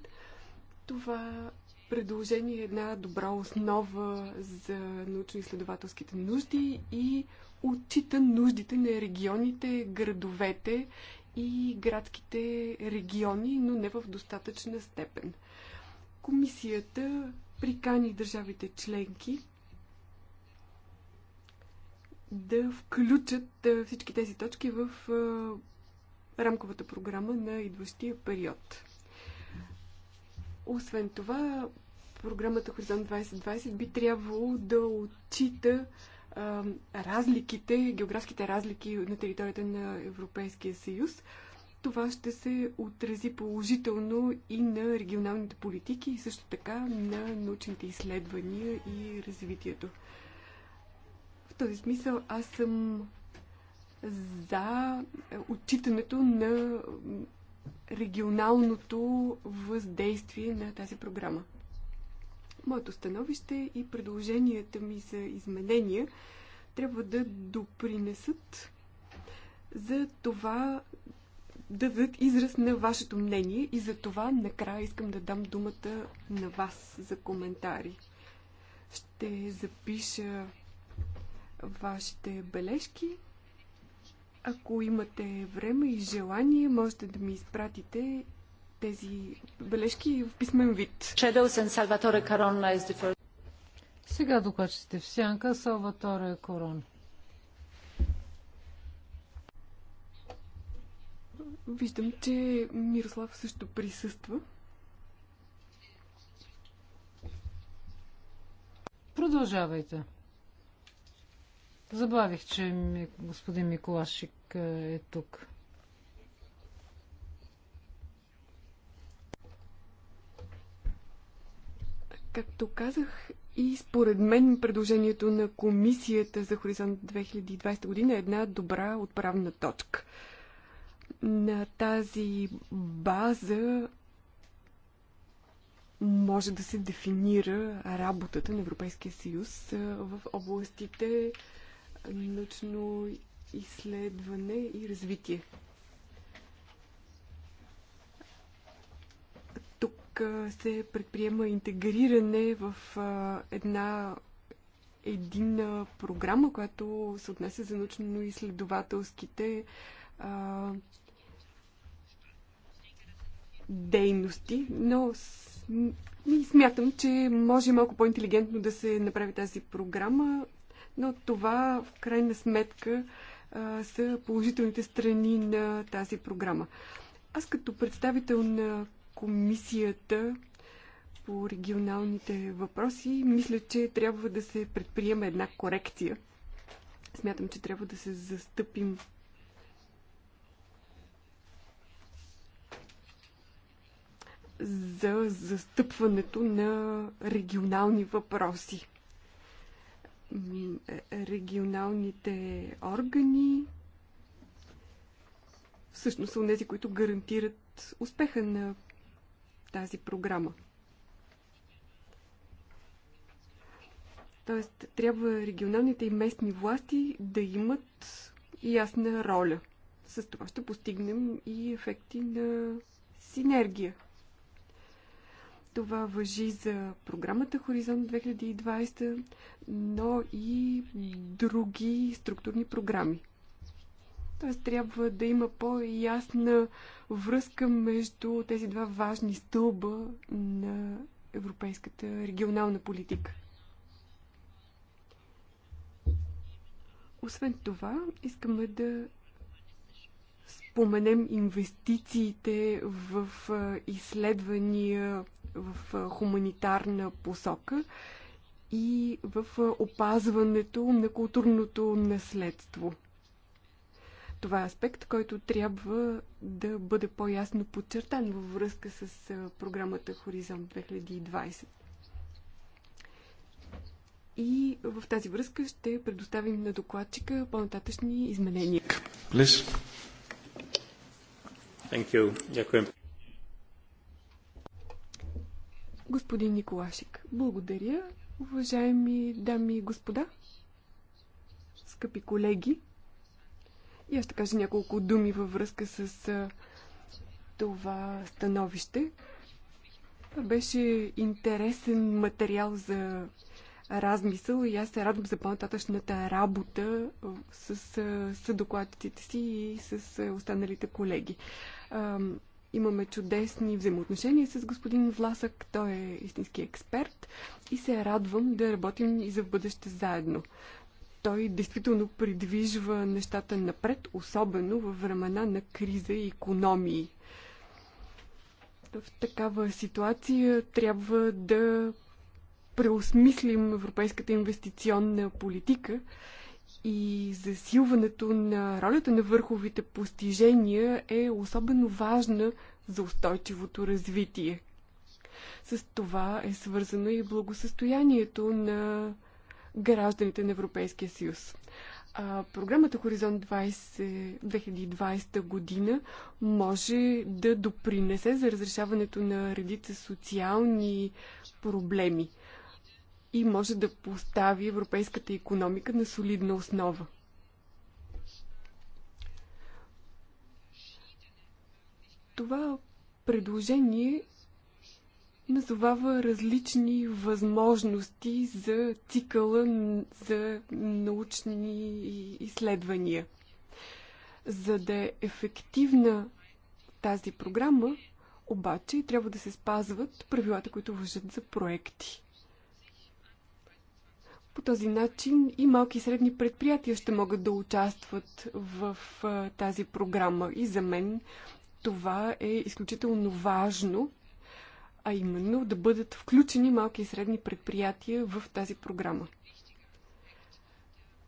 Това предложение е една добра основа за научно-изследователските нужди и отчита нуждите на регионите, градовете и градските региони, но не в достатъчна степен. Комисията прикани държавите членки да включат всички тези точки в рамковата програма на идващия период. Освен това, програмата Хоризонт 2020 би трябвало да отчита разликите, географските разлики на територията на Европейския съюз. Това ще се отрази положително и на регионалните политики, и също така на научните изследвания и развитието този смисъл аз съм за отчитането на регионалното въздействие на тази програма. Моето становище и предложенията ми за изменения трябва да допринесат за това да дадат израз на вашето мнение и за това накрая искам да дам думата на вас за коментари. Ще запиша вашите бележки. Ако имате време и желание, можете да ми изпратите тези бележки в писмен вид. Сега докачате в сянка Салваторе Корон. Виждам, че Мирослав също присъства. Продължавайте. Забавих, че господин Миколашик е, е тук. Както казах, и според мен предложението на комисията за Хоризонт 2020 година е една добра отправна точка. На тази база може да се дефинира работата на Европейския съюз е, в областите, научно изследване и развитие. Тук се предприема интегриране в една единна програма, която се отнесе за научно-изследователските дейности, но смятам, че може малко по-интелигентно да се направи тази програма но това в крайна сметка са положителните страни на тази програма. Аз като представител на комисията по регионалните въпроси, мисля, че трябва да се предприеме една корекция. Смятам, че трябва да се застъпим за застъпването на регионални въпроси. Е, регионалните органи всъщност са тези, които гарантират успеха на тази програма. Тоест, трябва регионалните и местни власти да имат ясна роля. С това ще постигнем и ефекти на синергия това въжи за програмата Хоризонт 2020, но и други структурни програми. Тоест трябва да има по-ясна връзка между тези два важни стълба на европейската регионална политика. Освен това, искаме да споменем инвестициите в изследвания, в хуманитарна посока и в опазването на културното наследство. Това е аспект, който трябва да бъде по-ясно подчертан във връзка с програмата Хоризонт 2020. И в тази връзка ще предоставим на докладчика по-нататъчни изменения. Please. Thank you. Дякуем. Господин Николашик, благодаря. Уважаеми дами и господа, скъпи колеги, и аз ще кажа няколко думи във връзка с това становище. Това беше интересен материал за размисъл и аз се радвам за по-нататъчната работа с съдокладците си и с останалите колеги. Имаме чудесни взаимоотношения с господин Власък. Той е истински експерт и се радвам да работим и за бъдеще заедно. Той действително придвижва нещата напред, особено във времена на криза и економии. В такава ситуация трябва да преосмислим европейската инвестиционна политика и засилването на ролята на върховите постижения е особено важна за устойчивото развитие. С това е свързано и благосъстоянието на гражданите на Европейския съюз. А, програмата Хоризонт 20, 2020 година може да допринесе за разрешаването на редица социални проблеми и може да постави европейската економика на солидна основа. Това предложение назовава различни възможности за цикъла за научни изследвания. За да е ефективна тази програма, обаче трябва да се спазват правилата, които въжат за проекти. По този начин и малки и средни предприятия ще могат да участват в тази програма. И за мен това е изключително важно, а именно да бъдат включени малки и средни предприятия в тази програма.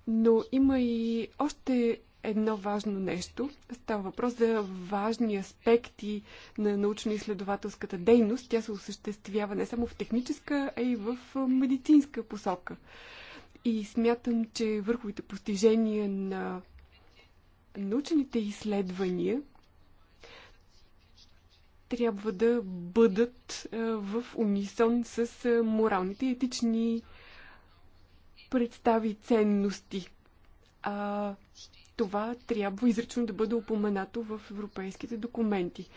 Но има и още едно важно нещо. Става въпрос за важни аспекти на научно-изследователската дейност. Тя се осъществява не само в техническа, а и в медицинска посока. И смятам, че върховите постижения на научните изследвания трябва да бъдат в унисон с моралните и етични представи ценности. А, това трябва изрично да бъде упоменато в европейските документи.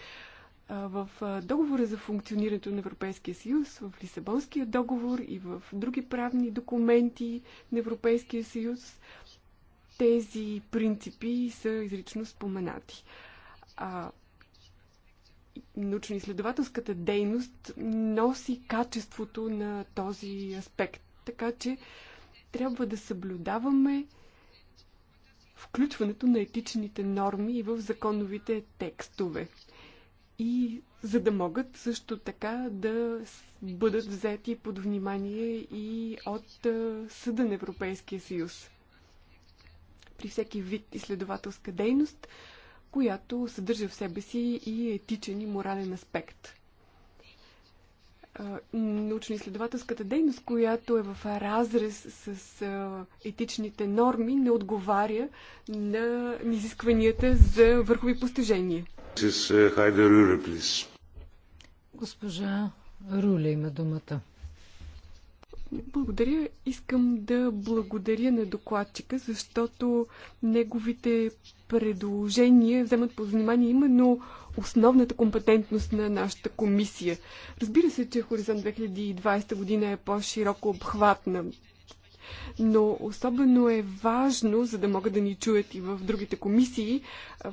В договора за функционирането на Европейския съюз, в Лисабонския договор и в други правни документи на Европейския съюз тези принципи са изрично споменати. А, научно-изследователската дейност носи качеството на този аспект. Така че трябва да съблюдаваме включването на етичните норми и в законовите текстове и за да могат също така да бъдат взети под внимание и от Съда на Европейския съюз. При всеки вид изследователска дейност, която съдържа в себе си и етичен и морален аспект. Научно-изследователската дейност, която е в разрез с етичните норми, не отговаря на изискванията за върхови постижения. Госпожа Руле има думата. Благодаря. Искам да благодаря на докладчика, защото неговите предложения вземат по внимание именно основната компетентност на нашата комисия. Разбира се, че Хоризонт 2020 година е по-широко обхватна но особено е важно, за да могат да ни чуят и в другите комисии,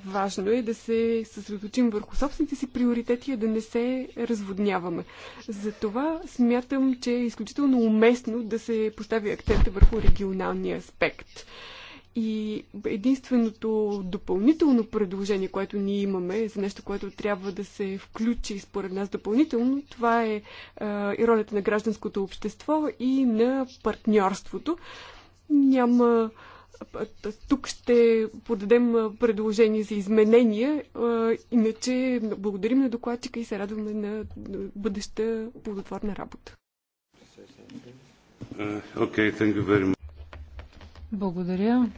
важно е да се съсредоточим върху собствените си приоритети и да не се разводняваме. Затова смятам, че е изключително уместно да се постави акцента върху регионалния аспект. И единственото допълнително предложение, което ние имаме за нещо, което трябва да се включи според нас допълнително, това е, е ролята на гражданското общество и на партньорството. Няма. Тук ще подадем предложение за изменения. Иначе благодарим на докладчика и се радваме на бъдеща плодотворна работа. Uh, okay, thank you very much. Благодаря.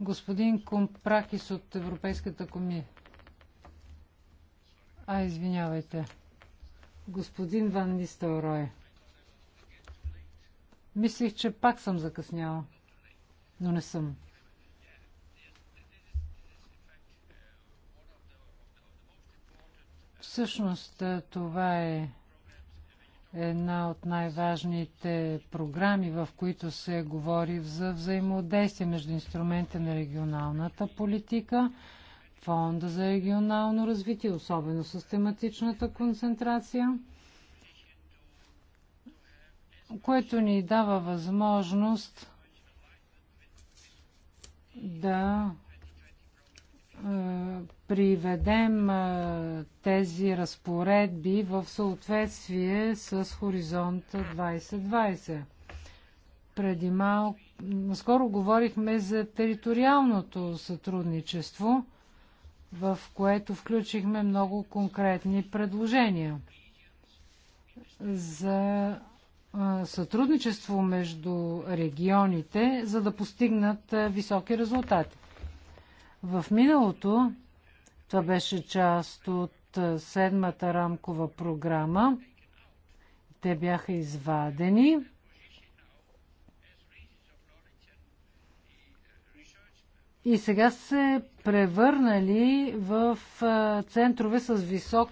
Господин Компракис от Европейската комисия. А, извинявайте. Господин Ван Нистелрой. Мислих, че пак съм закъсняла, но не съм. Всъщност това е една от най-важните програми, в които се говори за взаимодействие между инструмента на регионалната политика, фонда за регионално развитие, особено с тематичната концентрация, което ни дава възможност да е, приведем е, тези разпоредби в съответствие с хоризонт 2020. Преди малко, скоро говорихме за териториалното сътрудничество, в което включихме много конкретни предложения за е, сътрудничество между регионите, за да постигнат високи резултати. В миналото това беше част от седмата рамкова програма. Те бяха извадени. И сега се превърнали в центрове с висок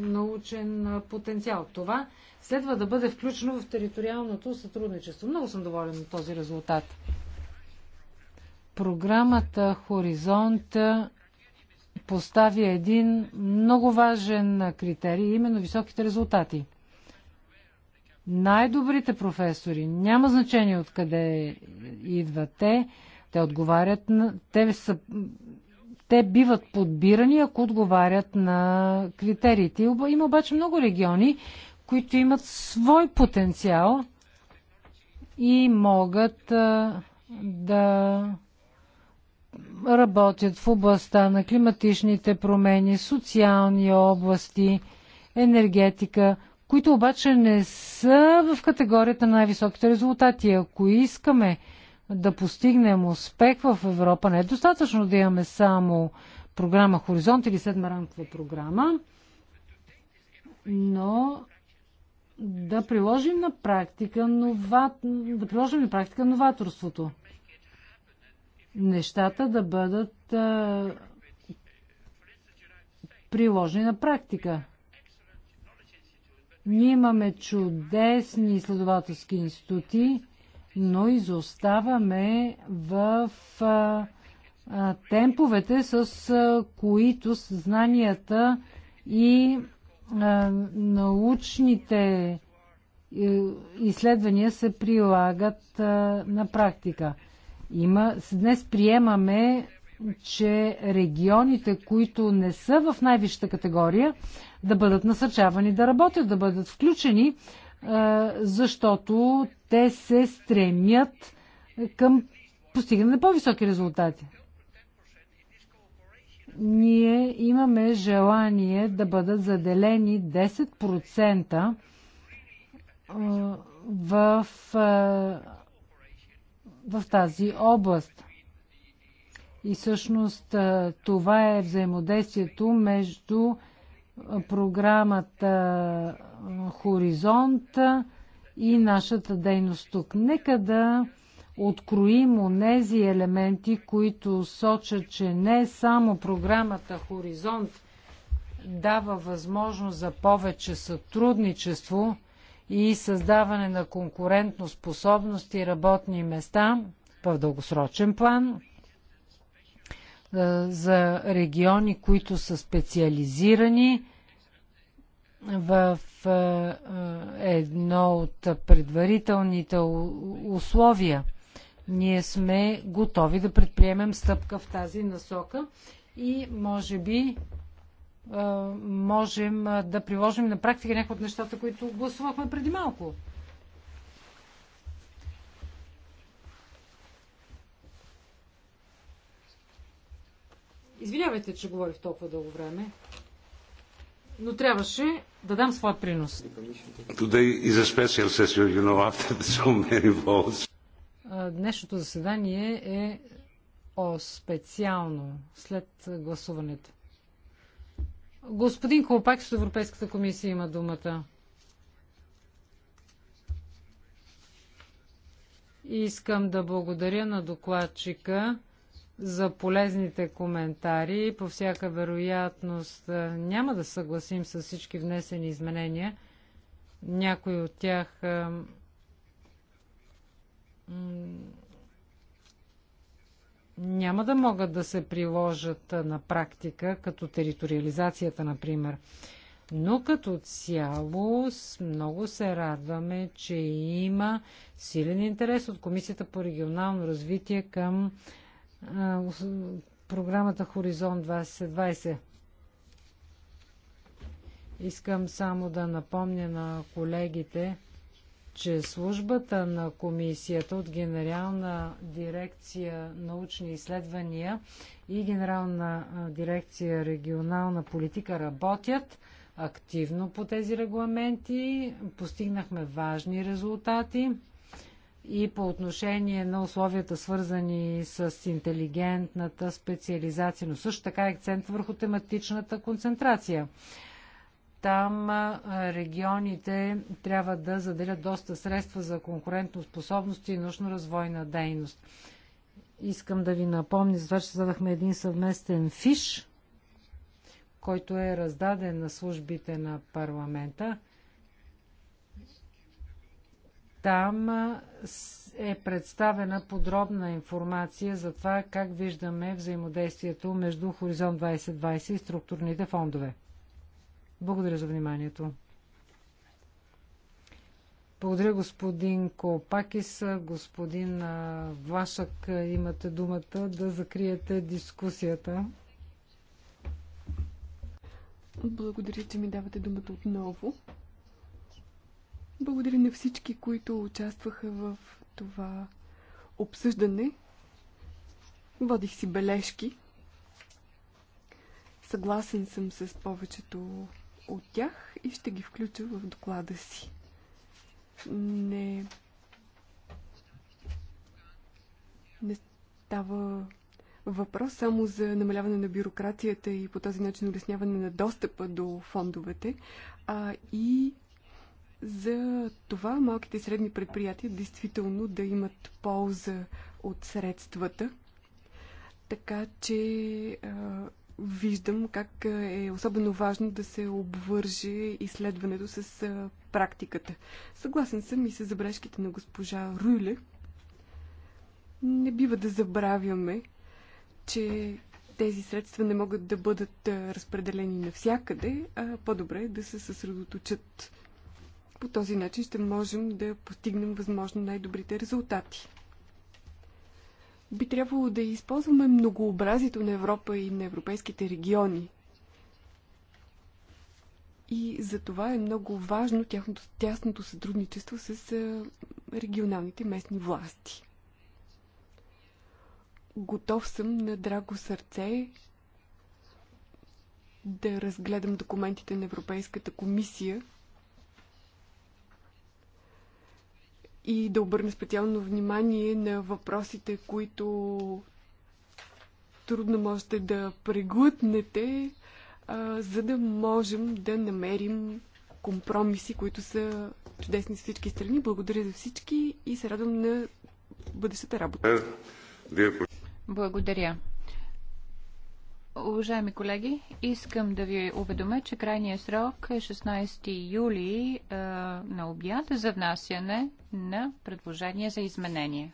научен потенциал. Това следва да бъде включено в териториалното сътрудничество. Много съм доволен от този резултат. Програмата Хоризонт поставя един много важен критерий, именно високите резултати. Най-добрите професори, няма значение откъде идват те, те отговарят на... Те, са, те биват подбирани, ако отговарят на критериите. Има обаче много региони, които имат свой потенциал и могат да работят в областта на климатичните промени, социални области, енергетика, които обаче не са в категорията на най-високите резултати. Ако искаме да постигнем успех в Европа, не е достатъчно да имаме само програма Хоризонт или седма рамкова програма, но да приложим на практика, новат... да приложим на практика новаторството нещата да бъдат а, приложени на практика. Ние имаме чудесни изследователски институти, но изоставаме в а, а, темповете, с а, които знанията и а, научните е, изследвания се прилагат а, на практика. Има, днес приемаме, че регионите, които не са в най-висшата категория, да бъдат насърчавани да работят, да бъдат включени, е, защото те се стремят към постигане на по-високи резултати. Ние имаме желание да бъдат заделени 10% е, в е, в тази област. И всъщност това е взаимодействието между програмата Хоризонт и нашата дейност тук. Нека да откроим онези елементи, които сочат, че не само програмата Хоризонт дава възможност за повече сътрудничество, и създаване на конкурентно способност и работни места в дългосрочен план за региони, които са специализирани в едно от предварителните условия. Ние сме готови да предприемем стъпка в тази насока и може би можем да приложим на практика някои от нещата, които гласувахме преди малко. Извинявайте, че говорих толкова дълго време, но трябваше да дам своя принос. (laughs) Днешното заседание е о специално след гласуването. Господин Колпакс, от Европейската комисия има думата. Искам да благодаря на докладчика за полезните коментари. По всяка вероятност няма да съгласим с всички внесени изменения. Някои от тях няма да могат да се приложат на практика, като териториализацията, например. Но като цяло много се радваме, че има силен интерес от Комисията по регионално развитие към а, програмата Хоризонт 2020. Искам само да напомня на колегите, че службата на комисията от Генерална дирекция научни изследвания и Генерална дирекция регионална политика работят активно по тези регламенти. Постигнахме важни резултати и по отношение на условията свързани с интелигентната специализация, но също така акцент върху тематичната концентрация. Там регионите трябва да заделят доста средства за способност и научно-развойна дейност. Искам да ви напомня, за това, че задахме един съвместен фиш, който е раздаден на службите на парламента. Там е представена подробна информация за това как виждаме взаимодействието между Хоризонт 2020 и структурните фондове. Благодаря за вниманието. Благодаря, господин Колпакис. Господин Влашък, имате думата да закриете дискусията. Благодаря, че ми давате думата отново. Благодаря на всички, които участваха в това обсъждане. Водих си бележки. Съгласен съм с повечето от тях и ще ги включа в доклада си. Не, не става въпрос само за намаляване на бюрокрацията и по този начин улесняване на достъпа до фондовете, а и за това малките и средни предприятия действително да имат полза от средствата, така че а, виждам как е, е особено важно да се обвърже изследването с е, практиката. Съгласен съм и с забрежките на госпожа Руйле. Не бива да забравяме, че тези средства не могат да бъдат е, разпределени навсякъде, а по-добре е да се съсредоточат. По този начин ще можем да постигнем възможно най-добрите резултати. Би трябвало да използваме многообразието на Европа и на европейските региони. И за това е много важно тяхното, тясното сътрудничество с регионалните местни власти. Готов съм на драго сърце да разгледам документите на Европейската комисия и да обърна специално внимание на въпросите, които трудно можете да преглътнете, а, за да можем да намерим компромиси, които са чудесни с всички страни. Благодаря за всички и се радвам на бъдещата работа. Благодаря. Уважаеми колеги, искам да ви уведомя, че крайният срок е 16 юли е, на обяд за внасяне на предложение за изменение.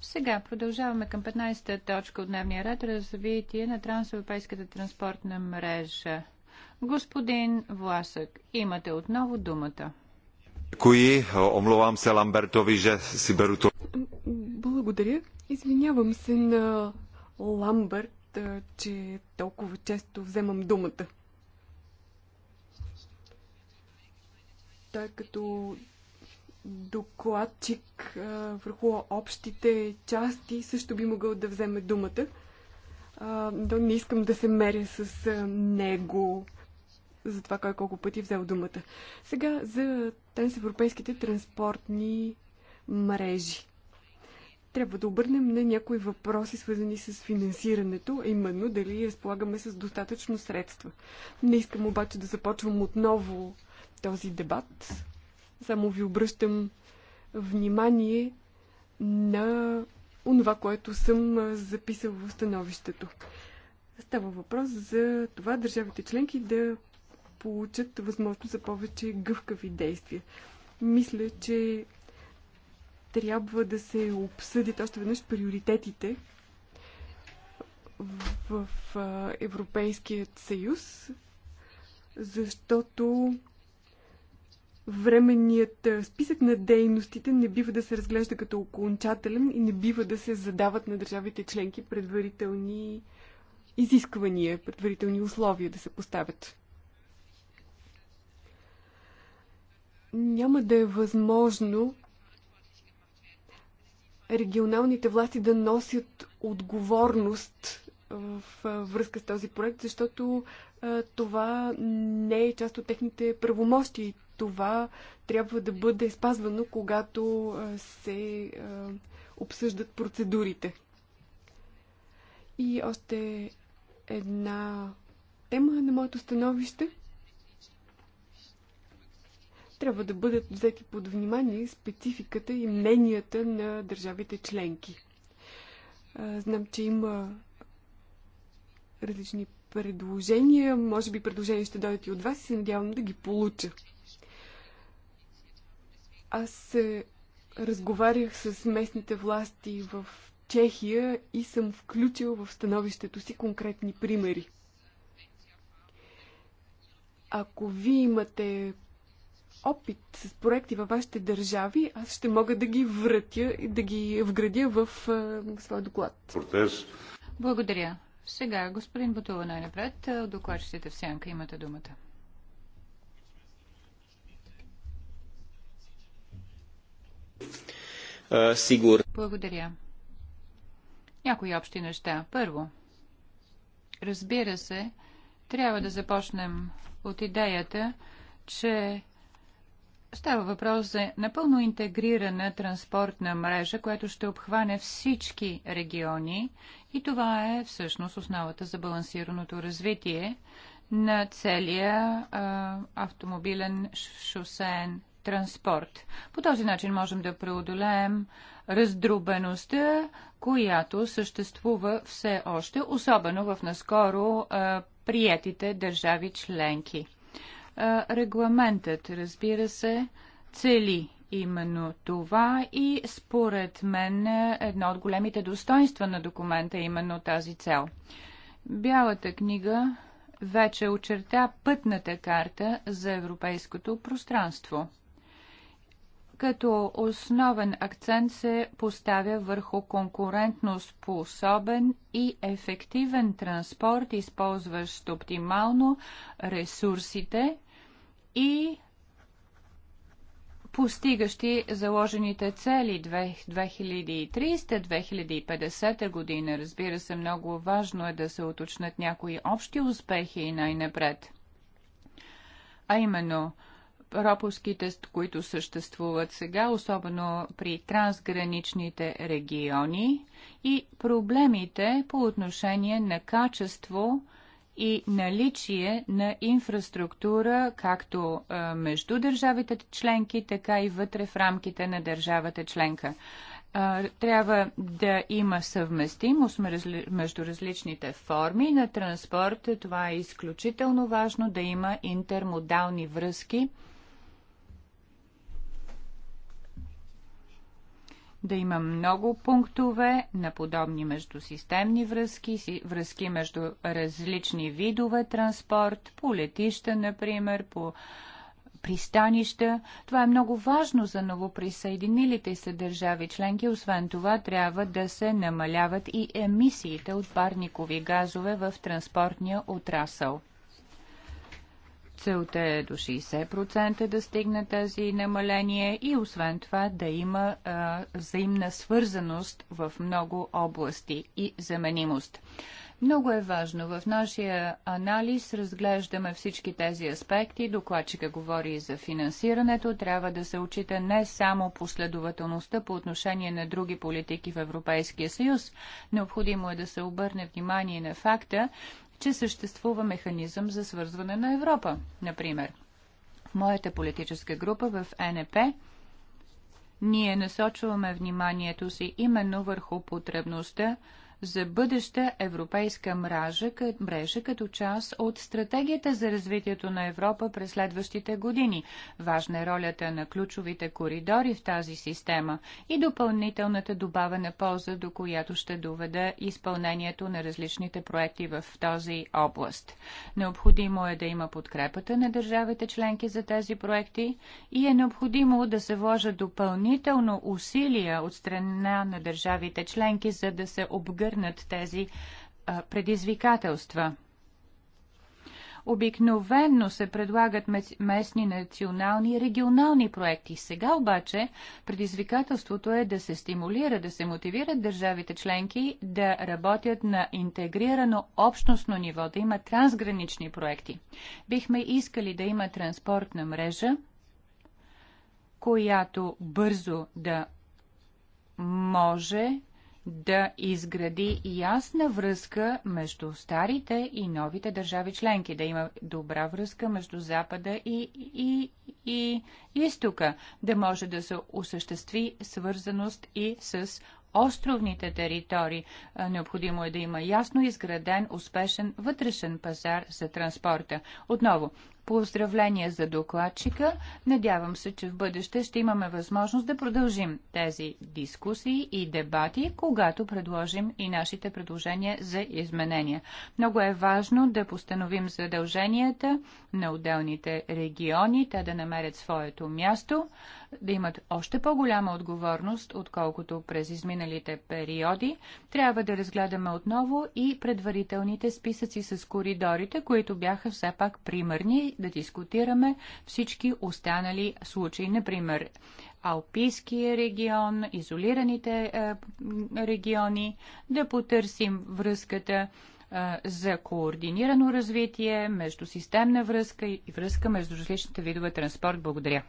Сега продължаваме към 15-та точка от дневния ред развитие на трансевропейската транспортна мрежа. Господин Власък, имате отново думата. Кои, омлувам се Ламбертови, же си беру Благодаря. Извинявам се на Ламберт е, че толкова често вземам думата. Той като докладчик а, е, върху общите части също би могъл да вземе думата. Е, но не искам да се меря с а, него за това кой колко пъти взел думата. Сега за трансевропейските транспортни мрежи трябва да обърнем на някои въпроси, свързани с финансирането, именно дали разполагаме с достатъчно средства. Не искам обаче да започвам отново този дебат. Само ви обръщам внимание на онова, което съм записал в становището. Става въпрос за това държавите членки да получат възможност за повече гъвкави действия. Мисля, че трябва да се обсъдят още веднъж приоритетите в Европейският съюз, защото временният списък на дейностите не бива да се разглежда като окончателен и не бива да се задават на държавите членки предварителни изисквания, предварителни условия да се поставят. Няма да е възможно регионалните власти да носят отговорност в връзка с този проект, защото това не е част от техните правомощи. Това трябва да бъде спазвано, когато се обсъждат процедурите. И още една тема на моето становище – трябва да бъдат взети под внимание спецификата и мненията на държавите членки. Знам, че има различни предложения. Може би предложения ще дойдат и от вас и се надявам да ги получа. Аз е, разговарях с местните власти в Чехия и съм включил в становището си конкретни примери. Ако ви имате опит с проекти във вашите държави, аз ще мога да ги вратя и да ги вградя в своя доклад. Благодаря. Сега, господин Бутова, най-напред, докладчиците в сянка имате думата. Сигур. Благодаря. Някои общи неща. Първо, разбира се, трябва да започнем от идеята, че Става въпрос за напълно интегрирана транспортна мрежа, която ще обхване всички региони и това е всъщност основата за балансираното развитие на целия а, автомобилен шосеен транспорт. По този начин можем да преодолеем раздробеността, която съществува все още, особено в наскоро а, приятите държави членки. Регламентът, разбира се, цели именно това и според мен едно от големите достоинства на документа е именно тази цел. Бялата книга вече очертя пътната карта за европейското пространство – като основен акцент се поставя върху конкурентно способен и ефективен транспорт, използващ оптимално ресурсите и постигащи заложените цели 2030-2050 година. Разбира се, много важно е да се уточнят някои общи успехи и най-напред. А именно – пропуските, които съществуват сега, особено при трансграничните региони и проблемите по отношение на качество и наличие на инфраструктура, както между държавите членки, така и вътре в рамките на държавата членка трябва да има съвместимост между различните форми на транспорт. Това е изключително важно да има интермодални връзки да има много пунктове на подобни междусистемни връзки, връзки между различни видове транспорт, по летища, например, по пристанища. Това е много важно за новоприсъединилите се държави членки. Освен това, трябва да се намаляват и емисиите от парникови газове в транспортния отрасъл. Целта е до 60% да стигне тази намаление и освен това да има а, взаимна свързаност в много области и заменимост. Много е важно. В нашия анализ разглеждаме всички тези аспекти. Докладчика говори и за финансирането. Трябва да се очита не само последователността по отношение на други политики в Европейския съюз. Необходимо е да се обърне внимание на факта, че съществува механизъм за свързване на Европа, например. В моята политическа група в НП ние насочваме вниманието си именно върху потребността за бъдеща европейска мрежа, мрежа като част от стратегията за развитието на Европа през следващите години. Важна е ролята на ключовите коридори в тази система и допълнителната добавена полза, до която ще доведе изпълнението на различните проекти в този област. Необходимо е да има подкрепата на държавите членки за тези проекти и е необходимо да се вложат допълнително усилия от страна на държавите членки, за да се обгърне превърнат тези а, предизвикателства. Обикновенно се предлагат местни, национални и регионални проекти. Сега обаче предизвикателството е да се стимулира, да се мотивират държавите членки да работят на интегрирано общностно ниво, да има трансгранични проекти. Бихме искали да има транспортна мрежа, която бързо да може да изгради ясна връзка между старите и новите държави членки, да има добра връзка между Запада и, и, и Изтока, да може да се осъществи свързаност и с островните територии. Необходимо е да има ясно изграден успешен вътрешен пазар за транспорта. Отново, Поздравления за докладчика. Надявам се, че в бъдеще ще имаме възможност да продължим тези дискусии и дебати, когато предложим и нашите предложения за изменения. Много е важно да постановим задълженията на отделните региони, те да намерят своето място, да имат още по-голяма отговорност, отколкото през изминалите периоди. Трябва да разгледаме отново и предварителните списъци с коридорите, които бяха все пак примерни да дискутираме всички останали случаи. Например, Алпийския регион, изолираните е, региони, да потърсим връзката е, за координирано развитие, между системна връзка и връзка между различните видове транспорт. Благодаря.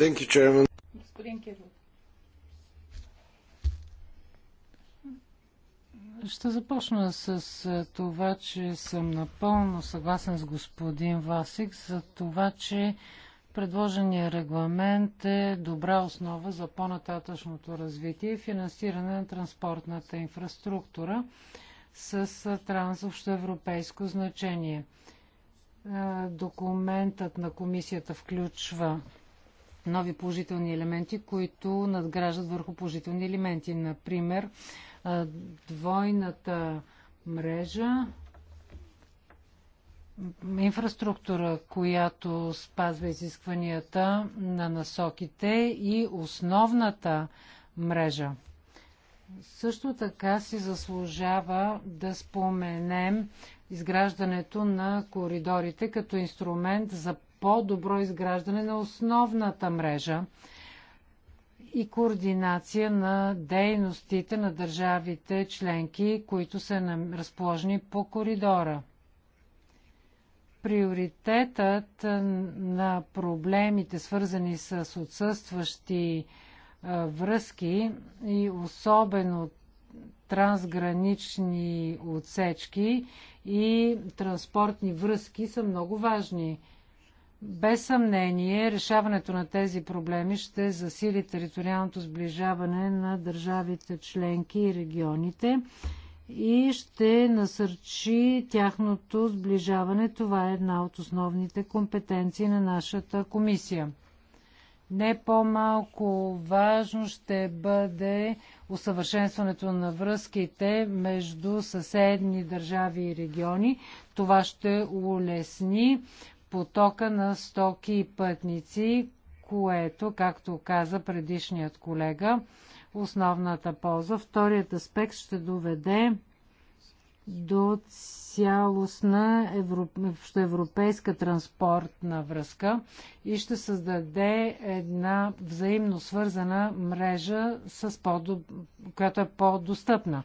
Thank you, Chairman. Господин Кирилов. Ще започна с това, че съм напълно съгласен с господин Васик за това, че предложения регламент е добра основа за по-нататъчното развитие и финансиране на транспортната инфраструктура с трансобщоевропейско значение. Документът на комисията включва нови положителни елементи, които надграждат върху положителни елементи. Например, двойната мрежа, инфраструктура, която спазва изискванията на насоките и основната мрежа. Също така си заслужава да споменем изграждането на коридорите като инструмент за по-добро изграждане на основната мрежа и координация на дейностите на държавите членки, които са разположени по коридора. Приоритетът на проблемите, свързани с отсъстващи е, връзки и особено трансгранични отсечки и транспортни връзки са много важни. Без съмнение, решаването на тези проблеми ще засили териториалното сближаване на държавите членки и регионите и ще насърчи тяхното сближаване. Това е една от основните компетенции на нашата комисия. Не по-малко важно ще бъде усъвършенстването на връзките между съседни държави и региони. Това ще улесни потока на стоки и пътници, което, както каза предишният колега, основната полза. Вторият аспект ще доведе до цялостна европейска транспортна връзка и ще създаде една взаимно свързана мрежа, с по която е по-достъпна.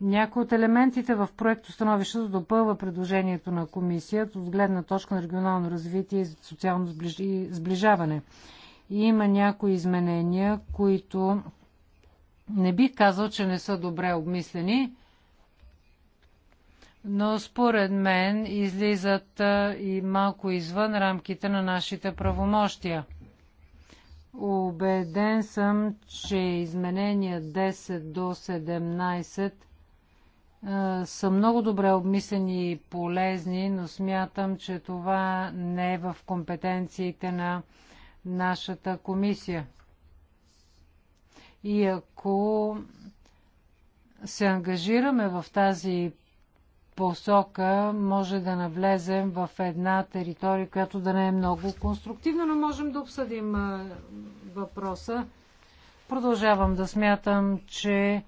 Някои от елементите в проекто становището допълва предложението на комисията от гледна точка на регионално развитие и социално сближаване. И има някои изменения, които не бих казал, че не са добре обмислени, но според мен излизат и малко извън рамките на нашите правомощия. Обеден съм, че изменения 10 до 17 е, са много добре обмислени и полезни, но смятам, че това не е в компетенциите на нашата комисия. И ако се ангажираме в тази посока, може да навлезем в една територия, която да не е много конструктивна, но можем да обсъдим е, въпроса. Продължавам да смятам, че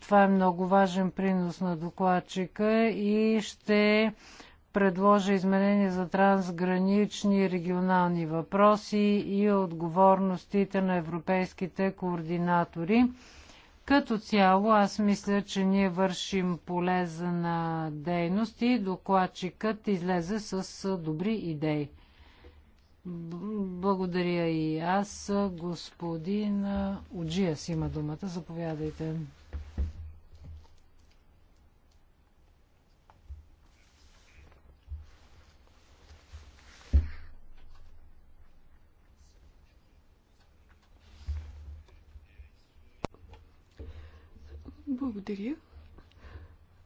това е много важен принос на докладчика и ще предложа изменения за трансгранични регионални въпроси и отговорностите на европейските координатори. Като цяло, аз мисля, че ние вършим полезна дейност и докладчикът излезе с добри идеи. Благодаря и аз. Господин Оджияс има думата. Заповядайте. Благодаря.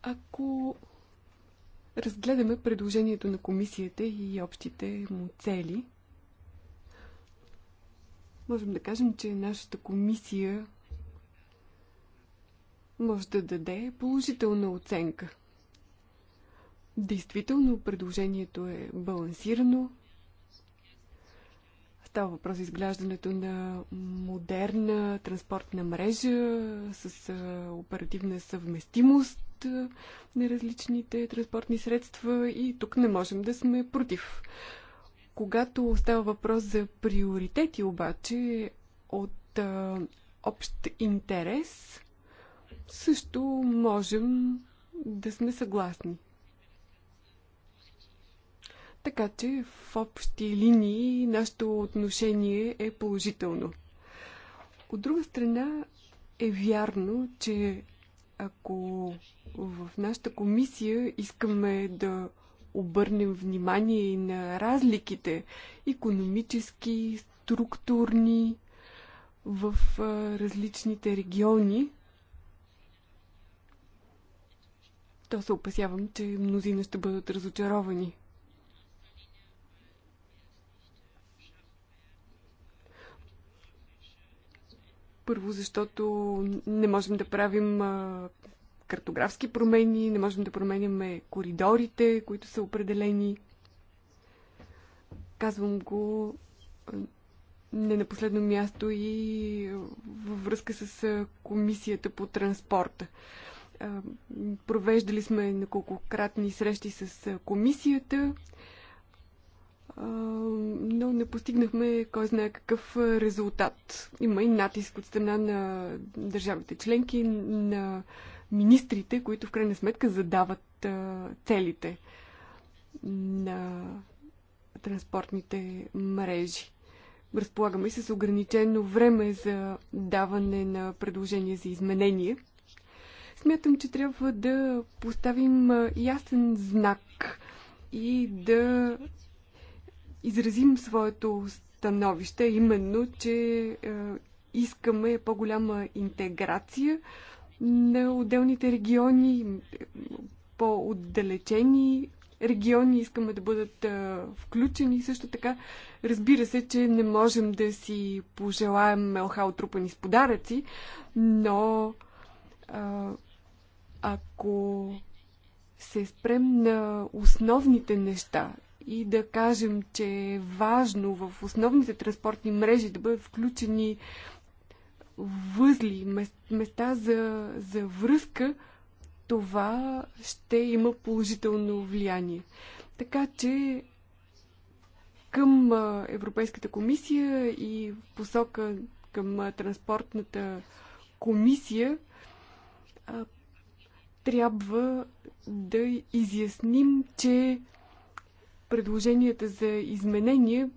Ако разгледаме предложението на комисията и общите му цели, можем да кажем, че нашата комисия може да даде положителна оценка. Действително, предложението е балансирано, Става въпрос за изграждането на модерна транспортна мрежа с оперативна съвместимост на различните транспортни средства и тук не можем да сме против. Когато става въпрос за приоритети обаче от а, общ интерес, също можем да сме съгласни. Така че в общи линии нашето отношение е положително. От друга страна е вярно, че ако в нашата комисия искаме да обърнем внимание и на разликите економически, структурни в различните региони, то се опасявам, че мнозина ще бъдат разочаровани. Първо, защото не можем да правим картографски промени, не можем да променяме коридорите, които са определени. Казвам го не на последно място и във връзка с комисията по транспорта. Провеждали сме неколкократни срещи с комисията но не постигнахме кой знае какъв резултат. Има и натиск от страна на държавите членки, на министрите, които в крайна сметка задават целите на транспортните мрежи. Разполагаме с ограничено време за даване на предложения за изменение. Смятам, че трябва да поставим ясен знак и да изразим своето становище, именно, че е, искаме по-голяма интеграция на отделните региони, по-отдалечени региони искаме да бъдат е, включени. Също така, разбира се, че не можем да си пожелаем мелха отрупани с подаръци, но е, ако се спрем на основните неща, и да кажем, че е важно в основните транспортни мрежи да бъдат включени възли, места за, за връзка, това ще има положително влияние. Така че към Европейската комисия и посока към транспортната комисия трябва да изясним, че предложенията за изменение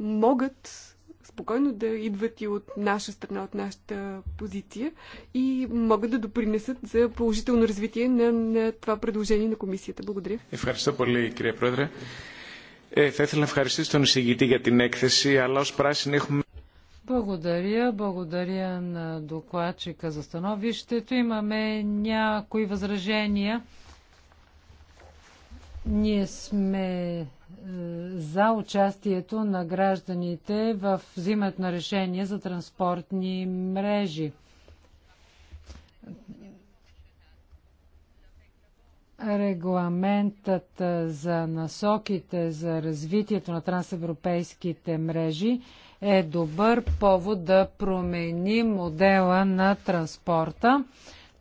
могат спокойно да идват и от наша страна, от нашата позиция и могат да допринесат за положително развитие на, на това предложение на комисията. Благодаря. Ευχαριστώ πολύ, κύριε Πρόεδρε. Ε, θα ήθελα να ευχαριστήσω τον εισηγητή για την έκθεση, αλλά ως πράσινη έχουμε... Благодаря, благодаря на докладчика за становището. Имаме някои възражения ние сме е, за участието на гражданите в взимането на решения за транспортни мрежи. Регламентът е, за насоките за развитието на трансевропейските мрежи е добър повод да промени модела на транспорта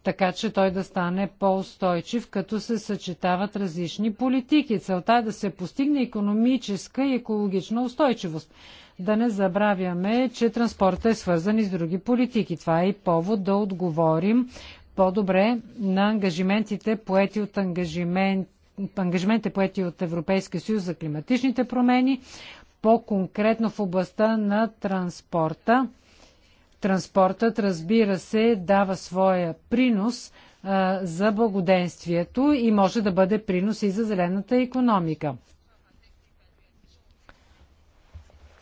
така че той да стане по-устойчив, като се съчетават различни политики. Целта е да се постигне економическа и екологична устойчивост. Да не забравяме, че транспортът е свързан и с други политики. Това е и повод да отговорим по-добре на ангажиментите, поети от ангажимент, ангажиментите поети от Европейския съюз за климатичните промени, по-конкретно в областта на транспорта Транспортът, разбира се, дава своя принос а, за благоденствието и може да бъде принос и за зелената економика.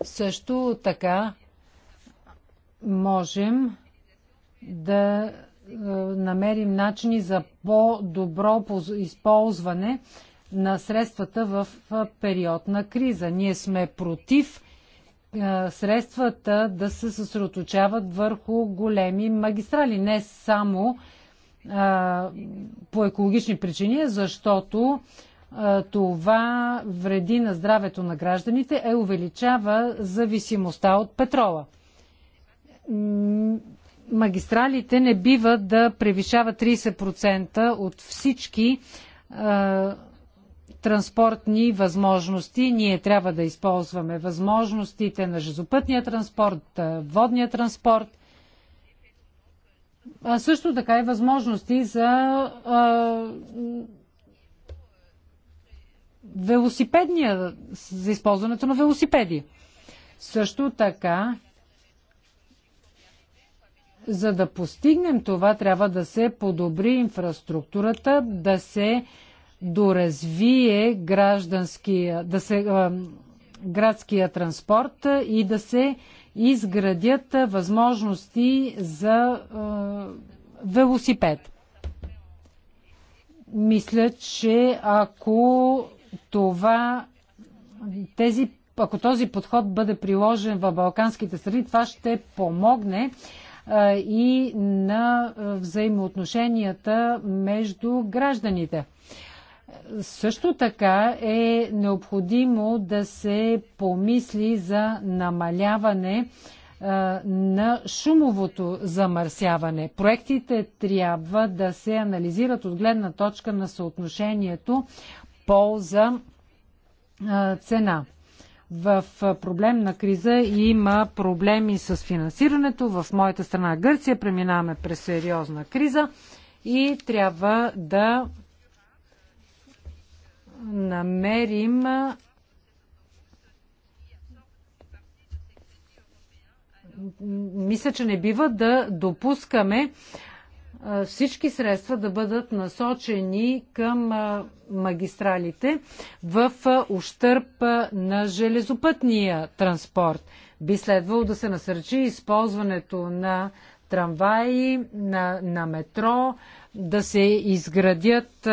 Също така можем да намерим начини за по-добро използване на средствата в период на криза. Ние сме против е, средствата да се съсредоточават върху големи магистрали, не само а, е, по екологични причини, защото а, е, това вреди на здравето на гражданите, е увеличава зависимостта от петрола. Магистралите не бива да превишават 30% от всички а, транспортни възможности. Ние трябва да използваме възможностите на железопътния транспорт, водния транспорт, а също така и възможности за а, велосипедния, за използването на велосипеди. Също така, за да постигнем това, трябва да се подобри инфраструктурата, да се а, доразвие гражданския, да се, градския транспорт и да се изградят възможности за велосипед. Мисля, че ако това тези, ако този подход бъде приложен в балканските страни, това ще помогне а, и на взаимоотношенията между гражданите. Също така е необходимо да се помисли за намаляване на шумовото замърсяване. Проектите трябва да се анализират от гледна точка на съотношението полза цена. В проблем на криза има проблеми с финансирането. В моята страна Гърция преминаваме през сериозна криза и трябва да намерим мисля, че не бива да допускаме всички средства да бъдат насочени към магистралите в ущърп на железопътния транспорт. Би следвало да се насърчи използването на трамваи, на, на метро, да се изградят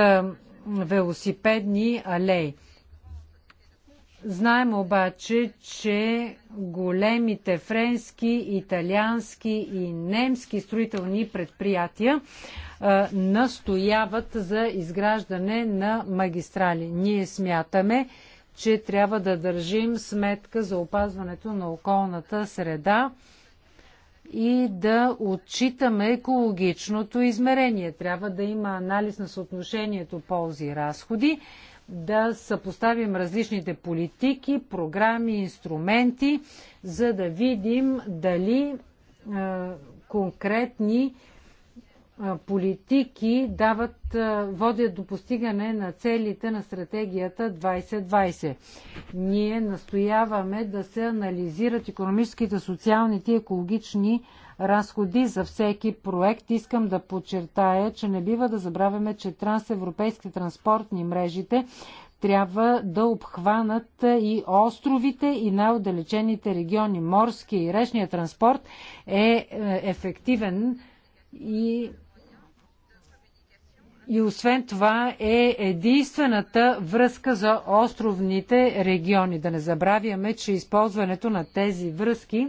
велосипедни алеи. Знаем обаче, че големите френски, италиански и немски строителни предприятия а, настояват за изграждане на магистрали. Ние смятаме, че трябва да държим сметка за опазването на околната среда и да отчитаме екологичното измерение. Трябва да има анализ на съотношението ползи-разходи, да съпоставим различните политики, програми, инструменти, за да видим дали конкретни политики дават, водят до постигане на целите на стратегията 2020. Ние настояваме да се анализират економическите, социалните и екологични разходи за всеки проект. Искам да подчертая, че не бива да забравяме, че трансевропейски транспортни мрежите трябва да обхванат и островите и най-отдалечените региони. Морския и речния транспорт е, е ефективен и и освен това е единствената връзка за островните региони. Да не забравяме, че използването на тези връзки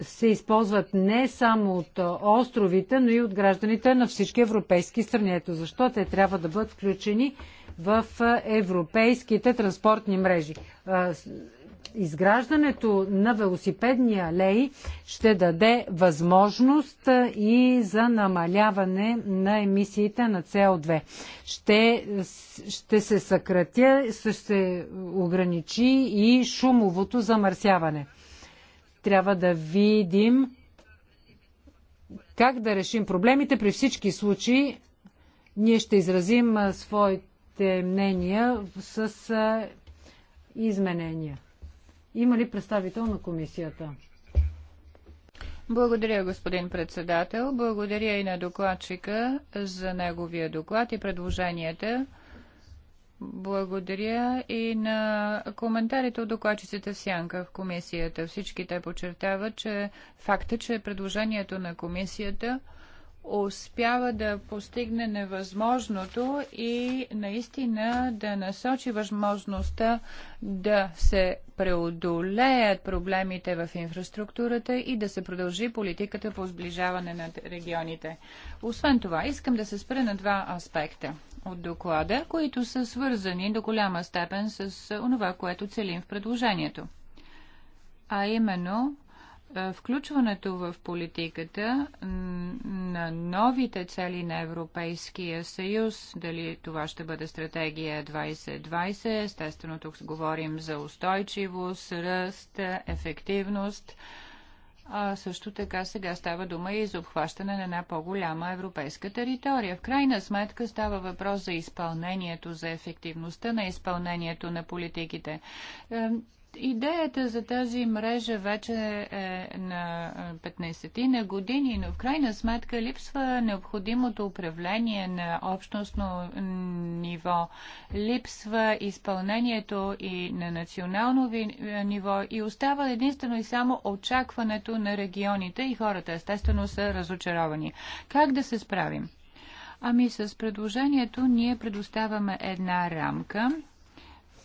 се използват не само от островите, но и от гражданите на всички европейски страни. Ето защо те трябва да бъдат включени в европейските транспортни мрежи изграждането на велосипедни алеи ще даде възможност и за намаляване на емисиите на СО2. Ще, ще се съкратя, ще се ограничи и шумовото замърсяване. Трябва да видим как да решим проблемите. При всички случаи ние ще изразим своите мнения с изменения. Има ли представител на комисията? Благодаря, господин председател. Благодаря и на докладчика за неговия доклад и предложенията. Благодаря и на коментарите от докладчиците в Сянка в комисията. Всички те подчертават, че факта, че предложението на комисията – успява да постигне невъзможното и наистина да насочи възможността да се преодолеят проблемите в инфраструктурата и да се продължи политиката по сближаване на регионите. Освен това, искам да се спра на два аспекта от доклада, които са свързани до голяма степен с това, което целим в предложението. А именно е, включването в политиката на новите цели на Европейския съюз, дали това ще бъде стратегия 2020, естествено тук говорим за устойчивост, ръст, ефективност, а също така сега става дума и за обхващане на една по-голяма европейска територия. В крайна сметка става въпрос за изпълнението, за ефективността на изпълнението на политиките. Идеята за тази мрежа вече е на 15-ти на години, но в крайна сметка липсва необходимото управление на общностно ниво, липсва изпълнението и на национално ниво и остава единствено и само очакването на регионите и хората естествено са разочаровани. Как да се справим? Ами с предложението ние предоставяме една рамка,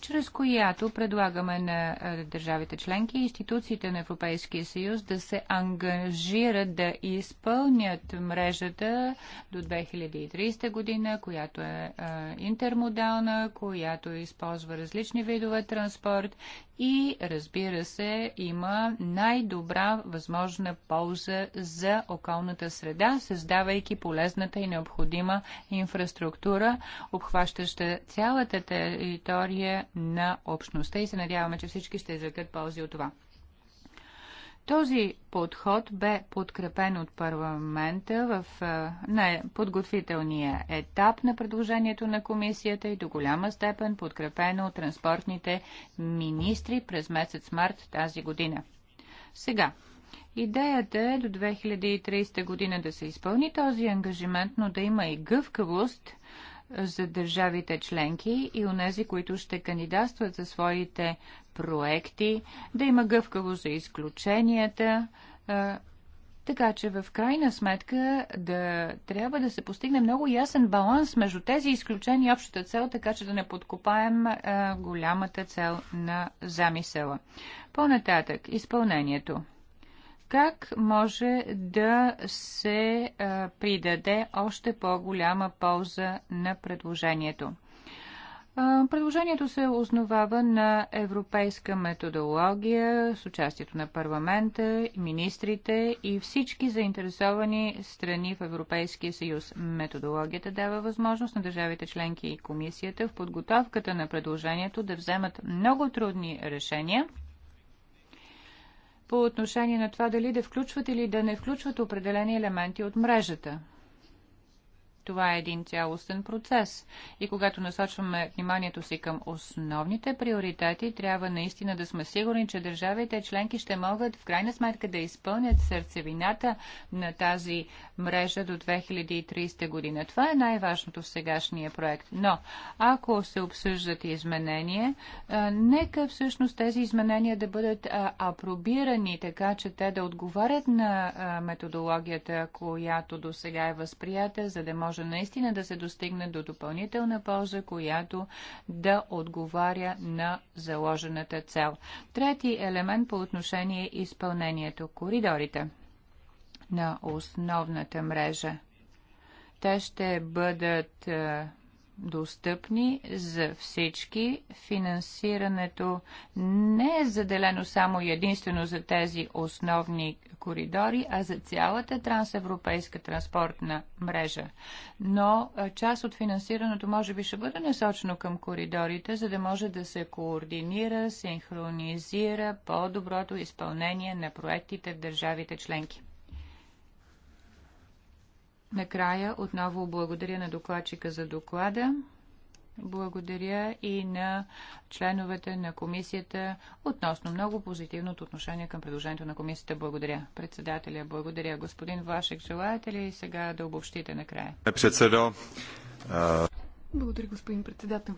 чрез която предлагаме на държавите членки и институциите на Европейския съюз да се ангажират да изпълнят мрежата до 2030 година, която е интермодална, която използва различни видове транспорт и разбира се има най-добра възможна полза за околната среда, създавайки полезната и необходима инфраструктура, обхващаща цялата територия на общността и се надяваме, че всички ще извлекат ползи от това. Този подход бе подкрепен от парламента в най подготвителния етап на предложението на комисията и до голяма степен подкрепено от транспортните министри през месец март тази година. Сега, идеята е до 2030 година да се изпълни този ангажимент, но да има и гъвкавост за държавите членки и онези, които ще кандидатстват за своите проекти, да има гъвкаво за изключенията, така че в крайна сметка да трябва да се постигне много ясен баланс между тези изключения и общата цел, така че да не подкопаем голямата цел на замисъла. По-нататък, изпълнението как може да се а, придаде още по-голяма полза на предложението. предложението се основава на европейска методология с участието на парламента, министрите и всички заинтересовани страни в Европейския съюз. Методологията дава възможност на държавите членки и комисията в подготовката на предложението да вземат много трудни решения – по отношение на това дали да включват или да не включват определени елементи от мрежата. Това е един цялостен процес. И когато насочваме вниманието си към основните приоритети, трябва наистина да сме сигурни, че държавите членки ще могат в крайна сметка да изпълнят сърцевината на тази мрежа до 2030 година. Това е най-важното в сегашния проект. Но ако се обсъждат изменения, нека всъщност тези изменения да бъдат апробирани, така че те да отговарят на методологията, която до сега е възприята, за да може може наистина да се достигне до допълнителна полза, която да отговаря на заложената цел. Трети елемент по отношение изпълнението – коридорите на основната мрежа. Те ще бъдат е, достъпни за всички. Финансирането не е заделено само и единствено за тези основни коридори, а за цялата трансевропейска транспортна мрежа. Но част от финансирането може би ще бъде насочено към коридорите, за да може да се координира, синхронизира по-доброто изпълнение на проектите в държавите членки. Накрая отново благодаря на докладчика за доклада. Благодаря и на членовете на комисията относно много позитивното отношение към предложението на комисията. Благодаря. Председателя, благодаря. Господин Вашек, желаете ли сега да обобщите накрая? Е, благодаря, господин председател.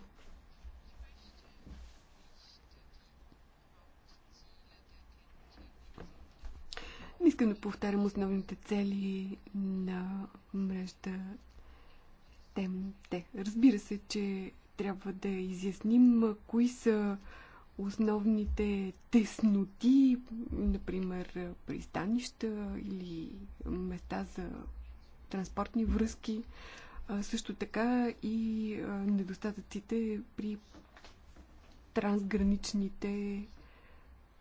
Не искам да повтарям основните цели на мрежата ТЕМТЕ. Разбира се, че трябва да изясним кои са основните тесноти, например пристанища или места за транспортни връзки, а също така и недостатъците при трансграничните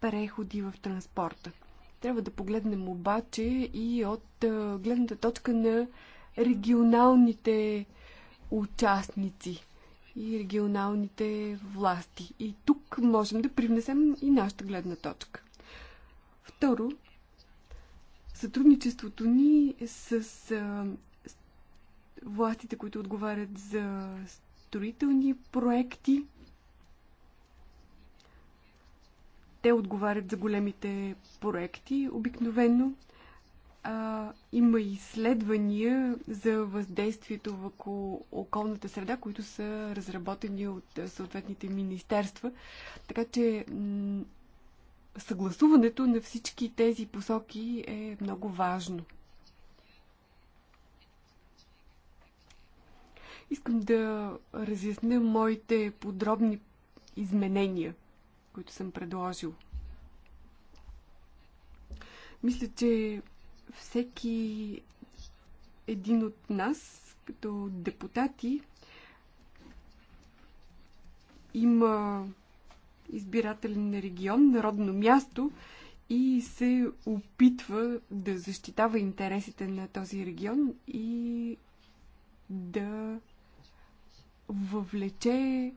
преходи в транспорта. Трябва да погледнем обаче и от гледната точка на регионалните участници и регионалните власти. И тук можем да привнесем и нашата гледна точка. Второ, сътрудничеството ни с властите, които отговарят за строителни проекти – Те отговарят за големите проекти обикновено. А, има изследвания за въздействието върху околната среда, които са разработени от съответните министерства. Така че съгласуването на всички тези посоки е много важно. Искам да разясня моите подробни изменения които съм предложил. Мисля, че всеки един от нас, като депутати, има избирателен регион, народно място и се опитва да защитава интересите на този регион и да въвлече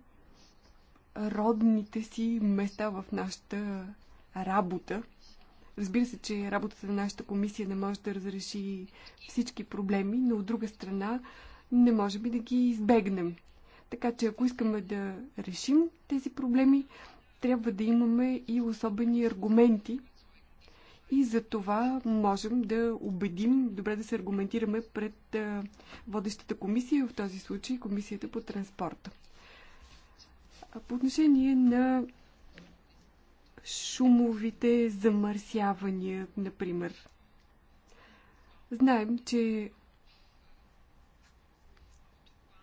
родните си места в нашата работа. Разбира се, че работата на нашата комисия не може да разреши всички проблеми, но от друга страна не можем и да ги избегнем. Така че ако искаме да решим тези проблеми, трябва да имаме и особени аргументи. И за това можем да убедим, добре да се аргументираме пред водещата комисия, в този случай комисията по транспорта. А по отношение на шумовите замърсявания, например. Знаем, че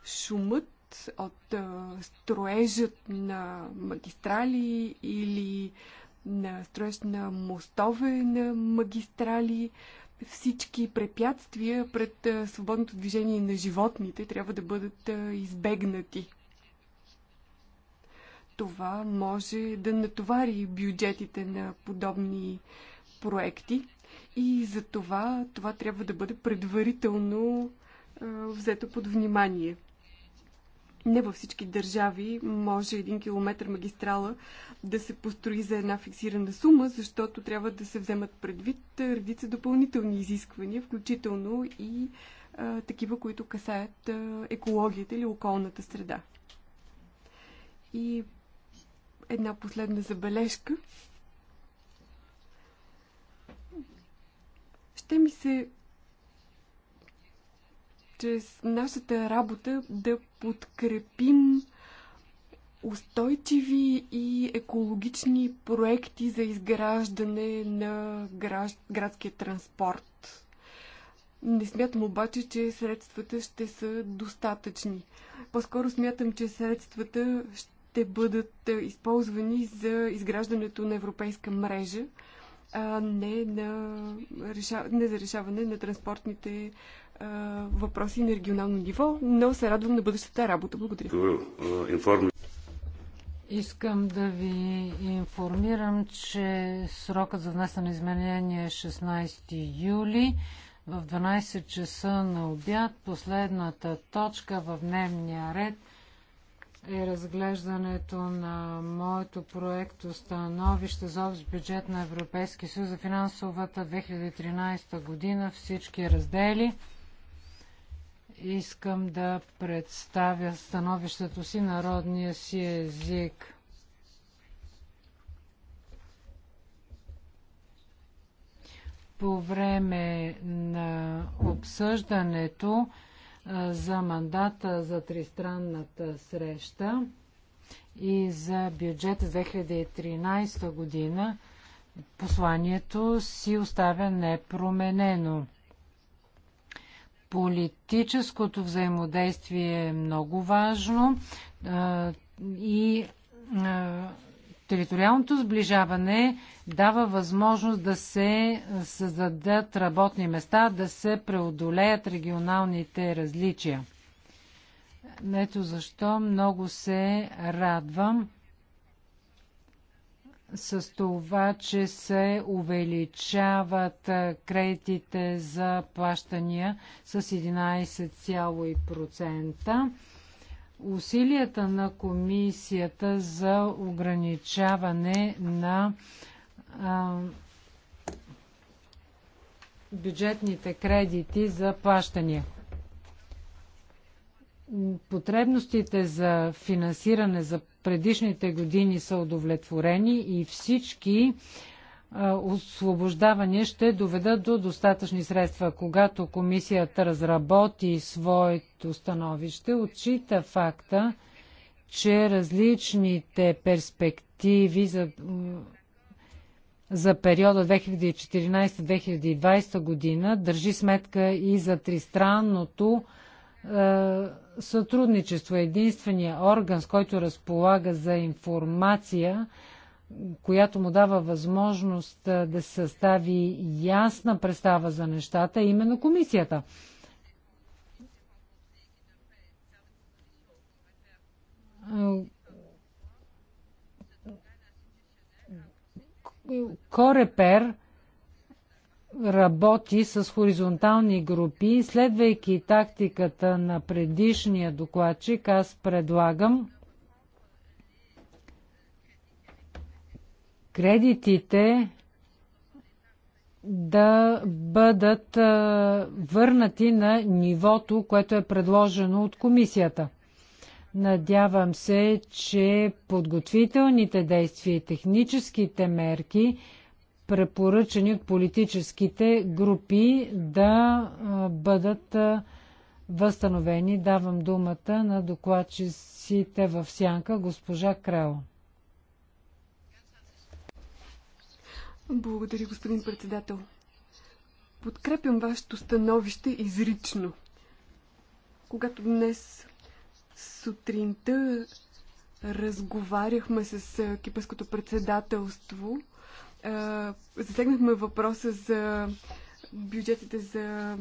шумът от строежът на магистрали или на строеж на мостове на магистрали, всички препятствия пред свободното движение на животните трябва да бъдат избегнати. Това може да натовари бюджетите на подобни проекти и за това това трябва да бъде предварително а, взето под внимание. Не във всички държави може един километр магистрала да се построи за една фиксирана сума, защото трябва да се вземат предвид редица допълнителни изисквания, включително и а, такива, които касаят а, екологията или околната среда. И една последна забележка. Ще ми се чрез нашата работа да подкрепим устойчиви и екологични проекти за изграждане на градския транспорт. Не смятам обаче, че средствата ще са достатъчни. По-скоро смятам, че средствата ще ще бъдат е, използвани за изграждането на европейска мрежа, а не, на реша... не за решаване на транспортните а, е, въпроси на регионално ниво, но се радвам на бъдещата работа. Благодаря. Искам да ви информирам, че срокът за внесене изменение е 16 юли в 12 часа на обяд. Последната точка в дневния ред е разглеждането на моето проекто становище за общ бюджет на Европейски съюз за финансовата 2013 година всички раздели. Искам да представя становището си народния си език. По време на обсъждането за мандата за тристранната среща и за бюджет 2013 година посланието си оставя непроменено. Политическото взаимодействие е много важно и Териториалното сближаване дава възможност да се създадат работни места, да се преодолеят регионалните различия. Ето защо много се радвам с това, че се увеличават кредитите за плащания с 11,5% усилията на комисията за ограничаване на а, бюджетните кредити за плащания. Потребностите за финансиране за предишните години са удовлетворени и всички а, освобождаване ще доведат до достатъчни средства. Когато комисията разработи своето становище, отчита факта, че различните перспективи за, за периода 2014-2020 година държи сметка и за тристранното е, сътрудничество. Единствения орган, с който разполага за информация, която му дава възможност да състави ясна представа за нещата, именно комисията. Корепер работи с хоризонтални групи, следвайки тактиката на предишния докладчик, аз предлагам кредитите да бъдат върнати на нивото, което е предложено от комисията. Надявам се, че подготвителните действия и техническите мерки, препоръчани от политическите групи, да бъдат възстановени. Давам думата на докладчиците в сянка госпожа Крел. Благодаря, господин председател. Подкрепям вашето становище изрично. Когато днес сутринта разговаряхме с кипърското председателство, засегнахме въпроса за бюджетите за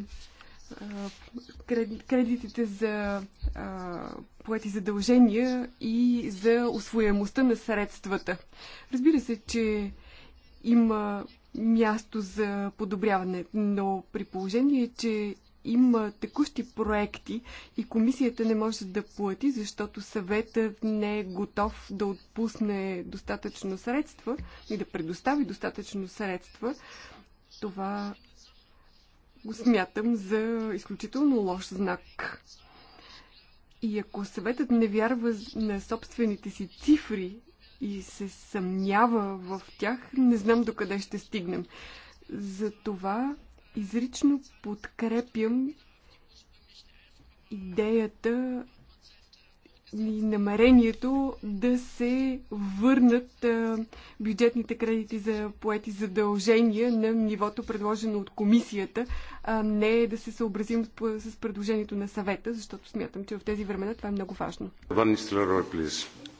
кредитите за поети задължения и за освоемостта на средствата. Разбира се, че има място за подобряване, но при положение, че има текущи проекти и комисията не може да плати, защото съветът не е готов да отпусне достатъчно средства и да предостави достатъчно средства, това го смятам за изключително лош знак. И ако съветът не вярва на собствените си цифри и се съмнява в тях, не знам докъде ще стигнем. Затова изрично подкрепям идеята и намерението да се върнат бюджетните кредити за поети задължения на нивото предложено от комисията, а не да се съобразим с предложението на съвета, защото смятам, че в тези времена това е много важно. Ван Нистелрой,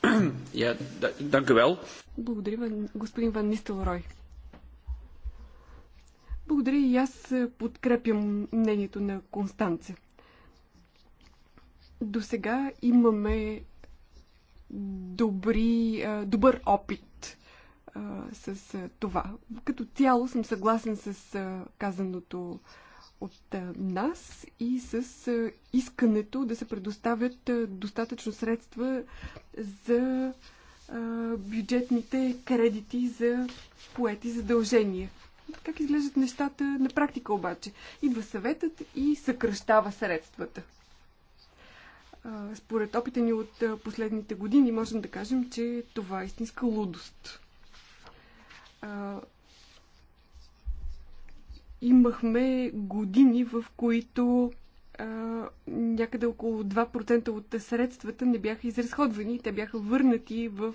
yeah, Благодаря, господин Ван Нистелрой. Благодаря и аз подкрепям мнението на Констанция. До сега имаме добри, добър опит с това. Като цяло съм съгласен с казаното от нас и с искането да се предоставят достатъчно средства за бюджетните кредити за поети задължения. Как изглеждат нещата на практика обаче? Идва съветът и съкръщава средствата. Според опита ни от последните години можем да кажем, че това е истинска лудост. Имахме години, в които някъде около 2% от средствата не бяха изразходвани. Те бяха върнати в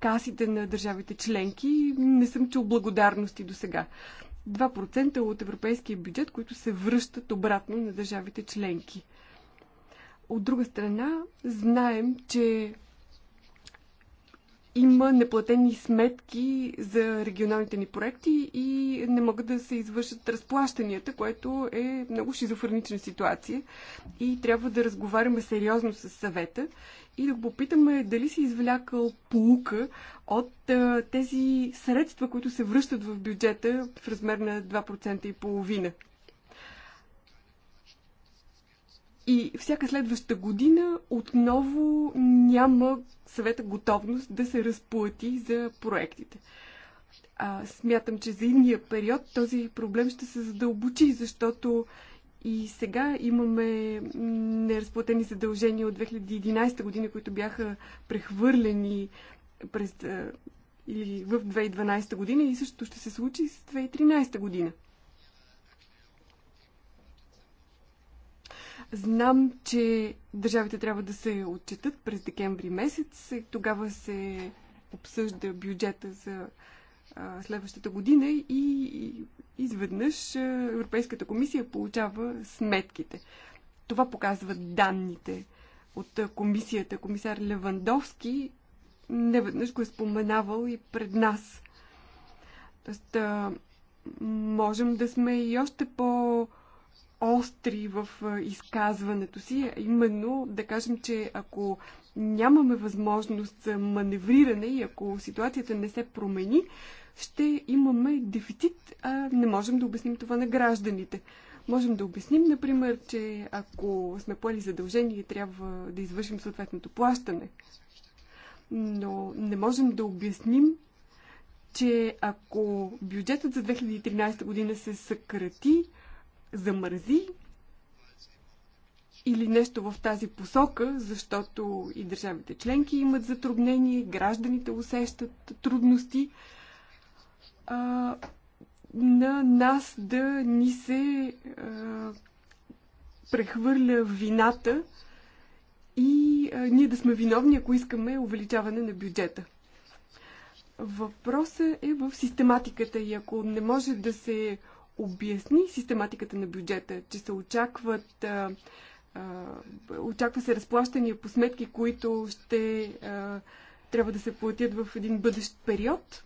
касите на държавите членки. Не съм чул благодарности до сега. 2% от европейския бюджет, които се връщат обратно на държавите членки. От друга страна, знаем, че има неплатени сметки за регионалните ни проекти и не могат да се извършат разплащанията, което е много шизофренична ситуация. И трябва да разговаряме сериозно с съвета и да го попитаме дали си извлякал полука от а, тези средства, които се връщат в бюджета в размер на 2% и половина. И всяка следваща година отново няма съвета готовност да се разплати за проектите. А, смятам, че за идния период този проблем ще се задълбочи, защото и сега имаме неразплатени задължения от 2011 година, които бяха прехвърлени през, или в 2012 година и също ще се случи с 2013 година. Знам, че държавите трябва да се отчетат през декември месец и е, тогава се обсъжда бюджета за а, следващата година и, и изведнъж а, Европейската комисия получава сметките. Това показват данните от комисията. Комисар Левандовски неведнъж го е споменавал и пред нас. Тоест, а, можем да сме и още по- остри в изказването си, именно да кажем, че ако нямаме възможност за маневриране и ако ситуацията не се промени, ще имаме дефицит, а не можем да обясним това на гражданите. Можем да обясним, например, че ако сме поели задължение, трябва да извършим съответното плащане. Но не можем да обясним, че ако бюджетът за 2013 година се съкрати, замързи или нещо в тази посока, защото и държавите членки имат затруднение, гражданите усещат трудности, а, на нас да ни се а, прехвърля вината и а, ние да сме виновни, ако искаме увеличаване на бюджета. Въпросът е в систематиката и ако не може да се обясни систематиката на бюджета, че се очакват а, а, очаква се разплащания по сметки, които ще а, трябва да се платят в един бъдещ период,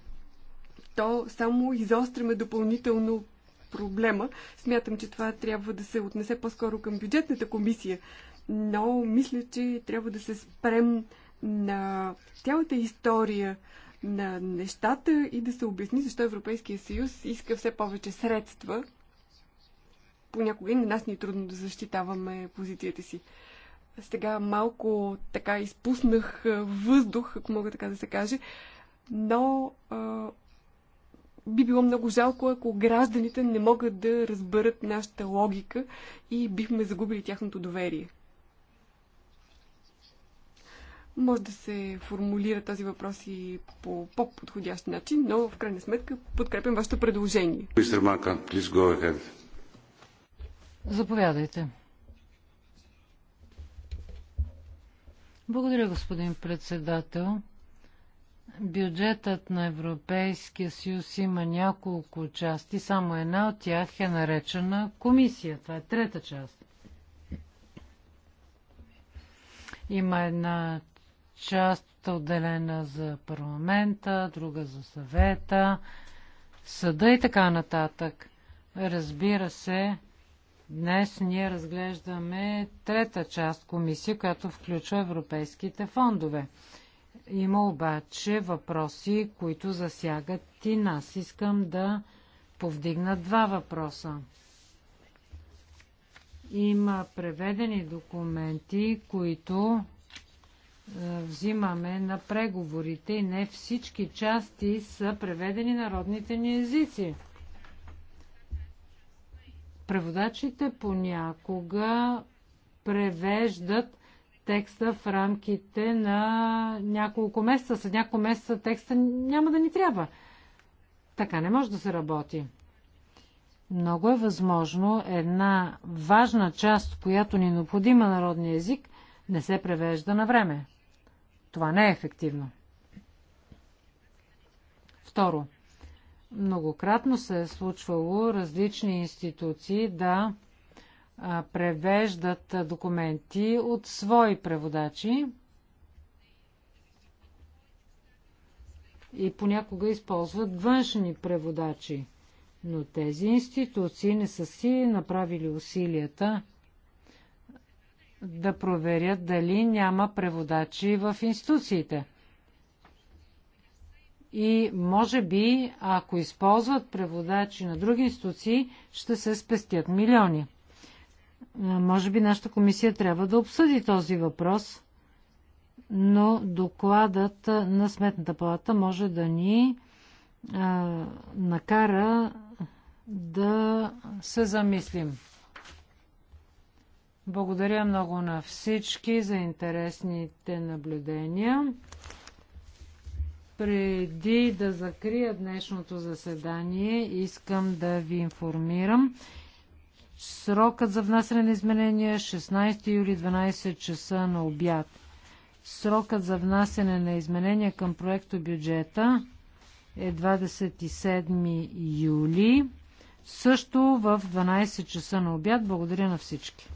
то само изостряме допълнително проблема. Смятам, че това трябва да се отнесе по-скоро към бюджетната комисия, но мисля, че трябва да се спрем на цялата история на нещата и да се обясни защо Европейския съюз иска все повече средства. Понякога и на нас ни е трудно да защитаваме позицията си. Сега малко така изпуснах въздух, ако мога така да се каже, но а, би било много жалко, ако гражданите не могат да разберат нашата логика и бихме загубили тяхното доверие. Може да се формулира този въпрос и по по-подходящ начин, но в крайна сметка подкрепям вашето предложение. Заповядайте. Благодаря, господин председател. Бюджетът на Европейския съюз има няколко части, само една от тях е наречена комисия. Това е трета част. Има една част отделена за парламента, друга за съвета, съда и така нататък. Разбира се, днес ние разглеждаме трета част комисия, която включва европейските фондове. Има обаче въпроси, които засягат и нас. Искам да повдигна два въпроса. Има преведени документи, които е, взимаме на преговорите и не всички части са преведени народните ни езици. Преводачите понякога превеждат текста в рамките на няколко месеца. След няколко месеца текста няма да ни трябва. Така не може да се работи. Много е възможно една важна част, която ни е необходима народния език, не се превежда на време. Това не е ефективно. Второ, многократно се е случвало различни институции да превеждат документи от свои преводачи и понякога използват външни преводачи. Но тези институции не са си направили усилията да проверят дали няма преводачи в институциите. И може би, ако използват преводачи на други институции, ще се спестят милиони. Може би нашата комисия трябва да обсъди този въпрос, но докладът на Сметната палата може да ни а, накара да се замислим. Благодаря много на всички за интересните наблюдения. Преди да закрия днешното заседание, искам да ви информирам. Срокът за внасяне на изменения 16 е юли 12 часа на обяд. Срокът за внасяне на изменения към проекто бюджета е 27 юли, също в 12 часа на обяд. Благодаря на всички.